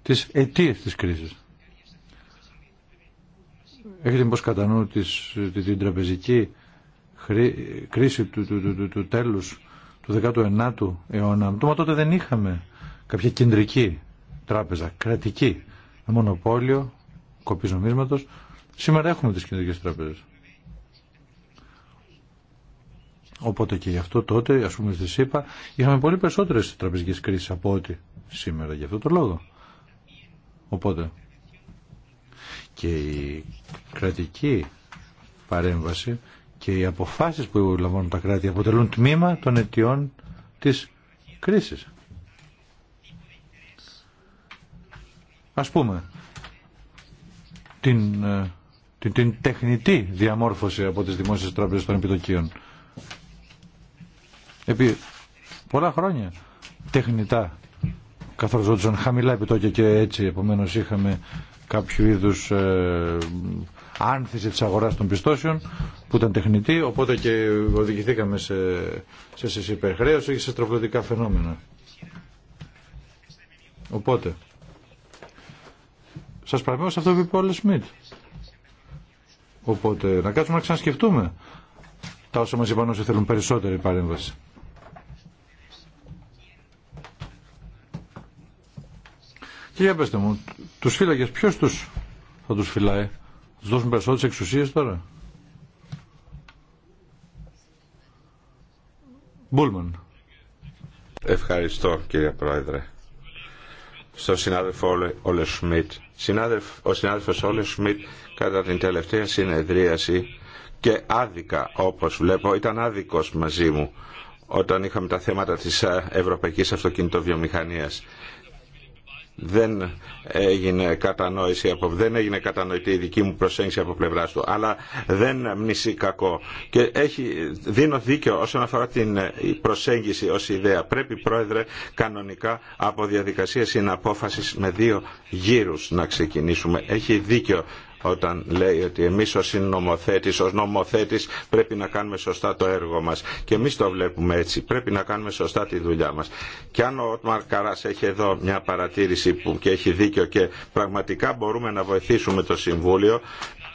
τις αιτίες της κρίσης έχετε μήπως κατά νου της, την τραπεζική κρίση του, του, του, του, τέλους του 19ου αιώνα. Μα τότε δεν είχαμε κάποια κεντρική τράπεζα, κρατική, με μονοπόλιο, κοπής νομίσματος. Σήμερα έχουμε τις κεντρικές τράπεζες. Οπότε και γι' αυτό τότε, ας πούμε στη είπα, είχαμε πολύ περισσότερες τραπεζικές κρίσεις από ό,τι σήμερα γι' αυτό το λόγο. Οπότε, και η κρατική παρέμβαση και οι αποφάσεις που λαμβάνουν τα κράτη αποτελούν τμήμα των αιτιών της κρίσης. Ας πούμε, την, ε, την, την τεχνητή διαμόρφωση από τις δημόσιες τράπεζες των επιτοκίων. Επί πολλά χρόνια τεχνητά καθοριζόντουσαν χαμηλά επιτόκια και έτσι επομένως είχαμε κάποιο είδους ε, άνθηση της αγοράς των πιστώσεων που ήταν τεχνητή, οπότε και οδηγηθήκαμε σε, σε, σε υπερχρέωση και σε στροφλωτικά φαινόμενα. Οπότε, σας παραμένω σε αυτό που είπε ο Όλε Σμιτ. Οπότε, να κάτσουμε να ξανασκεφτούμε τα όσα μα είπαν όσοι θέλουν περισσότερη παρέμβαση. για πετε μου, του φύλακε ποιο του θα του φυλάει. Θα του δώσουν περισσότερες εξουσίε τώρα. Μπούλμαν. Ευχαριστώ κύριε Πρόεδρε. Στον συνάδελφο Όλε Σμιτ. Ο συνάδελφος Όλε Σμιτ κατά την τελευταία συνεδρίαση και άδικα όπως βλέπω, ήταν άδικος μαζί μου όταν είχαμε τα θέματα της ε, ευρωπαϊκής αυτοκινητοβιομηχανίας δεν έγινε κατανόηση από, δεν έγινε κατανοητή η δική μου προσέγγιση από πλευρά του αλλά δεν μνησεί κακό και έχει, δίνω δίκιο όσον αφορά την προσέγγιση ως ιδέα πρέπει πρόεδρε κανονικά από διαδικασία συναπόφασης με δύο γύρους να ξεκινήσουμε έχει δίκιο όταν λέει ότι εμείς ως νομοθέτης, ως νομοθέτης πρέπει να κάνουμε σωστά το έργο μας. Και εμείς το βλέπουμε έτσι. Πρέπει να κάνουμε σωστά τη δουλειά μας. Και αν ο Ότμαρ Καράς έχει εδώ μια παρατήρηση που και έχει δίκιο και πραγματικά μπορούμε να βοηθήσουμε το Συμβούλιο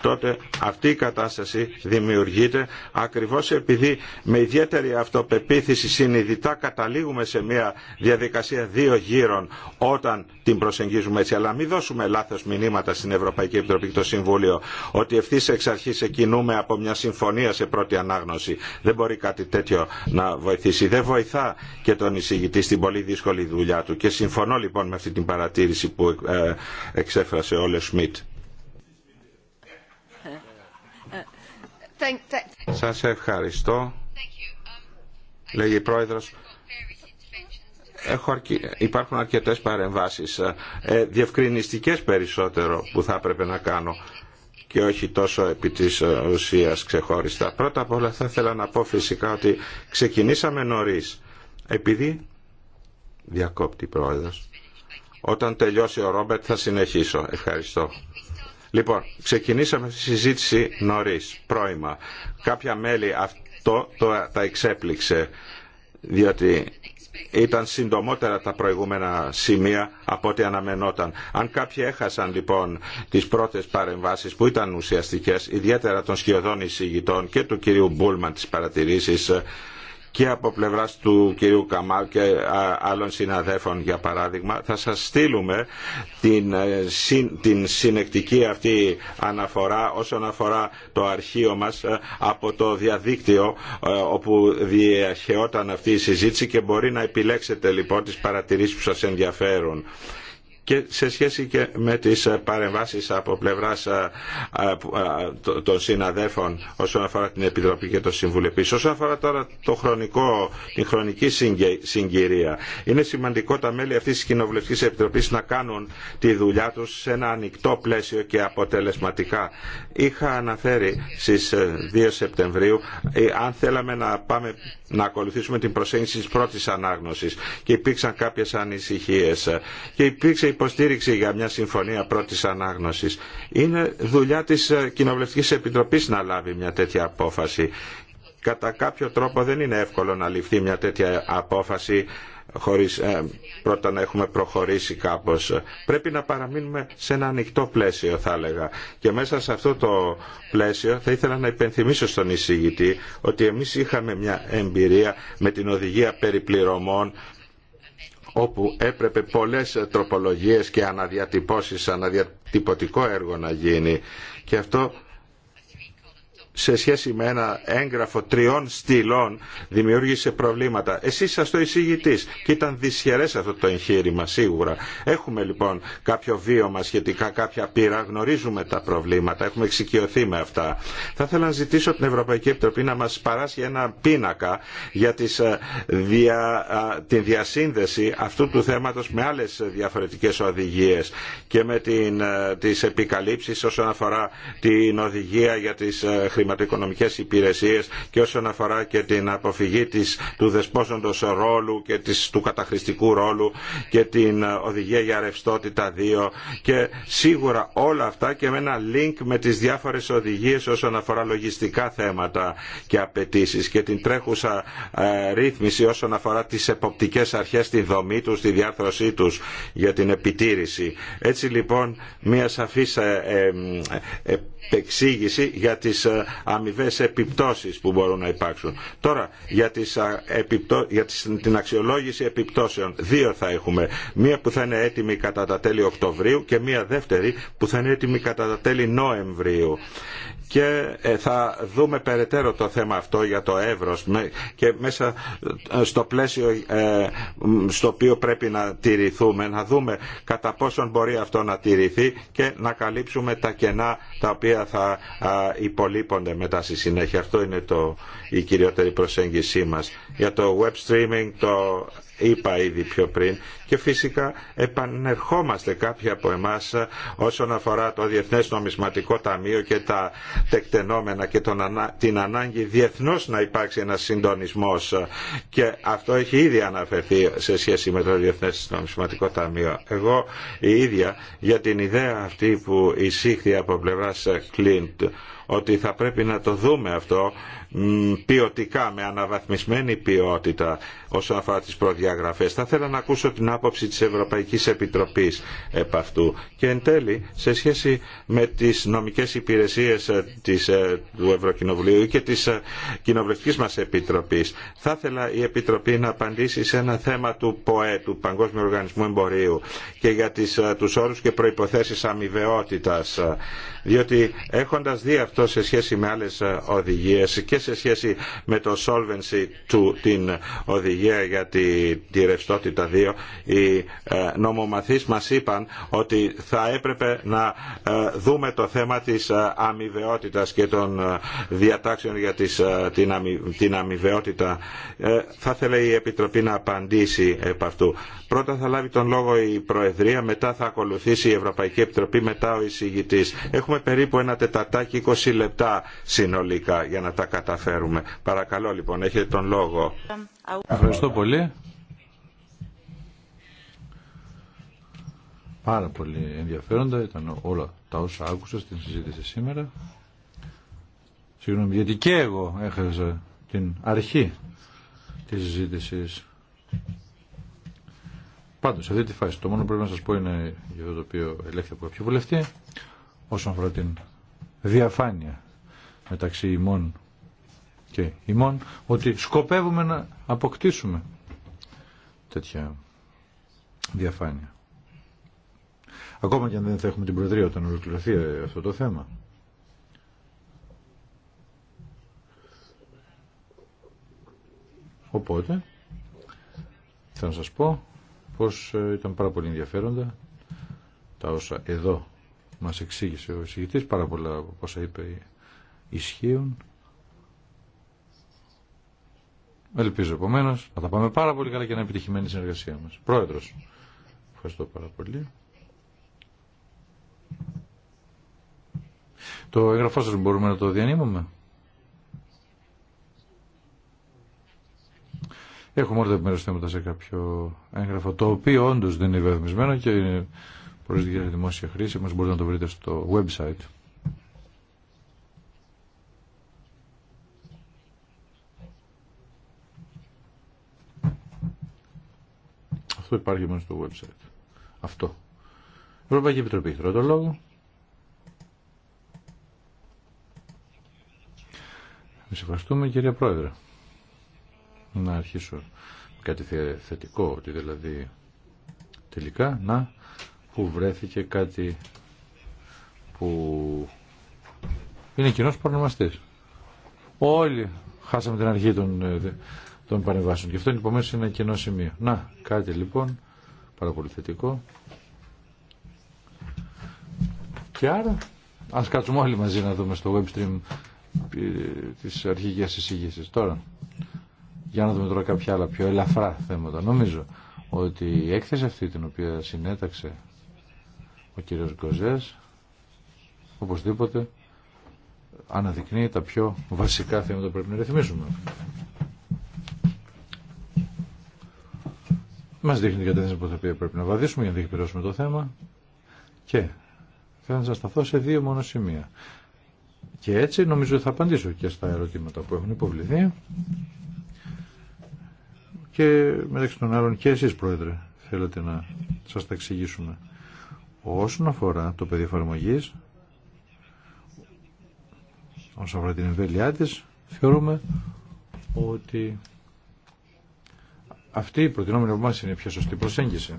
τότε αυτή η κατάσταση δημιουργείται ακριβώς επειδή με ιδιαίτερη αυτοπεποίθηση συνειδητά καταλήγουμε σε μια διαδικασία δύο γύρων όταν την προσεγγίζουμε έτσι. Αλλά μην δώσουμε λάθος μηνύματα στην Ευρωπαϊκή Επιτροπή και το Συμβούλιο ότι ευθύ εξ αρχή εκινούμε από μια συμφωνία σε πρώτη ανάγνωση. Δεν μπορεί κάτι τέτοιο να βοηθήσει. Δεν βοηθά και τον εισηγητή στην πολύ δύσκολη δουλειά του. Και συμφωνώ λοιπόν με αυτή την παρατήρηση που ε, εξέφρασε ο Σμιτ. Σας ευχαριστώ. Λέγει πρόεδρος. Έχω αρκε... Υπάρχουν αρκετές παρεμβάσεις, ε, ε, διευκρινιστικές περισσότερο που θα έπρεπε να κάνω και όχι τόσο επί της ε, ουσίας ξεχωριστά. Πρώτα απ' όλα θα ήθελα να πω φυσικά ότι ξεκινήσαμε νωρίς επειδή διακόπτη πρόεδρος. Όταν τελειώσει ο Ρόμπερτ θα συνεχίσω. Ευχαριστώ. Λοιπόν, ξεκινήσαμε τη συζήτηση νωρίς, πρώιμα. Κάποια μέλη αυτό το, τα εξέπληξε, διότι ήταν συντομότερα τα προηγούμενα σημεία από ό,τι αναμενόταν. Αν κάποιοι έχασαν λοιπόν τις πρώτες παρεμβάσεις που ήταν ουσιαστικές, ιδιαίτερα των σχεδόν εισηγητών και του κυρίου Μπούλμαν τις παρατηρήσεις, και από πλευράς του κυρίου Καμάλ και άλλων συναδέφων για παράδειγμα θα σας στείλουμε την, ε, την συνεκτική αυτή αναφορά όσον αφορά το αρχείο μας ε, από το διαδίκτυο ε, όπου διαχαιόταν αυτή η συζήτηση και μπορεί να επιλέξετε λοιπόν τις παρατηρήσεις που σας ενδιαφέρουν και σε σχέση και με τις ε, παρεμβάσεις από πλευράς ε, ε, των συναδέφων όσον αφορά την Επιτροπή και το Συμβούλιο. Επίσης, όσον αφορά τώρα το χρονικό, την χρονική συγκυρία, είναι σημαντικό τα μέλη αυτής της Κοινοβουλευτικής Επιτροπής να κάνουν τη δουλειά τους σε ένα ανοιχτό πλαίσιο και αποτελεσματικά. Είχα αναφέρει στις 2 Σεπτεμβρίου αν θέλαμε να, πάμε, να ακολουθήσουμε την προσέγγιση της πρώτης ανάγνωσης και υπήρξαν κάποιες ανησυχίες και υπήρξε υποστήριξη για μια συμφωνία πρώτης ανάγνωσης. Είναι δουλειά της ε, Κοινοβουλευτικής Επιτροπής να λάβει μια τέτοια απόφαση. Κατά κάποιο τρόπο δεν είναι εύκολο να ληφθεί μια τέτοια απόφαση χωρίς ε, πρώτα να έχουμε προχωρήσει κάπως. Πρέπει να παραμείνουμε σε ένα ανοιχτό πλαίσιο θα έλεγα. Και μέσα σε αυτό το πλαίσιο θα ήθελα να υπενθυμίσω στον εισηγητή ότι εμείς είχαμε μια εμπειρία με την οδηγία περιπληρωμών όπου έπρεπε πολλές τροπολογίες και αναδιατυπώσεις, αναδιατυπωτικό έργο να γίνει. Και αυτό σε σχέση με ένα έγγραφο τριών στυλών δημιούργησε προβλήματα. Εσείς σας το εισηγητής και ήταν δυσχερές αυτό το εγχείρημα σίγουρα. Έχουμε λοιπόν κάποιο βίωμα σχετικά, κάποια πείρα, γνωρίζουμε τα προβλήματα, έχουμε εξοικειωθεί με αυτά. Θα ήθελα να ζητήσω την Ευρωπαϊκή Επιτροπή να μας παράσει ένα πίνακα για τις, ε, δια, την διασύνδεση αυτού του θέματος με άλλες διαφορετικές οδηγίες και με την, ε, τις επικαλύψεις όσον αφορά την οδηγία για τις ε, χρηματικές χρηματοοικονομικές υπηρεσίες και όσον αφορά και την αποφυγή της, του δεσπόζοντος ρόλου και της, του καταχρηστικού ρόλου και την οδηγία για ρευστότητα 2 και σίγουρα όλα αυτά και με ένα link με τις διάφορες οδηγίες όσον αφορά λογιστικά θέματα και απαιτήσει και την τρέχουσα ε, ρύθμιση όσον αφορά τις εποπτικές αρχές, τη δομή τους, τη διάρθρωσή τους για την επιτήρηση. Έτσι λοιπόν μια σαφής ε, ε, επεξήγηση για τις αμοιβέ επιπτώσεις που μπορούν να υπάρξουν. Τώρα, για, τις, για την αξιολόγηση επιπτώσεων, δύο θα έχουμε. Μία που θα είναι έτοιμη κατά τα τέλη Οκτωβρίου και μία δεύτερη που θα είναι έτοιμη κατά τα τέλη Νοεμβρίου και ε, θα δούμε περαιτέρω το θέμα αυτό για το εύρος και μέσα ε, στο πλαίσιο ε, στο οποίο πρέπει να τηρηθούμε να δούμε κατά πόσον μπορεί αυτό να τηρηθεί και να καλύψουμε τα κενά τα οποία θα υπολείπουν μετά στη συνέχεια. Αυτό είναι το, η κυριότερη προσέγγιση μας. Για το web streaming το είπα ήδη πιο πριν και φυσικά επανερχόμαστε κάποιοι από εμάς όσον αφορά το Διεθνές Νομισματικό Ταμείο και τα τεκτενόμενα και τον, την ανάγκη διεθνώς να υπάρξει ένας συντονισμός και αυτό έχει ήδη αναφερθεί σε σχέση με το Διεθνές Νομισματικό Ταμείο. Εγώ η ίδια για την ιδέα αυτή που εισήχθη από πλευράς Κλίντ ότι θα πρέπει να το δούμε αυτό ποιοτικά, με αναβαθμισμένη ποιότητα όσον αφορά τις προδιαγραφές. Θα ήθελα να ακούσω την άποψη της Ευρωπαϊκής Επιτροπής επ' αυτού. Και εν τέλει, σε σχέση με τις νομικές υπηρεσίες ε, της, ε, του Ευρωκοινοβουλίου και της ε, κοινοβουλευτικής μας Επιτροπής, θα ήθελα η Επιτροπή να απαντήσει σε ένα θέμα του ΠΟΕ, του Παγκόσμιου Οργανισμού Εμπορίου και για τις, τους όρους και προϋποθέσεις αμοιβαιότητας. Διότι έχοντας δει αυτό σε σχέση με άλλες οδηγίες και σε σχέση με το solvency του την οδηγία για τη, τη ρευστότητα 2 οι ε, νομομαθείς μας είπαν ότι θα έπρεπε να ε, δούμε το θέμα της ε, αμοιβαιότητας και των ε, διατάξεων για τις, ε, την, αμοι, την αμοιβαιότητα ε, θα ήθελε η Επιτροπή να απαντήσει επ' αυτού. Πρώτα θα λάβει τον λόγο η Προεδρία, μετά θα ακολουθήσει η Ευρωπαϊκή Επιτροπή, μετά ο εισηγητής. Έχουμε περίπου ένα τετατάκι 20 λεπτά συνολικά για να τα καταφέρουμε. Παρακαλώ λοιπόν, έχετε τον λόγο. Ευχαριστώ πολύ. Πάρα πολύ ενδιαφέροντα ήταν όλα τα όσα άκουσα στην συζήτηση σήμερα. Συγγνώμη, γιατί και εγώ έχασα την αρχή της συζήτησης. Πάντως, σε αυτή τη φάση, το μόνο που πρέπει να σας πω είναι για το οποίο ελέγχθη από κάποιο βουλευτή, όσον αφορά την διαφάνεια μεταξύ ημών και ημών ότι σκοπεύουμε να αποκτήσουμε τέτοια διαφάνεια. Ακόμα και αν δεν θα έχουμε την Προεδρία όταν ολοκληρωθεί ε, αυτό το θέμα. Οπότε, θα σας πω πως ε, ήταν πάρα πολύ ενδιαφέροντα τα όσα εδώ μας εξήγησε ο εισηγητής, πάρα πολλά από όσα είπε ε, ισχύουν Ελπίζω επομένω να τα πάμε πάρα πολύ καλά και να επιτυχημένη συνεργασία μα. Πρόεδρο. Ευχαριστώ πάρα πολύ. Το έγγραφό σα μπορούμε να το διανύμουμε. Έχουμε όλα τα επιμέρου θέματα σε κάποιο έγγραφο, το οποίο όντω δεν είναι βεβαιωμένο και προ για δημόσια χρήση. Μα μπορείτε να το βρείτε στο website. Αυτό υπάρχει μόνο στο website. Αυτό. Ευρωπαϊκή Επιτροπή, έχει λόγο. ευχαριστούμε κύριε Πρόεδρε. Να αρχίσω κάτι θετικό, ότι δηλαδή τελικά, να, που βρέθηκε κάτι που είναι κοινό προνομαστής. Όλοι χάσαμε την αρχή των ε, των Και αυτό είναι υπομένως ένα κοινό σημείο. Να, κάτι λοιπόν, πάρα πολύ Και άρα, ας κάτσουμε όλοι μαζί να δούμε στο web stream ε, τις αρχικές εισηγήσεις. Τώρα, για να δούμε τώρα κάποια άλλα πιο ελαφρά θέματα. Νομίζω ότι η έκθεση αυτή την οποία συνέταξε ο κύριος Γκοζές οπωσδήποτε αναδεικνύει τα πιο βασικά θέματα που πρέπει να ρυθμίσουμε. Μα δείχνει την κατεύθυνση που θα πει, πρέπει να βαδίσουμε για να διεκπαιρεώσουμε το θέμα και θα σας σταθώ σε δύο μόνο σημεία. Και έτσι νομίζω ότι θα απαντήσω και στα ερωτήματα που έχουν υποβληθεί και μεταξύ των άλλων και εσείς Πρόεδρε θέλετε να σας τα εξηγήσουμε. Όσον αφορά το πεδίο εφαρμογή, όσον αφορά την εμβέλειά της, θεωρούμε ότι αυτή η προτινόμενη από εμάς είναι η πιο σωστή προσέγγιση.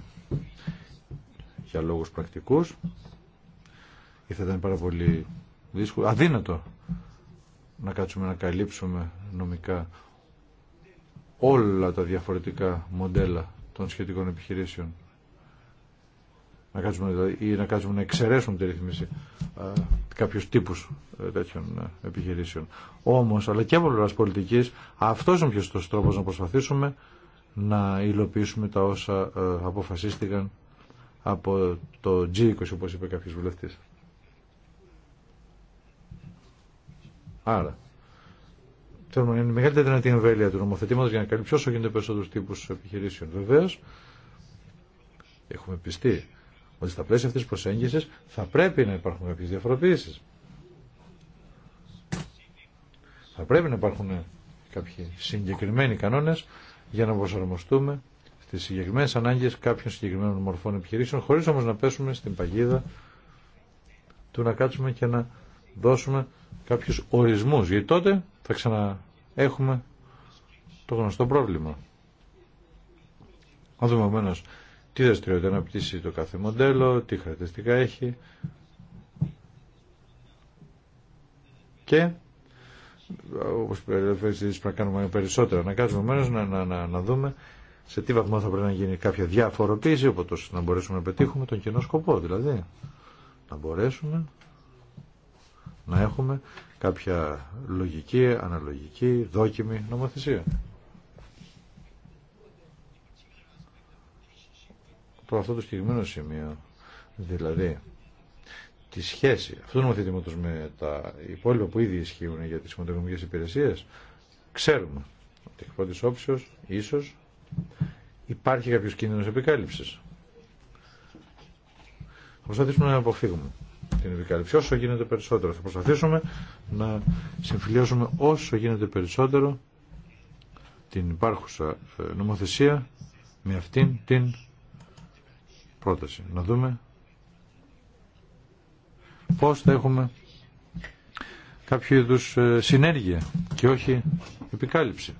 Για λόγους πρακτικούς ή θα ήταν πάρα πολύ δύσκολο, αδύνατο να κάτσουμε να καλύψουμε νομικά όλα τα διαφορετικά μοντέλα των σχετικών επιχειρήσεων. Να κάτσουμε, δηλαδή, ή να κάτσουμε να εξαιρέσουμε τη ρύθμιση κάποιου τύπου ε, τέτοιων ε, επιχειρήσεων. Όμω, αλλά και από πλευρά πολιτική, αυτό είναι ο πιο σωστό τρόπο να προσπαθήσουμε να υλοποιήσουμε τα όσα ε, αποφασίστηκαν από το G20 όπως είπε κάποιος βουλευτής. Άρα, θέλουμε να είναι μεγαλύτερη δυνατή εμβέλεια του νομοθετήματος για να καλύψει όσο γίνεται περισσότερους τύπους επιχειρήσεων. Βεβαίως, έχουμε πιστεί ότι στα πλαίσια αυτής της προσέγγισης θα πρέπει να υπάρχουν κάποιες διαφοροποιήσεις. Θα πρέπει να υπάρχουν κάποιοι συγκεκριμένοι κανόνες για να προσαρμοστούμε στις συγκεκριμένες ανάγκες κάποιων συγκεκριμένων μορφών επιχειρήσεων, χωρίς όμως να πέσουμε στην παγίδα του να κάτσουμε και να δώσουμε κάποιους ορισμούς, γιατί τότε θα ξαναέχουμε το γνωστό πρόβλημα. Να δούμε ομένως τι δραστηριότητα να πτήσει το κάθε μοντέλο, τι χαρακτηριστικά έχει και Όπω περιέφερε να κάνουμε περισσότερο. να κάτσουμε μέρο να, να, να, να δούμε σε τι βαθμό θα πρέπει να γίνει κάποια διαφοροποίηση, οπότε να μπορέσουμε να πετύχουμε τον κοινό σκοπό, δηλαδή να μπορέσουμε να έχουμε κάποια λογική, αναλογική, δόκιμη νομοθεσία. Το αυτό το συγκεκριμένο σημείο, δηλαδή τη σχέση αυτού του νομοθετήματος με τα υπόλοιπα που ήδη ισχύουν για τις χρηματοοικονομικές υπηρεσίες, ξέρουμε ότι εκ πρώτης όψεως ίσως υπάρχει κάποιος κίνδυνος επικάλυψης. Θα προσπαθήσουμε να αποφύγουμε την επικάλυψη όσο γίνεται περισσότερο. Θα προσπαθήσουμε να συμφιλιώσουμε όσο γίνεται περισσότερο την υπάρχουσα ε, νομοθεσία με αυτήν την πρόταση. Να δούμε πώς θα έχουμε κάποιο είδου ε, συνέργεια και όχι επικάλυψη.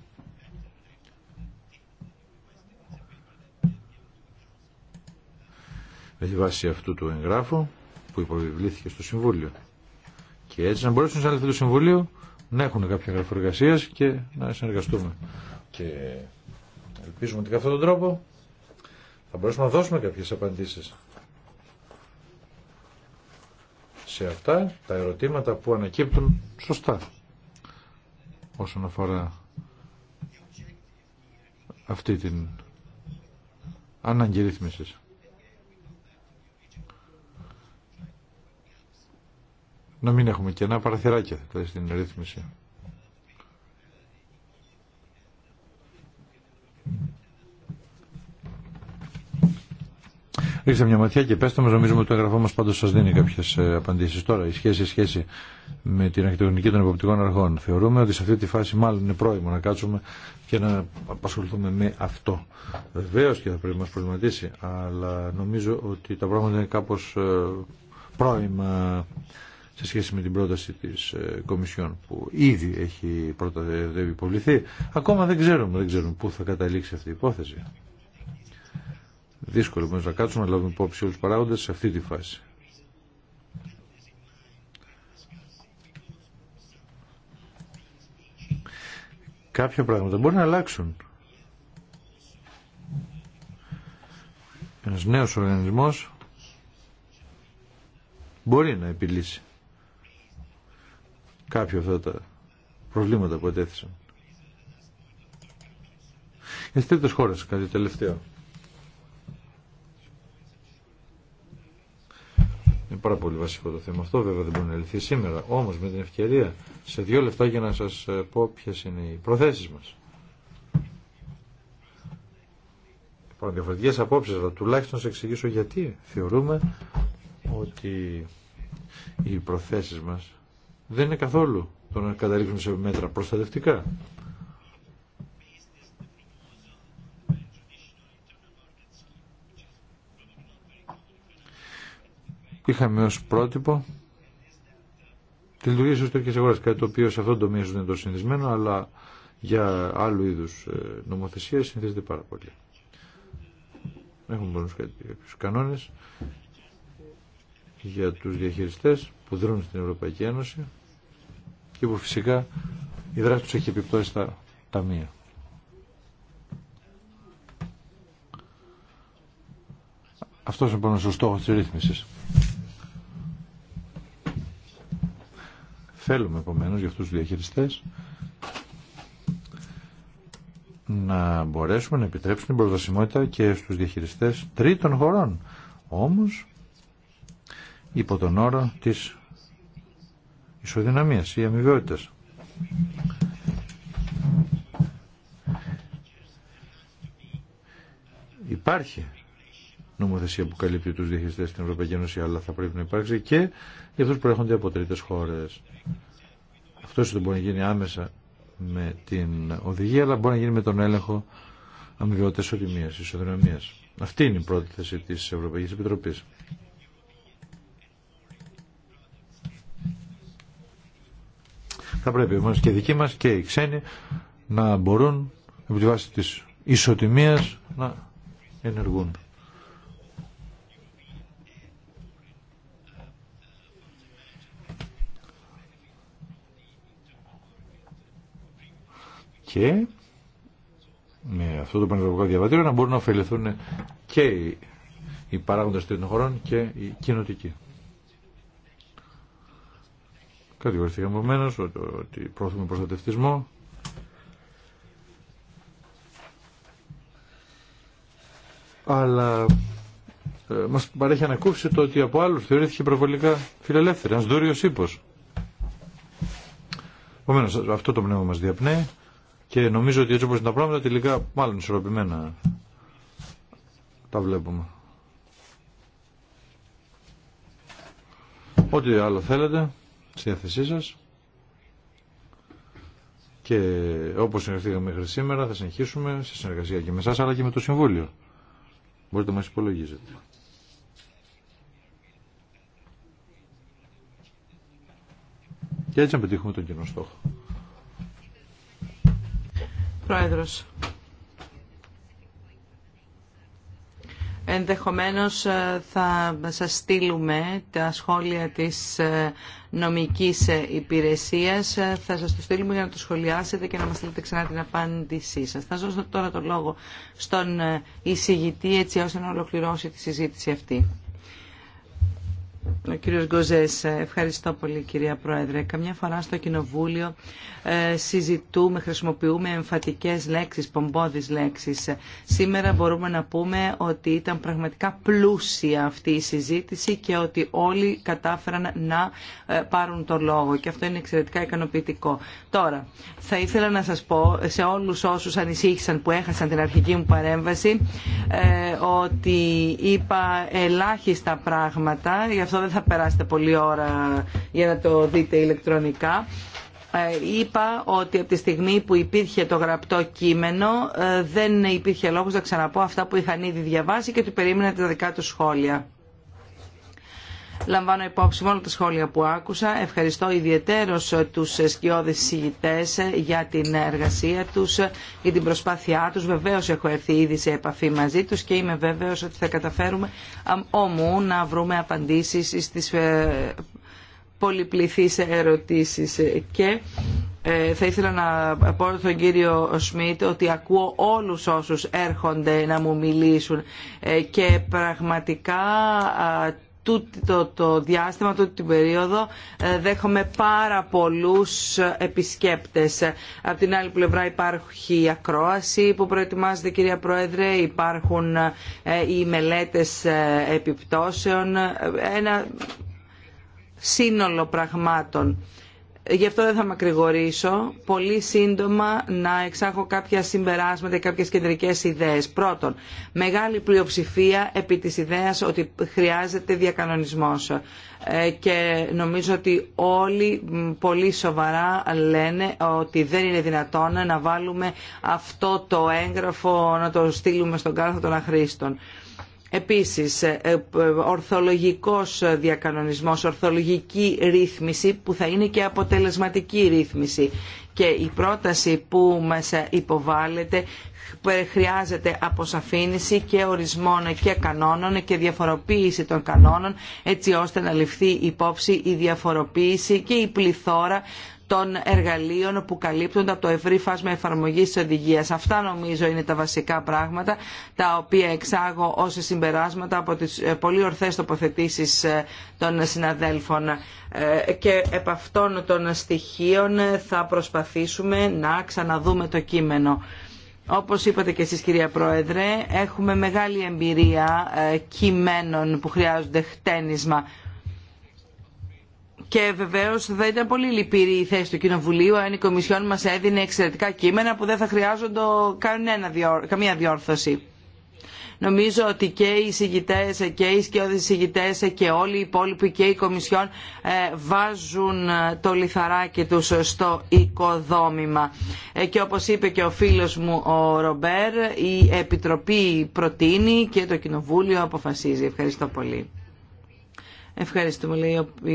Με βάση αυτού του εγγράφου που υποβιβλήθηκε στο Συμβούλιο. Και έτσι να μπορέσουν σαν το Συμβουλίου να έχουν κάποια εγγραφή εργασία και να συνεργαστούμε. Και ελπίζουμε ότι με αυτόν τον τρόπο θα μπορέσουμε να δώσουμε κάποιες απαντήσεις σε αυτά τα ερωτήματα που ανακύπτουν σωστά όσον αφορά αυτή την αναγκηρύθμιση. Να μην έχουμε κενά παραθυράκια δηλαδή, στην ρύθμιση. Ρίξτε μια ματιά και πέστε μα, νομίζουμε ότι το εγγραφό μα πάντω σα δίνει κάποιε απαντήσει Τώρα, η σχέση, η σχέση με την αρχιτεκτονική των υποπτικών αρχών. Θεωρούμε ότι σε αυτή τη φάση μάλλον είναι πρόημο να κάτσουμε και να απασχοληθούμε με αυτό. Βεβαίω και θα πρέπει να μα προβληματίσει, αλλά νομίζω ότι τα πράγματα είναι κάπω ε, πρόημα σε σχέση με την πρόταση της ε, Κομισιόν που ήδη έχει πρώτα υποβληθεί. Ακόμα δεν ξέρουμε, δεν ξέρουμε πού θα καταλήξει αυτή η υπόθεση. Δύσκολο όμως να κάτσουμε να λάβουμε υπόψη όλους του παράγοντες σε αυτή τη φάση. Κάποια πράγματα μπορεί να αλλάξουν. Ένας νέος οργανισμός μπορεί να επιλύσει κάποια αυτά τα προβλήματα που ετέθησαν. Για τρίτος χώρας κάτι τελευταίο. Είναι πάρα πολύ βασικό το θέμα αυτό, βέβαια δεν μπορεί να λυθεί σήμερα. Όμω με την ευκαιρία, σε δύο λεπτά για να σα ε, πω ποιε είναι οι προθέσει μα. Υπάρχουν διαφορετικέ απόψει, αλλά τουλάχιστον σε εξηγήσω γιατί θεωρούμε ότι οι προθέσει μα δεν είναι καθόλου το να καταλήξουμε σε μέτρα προστατευτικά. είχαμε ως πρότυπο τη λειτουργία της εσωτερικής αγοράς, κάτι το οποίο σε αυτό το τομέα δεν είναι τόσο συνηθισμένο, αλλά για άλλου είδους ε, νομοθεσίες συνηθίζεται πάρα πολύ. Έχουμε μόνο κάποιους κανόνες για τους διαχειριστές που δρούν στην Ευρωπαϊκή Ένωση και που φυσικά η δράση τους έχει επιπτώσει στα ταμεία. Αυτός είναι πάνω στο στόχο της ρύθμισης. Θέλουμε επομένως για αυτούς τους διαχειριστές να μπορέσουμε να επιτρέψουμε την προσβασιμότητα και στους διαχειριστές τρίτων χωρών. Όμως, υπό τον όρο της ισοδυναμίας ή αμοιβαιότητας. Υπάρχει νομοθεσία που καλύπτει του διαχειριστέ στην Ευρωπαϊκή Ένωση, αλλά θα πρέπει να υπάρξει και για αυτού που προέρχονται από τρίτες χώρε. Αυτό δεν μπορεί να γίνει άμεσα με την οδηγία, αλλά μπορεί να γίνει με τον έλεγχο αμοιβαιότητα οτιμίας, ισοδυναμία. Αυτή είναι η πρώτη θέση της Ευρωπαϊκής Επιτροπής. Θα πρέπει όμω και οι δικοί μα και οι ξένοι να μπορούν επί τη βάση της ισοτιμίας να ενεργούν. και με αυτό το πανευρωπαϊκό διαβατήριο να μπορούν να ωφεληθούν και οι παράγοντες των χωρών και οι κοινοτικοί. Κατηγορηθήκαμε επομένω ότι πρόθουμε προστατευτισμό. Αλλά ε, μας παρέχει ανακούφιση το ότι από άλλους θεωρήθηκε προβολικά φιλελεύθερη, ένας δούριος ύπος. Επομένως αυτό το πνεύμα μας διαπνέει και νομίζω ότι έτσι όπως είναι τα πράγματα τελικά μάλλον ισορροπημένα τα βλέπουμε. Ό,τι άλλο θέλετε στη διάθεσή σας και όπως συνεχθήκαμε μέχρι σήμερα θα συνεχίσουμε σε συνεργασία και με εσάς αλλά και με το Συμβούλιο. Μπορείτε να μας υπολογίζετε. Και έτσι να πετύχουμε τον κοινό στόχο. Πρόεδρος. Ενδεχομένως ε, θα σας στείλουμε τα σχόλια της ε, νομικής ε, υπηρεσίας. Θα σας το στείλουμε για να το σχολιάσετε και να μας στείλετε ξανά την απάντησή σας. Θα δώσω τώρα το λόγο στον εισηγητή έτσι ώστε να ολοκληρώσει τη συζήτηση αυτή. Ο κύριος ε, ευχαριστώ πολύ κυρία Πρόεδρε. Καμιά φορά στο Κοινοβούλιο ε, συζητούμε, χρησιμοποιούμε εμφατικές λέξεις, πομπόδεις λέξεις. Σήμερα μπορούμε να πούμε ότι ήταν πραγματικά πλούσια αυτή η συζήτηση και ότι όλοι κατάφεραν να ε, πάρουν το λόγο και αυτό είναι εξαιρετικά ικανοποιητικό. Τώρα, θα ήθελα να σας πω σε όλους όσους ανησύχησαν που έχασαν την αρχική μου παρέμβαση ότι είπα ελάχιστα πράγματα, δεν θα περάσετε πολλή ώρα για να το δείτε ηλεκτρονικά. Ε, είπα ότι από τη στιγμή που υπήρχε το γραπτό κείμενο ε, δεν υπήρχε λόγος να ξαναπώ αυτά που είχαν ήδη διαβάσει και του περίμενα τα δικά του σχόλια. Λαμβάνω υπόψη μόνο τα σχόλια που άκουσα. Ευχαριστώ ιδιαίτερω τους σκιώδει συγητές για την εργασία τους, για την προσπάθειά τους. βεβαίω έχω έρθει ήδη σε επαφή μαζί τους και είμαι βέβαιος ότι θα καταφέρουμε όμου να βρούμε απαντήσεις στις ε, πολυπληθείς ερωτήσεις και ε, θα ήθελα να πω στον κύριο Σμιτ ότι ακούω όλους όσους έρχονται να μου μιλήσουν ε, και πραγματικά τούτο το διάστημα, τούτη την περίοδο ε, δέχομαι πάρα πολλούς επισκέπτες. Από την άλλη πλευρά υπάρχει η ακρόαση που προετοιμάζεται κυρία Πρόεδρε, υπάρχουν ε, οι μελέτες ε, επιπτώσεων, ένα σύνολο πραγμάτων. Γι' αυτό δεν θα μακρηγορήσω. Πολύ σύντομα να εξάγω κάποια συμπεράσματα, και κάποιες κεντρικέ ιδέες. Πρώτον, μεγάλη πλειοψηφία επί της ιδέας ότι χρειάζεται διακανονισμός. Ε, και νομίζω ότι όλοι πολύ σοβαρά λένε ότι δεν είναι δυνατόν να βάλουμε αυτό το έγγραφο, να το στείλουμε στον κάθε των αχρήστων. Επίσης, ε, ε, ορθολογικός διακανονισμός, ορθολογική ρύθμιση που θα είναι και αποτελεσματική ρύθμιση. Και η πρόταση που μας υποβάλλεται ε, χρειάζεται αποσαφήνιση και ορισμών και κανόνων και διαφοροποίηση των κανόνων έτσι ώστε να ληφθεί υπόψη η διαφοροποίηση και η πληθώρα των εργαλείων που καλύπτονται από το ευρύ φάσμα εφαρμογή τη οδηγία. Αυτά νομίζω είναι τα βασικά πράγματα τα οποία εξάγω ω συμπεράσματα από τι ε, πολύ ορθέ τοποθετήσει ε, των συναδέλφων. Ε, και επ' αυτών των στοιχείων θα προσπαθήσουμε να ξαναδούμε το κείμενο. Όπως είπατε και εσείς κυρία Πρόεδρε, έχουμε μεγάλη εμπειρία κειμένων που χρειάζονται χτένισμα και βεβαίω δεν ήταν πολύ λυπηρή η θέση του Κοινοβουλίου αν η Κομισιόν μα έδινε εξαιρετικά κείμενα που δεν θα χρειάζονται καμία διόρθωση. Νομίζω ότι και οι συγητέ και οι σκιώδει συγητέ και όλοι οι υπόλοιποι και οι Κομισιόν ε, βάζουν ε, το λιθαράκι του στο οικοδόμημα. Ε, και όπω είπε και ο φίλο μου ο Ρομπέρ, η Επιτροπή προτείνει και το Κοινοβούλιο αποφασίζει. Ευχαριστώ πολύ. Ευχαριστούμε, λέει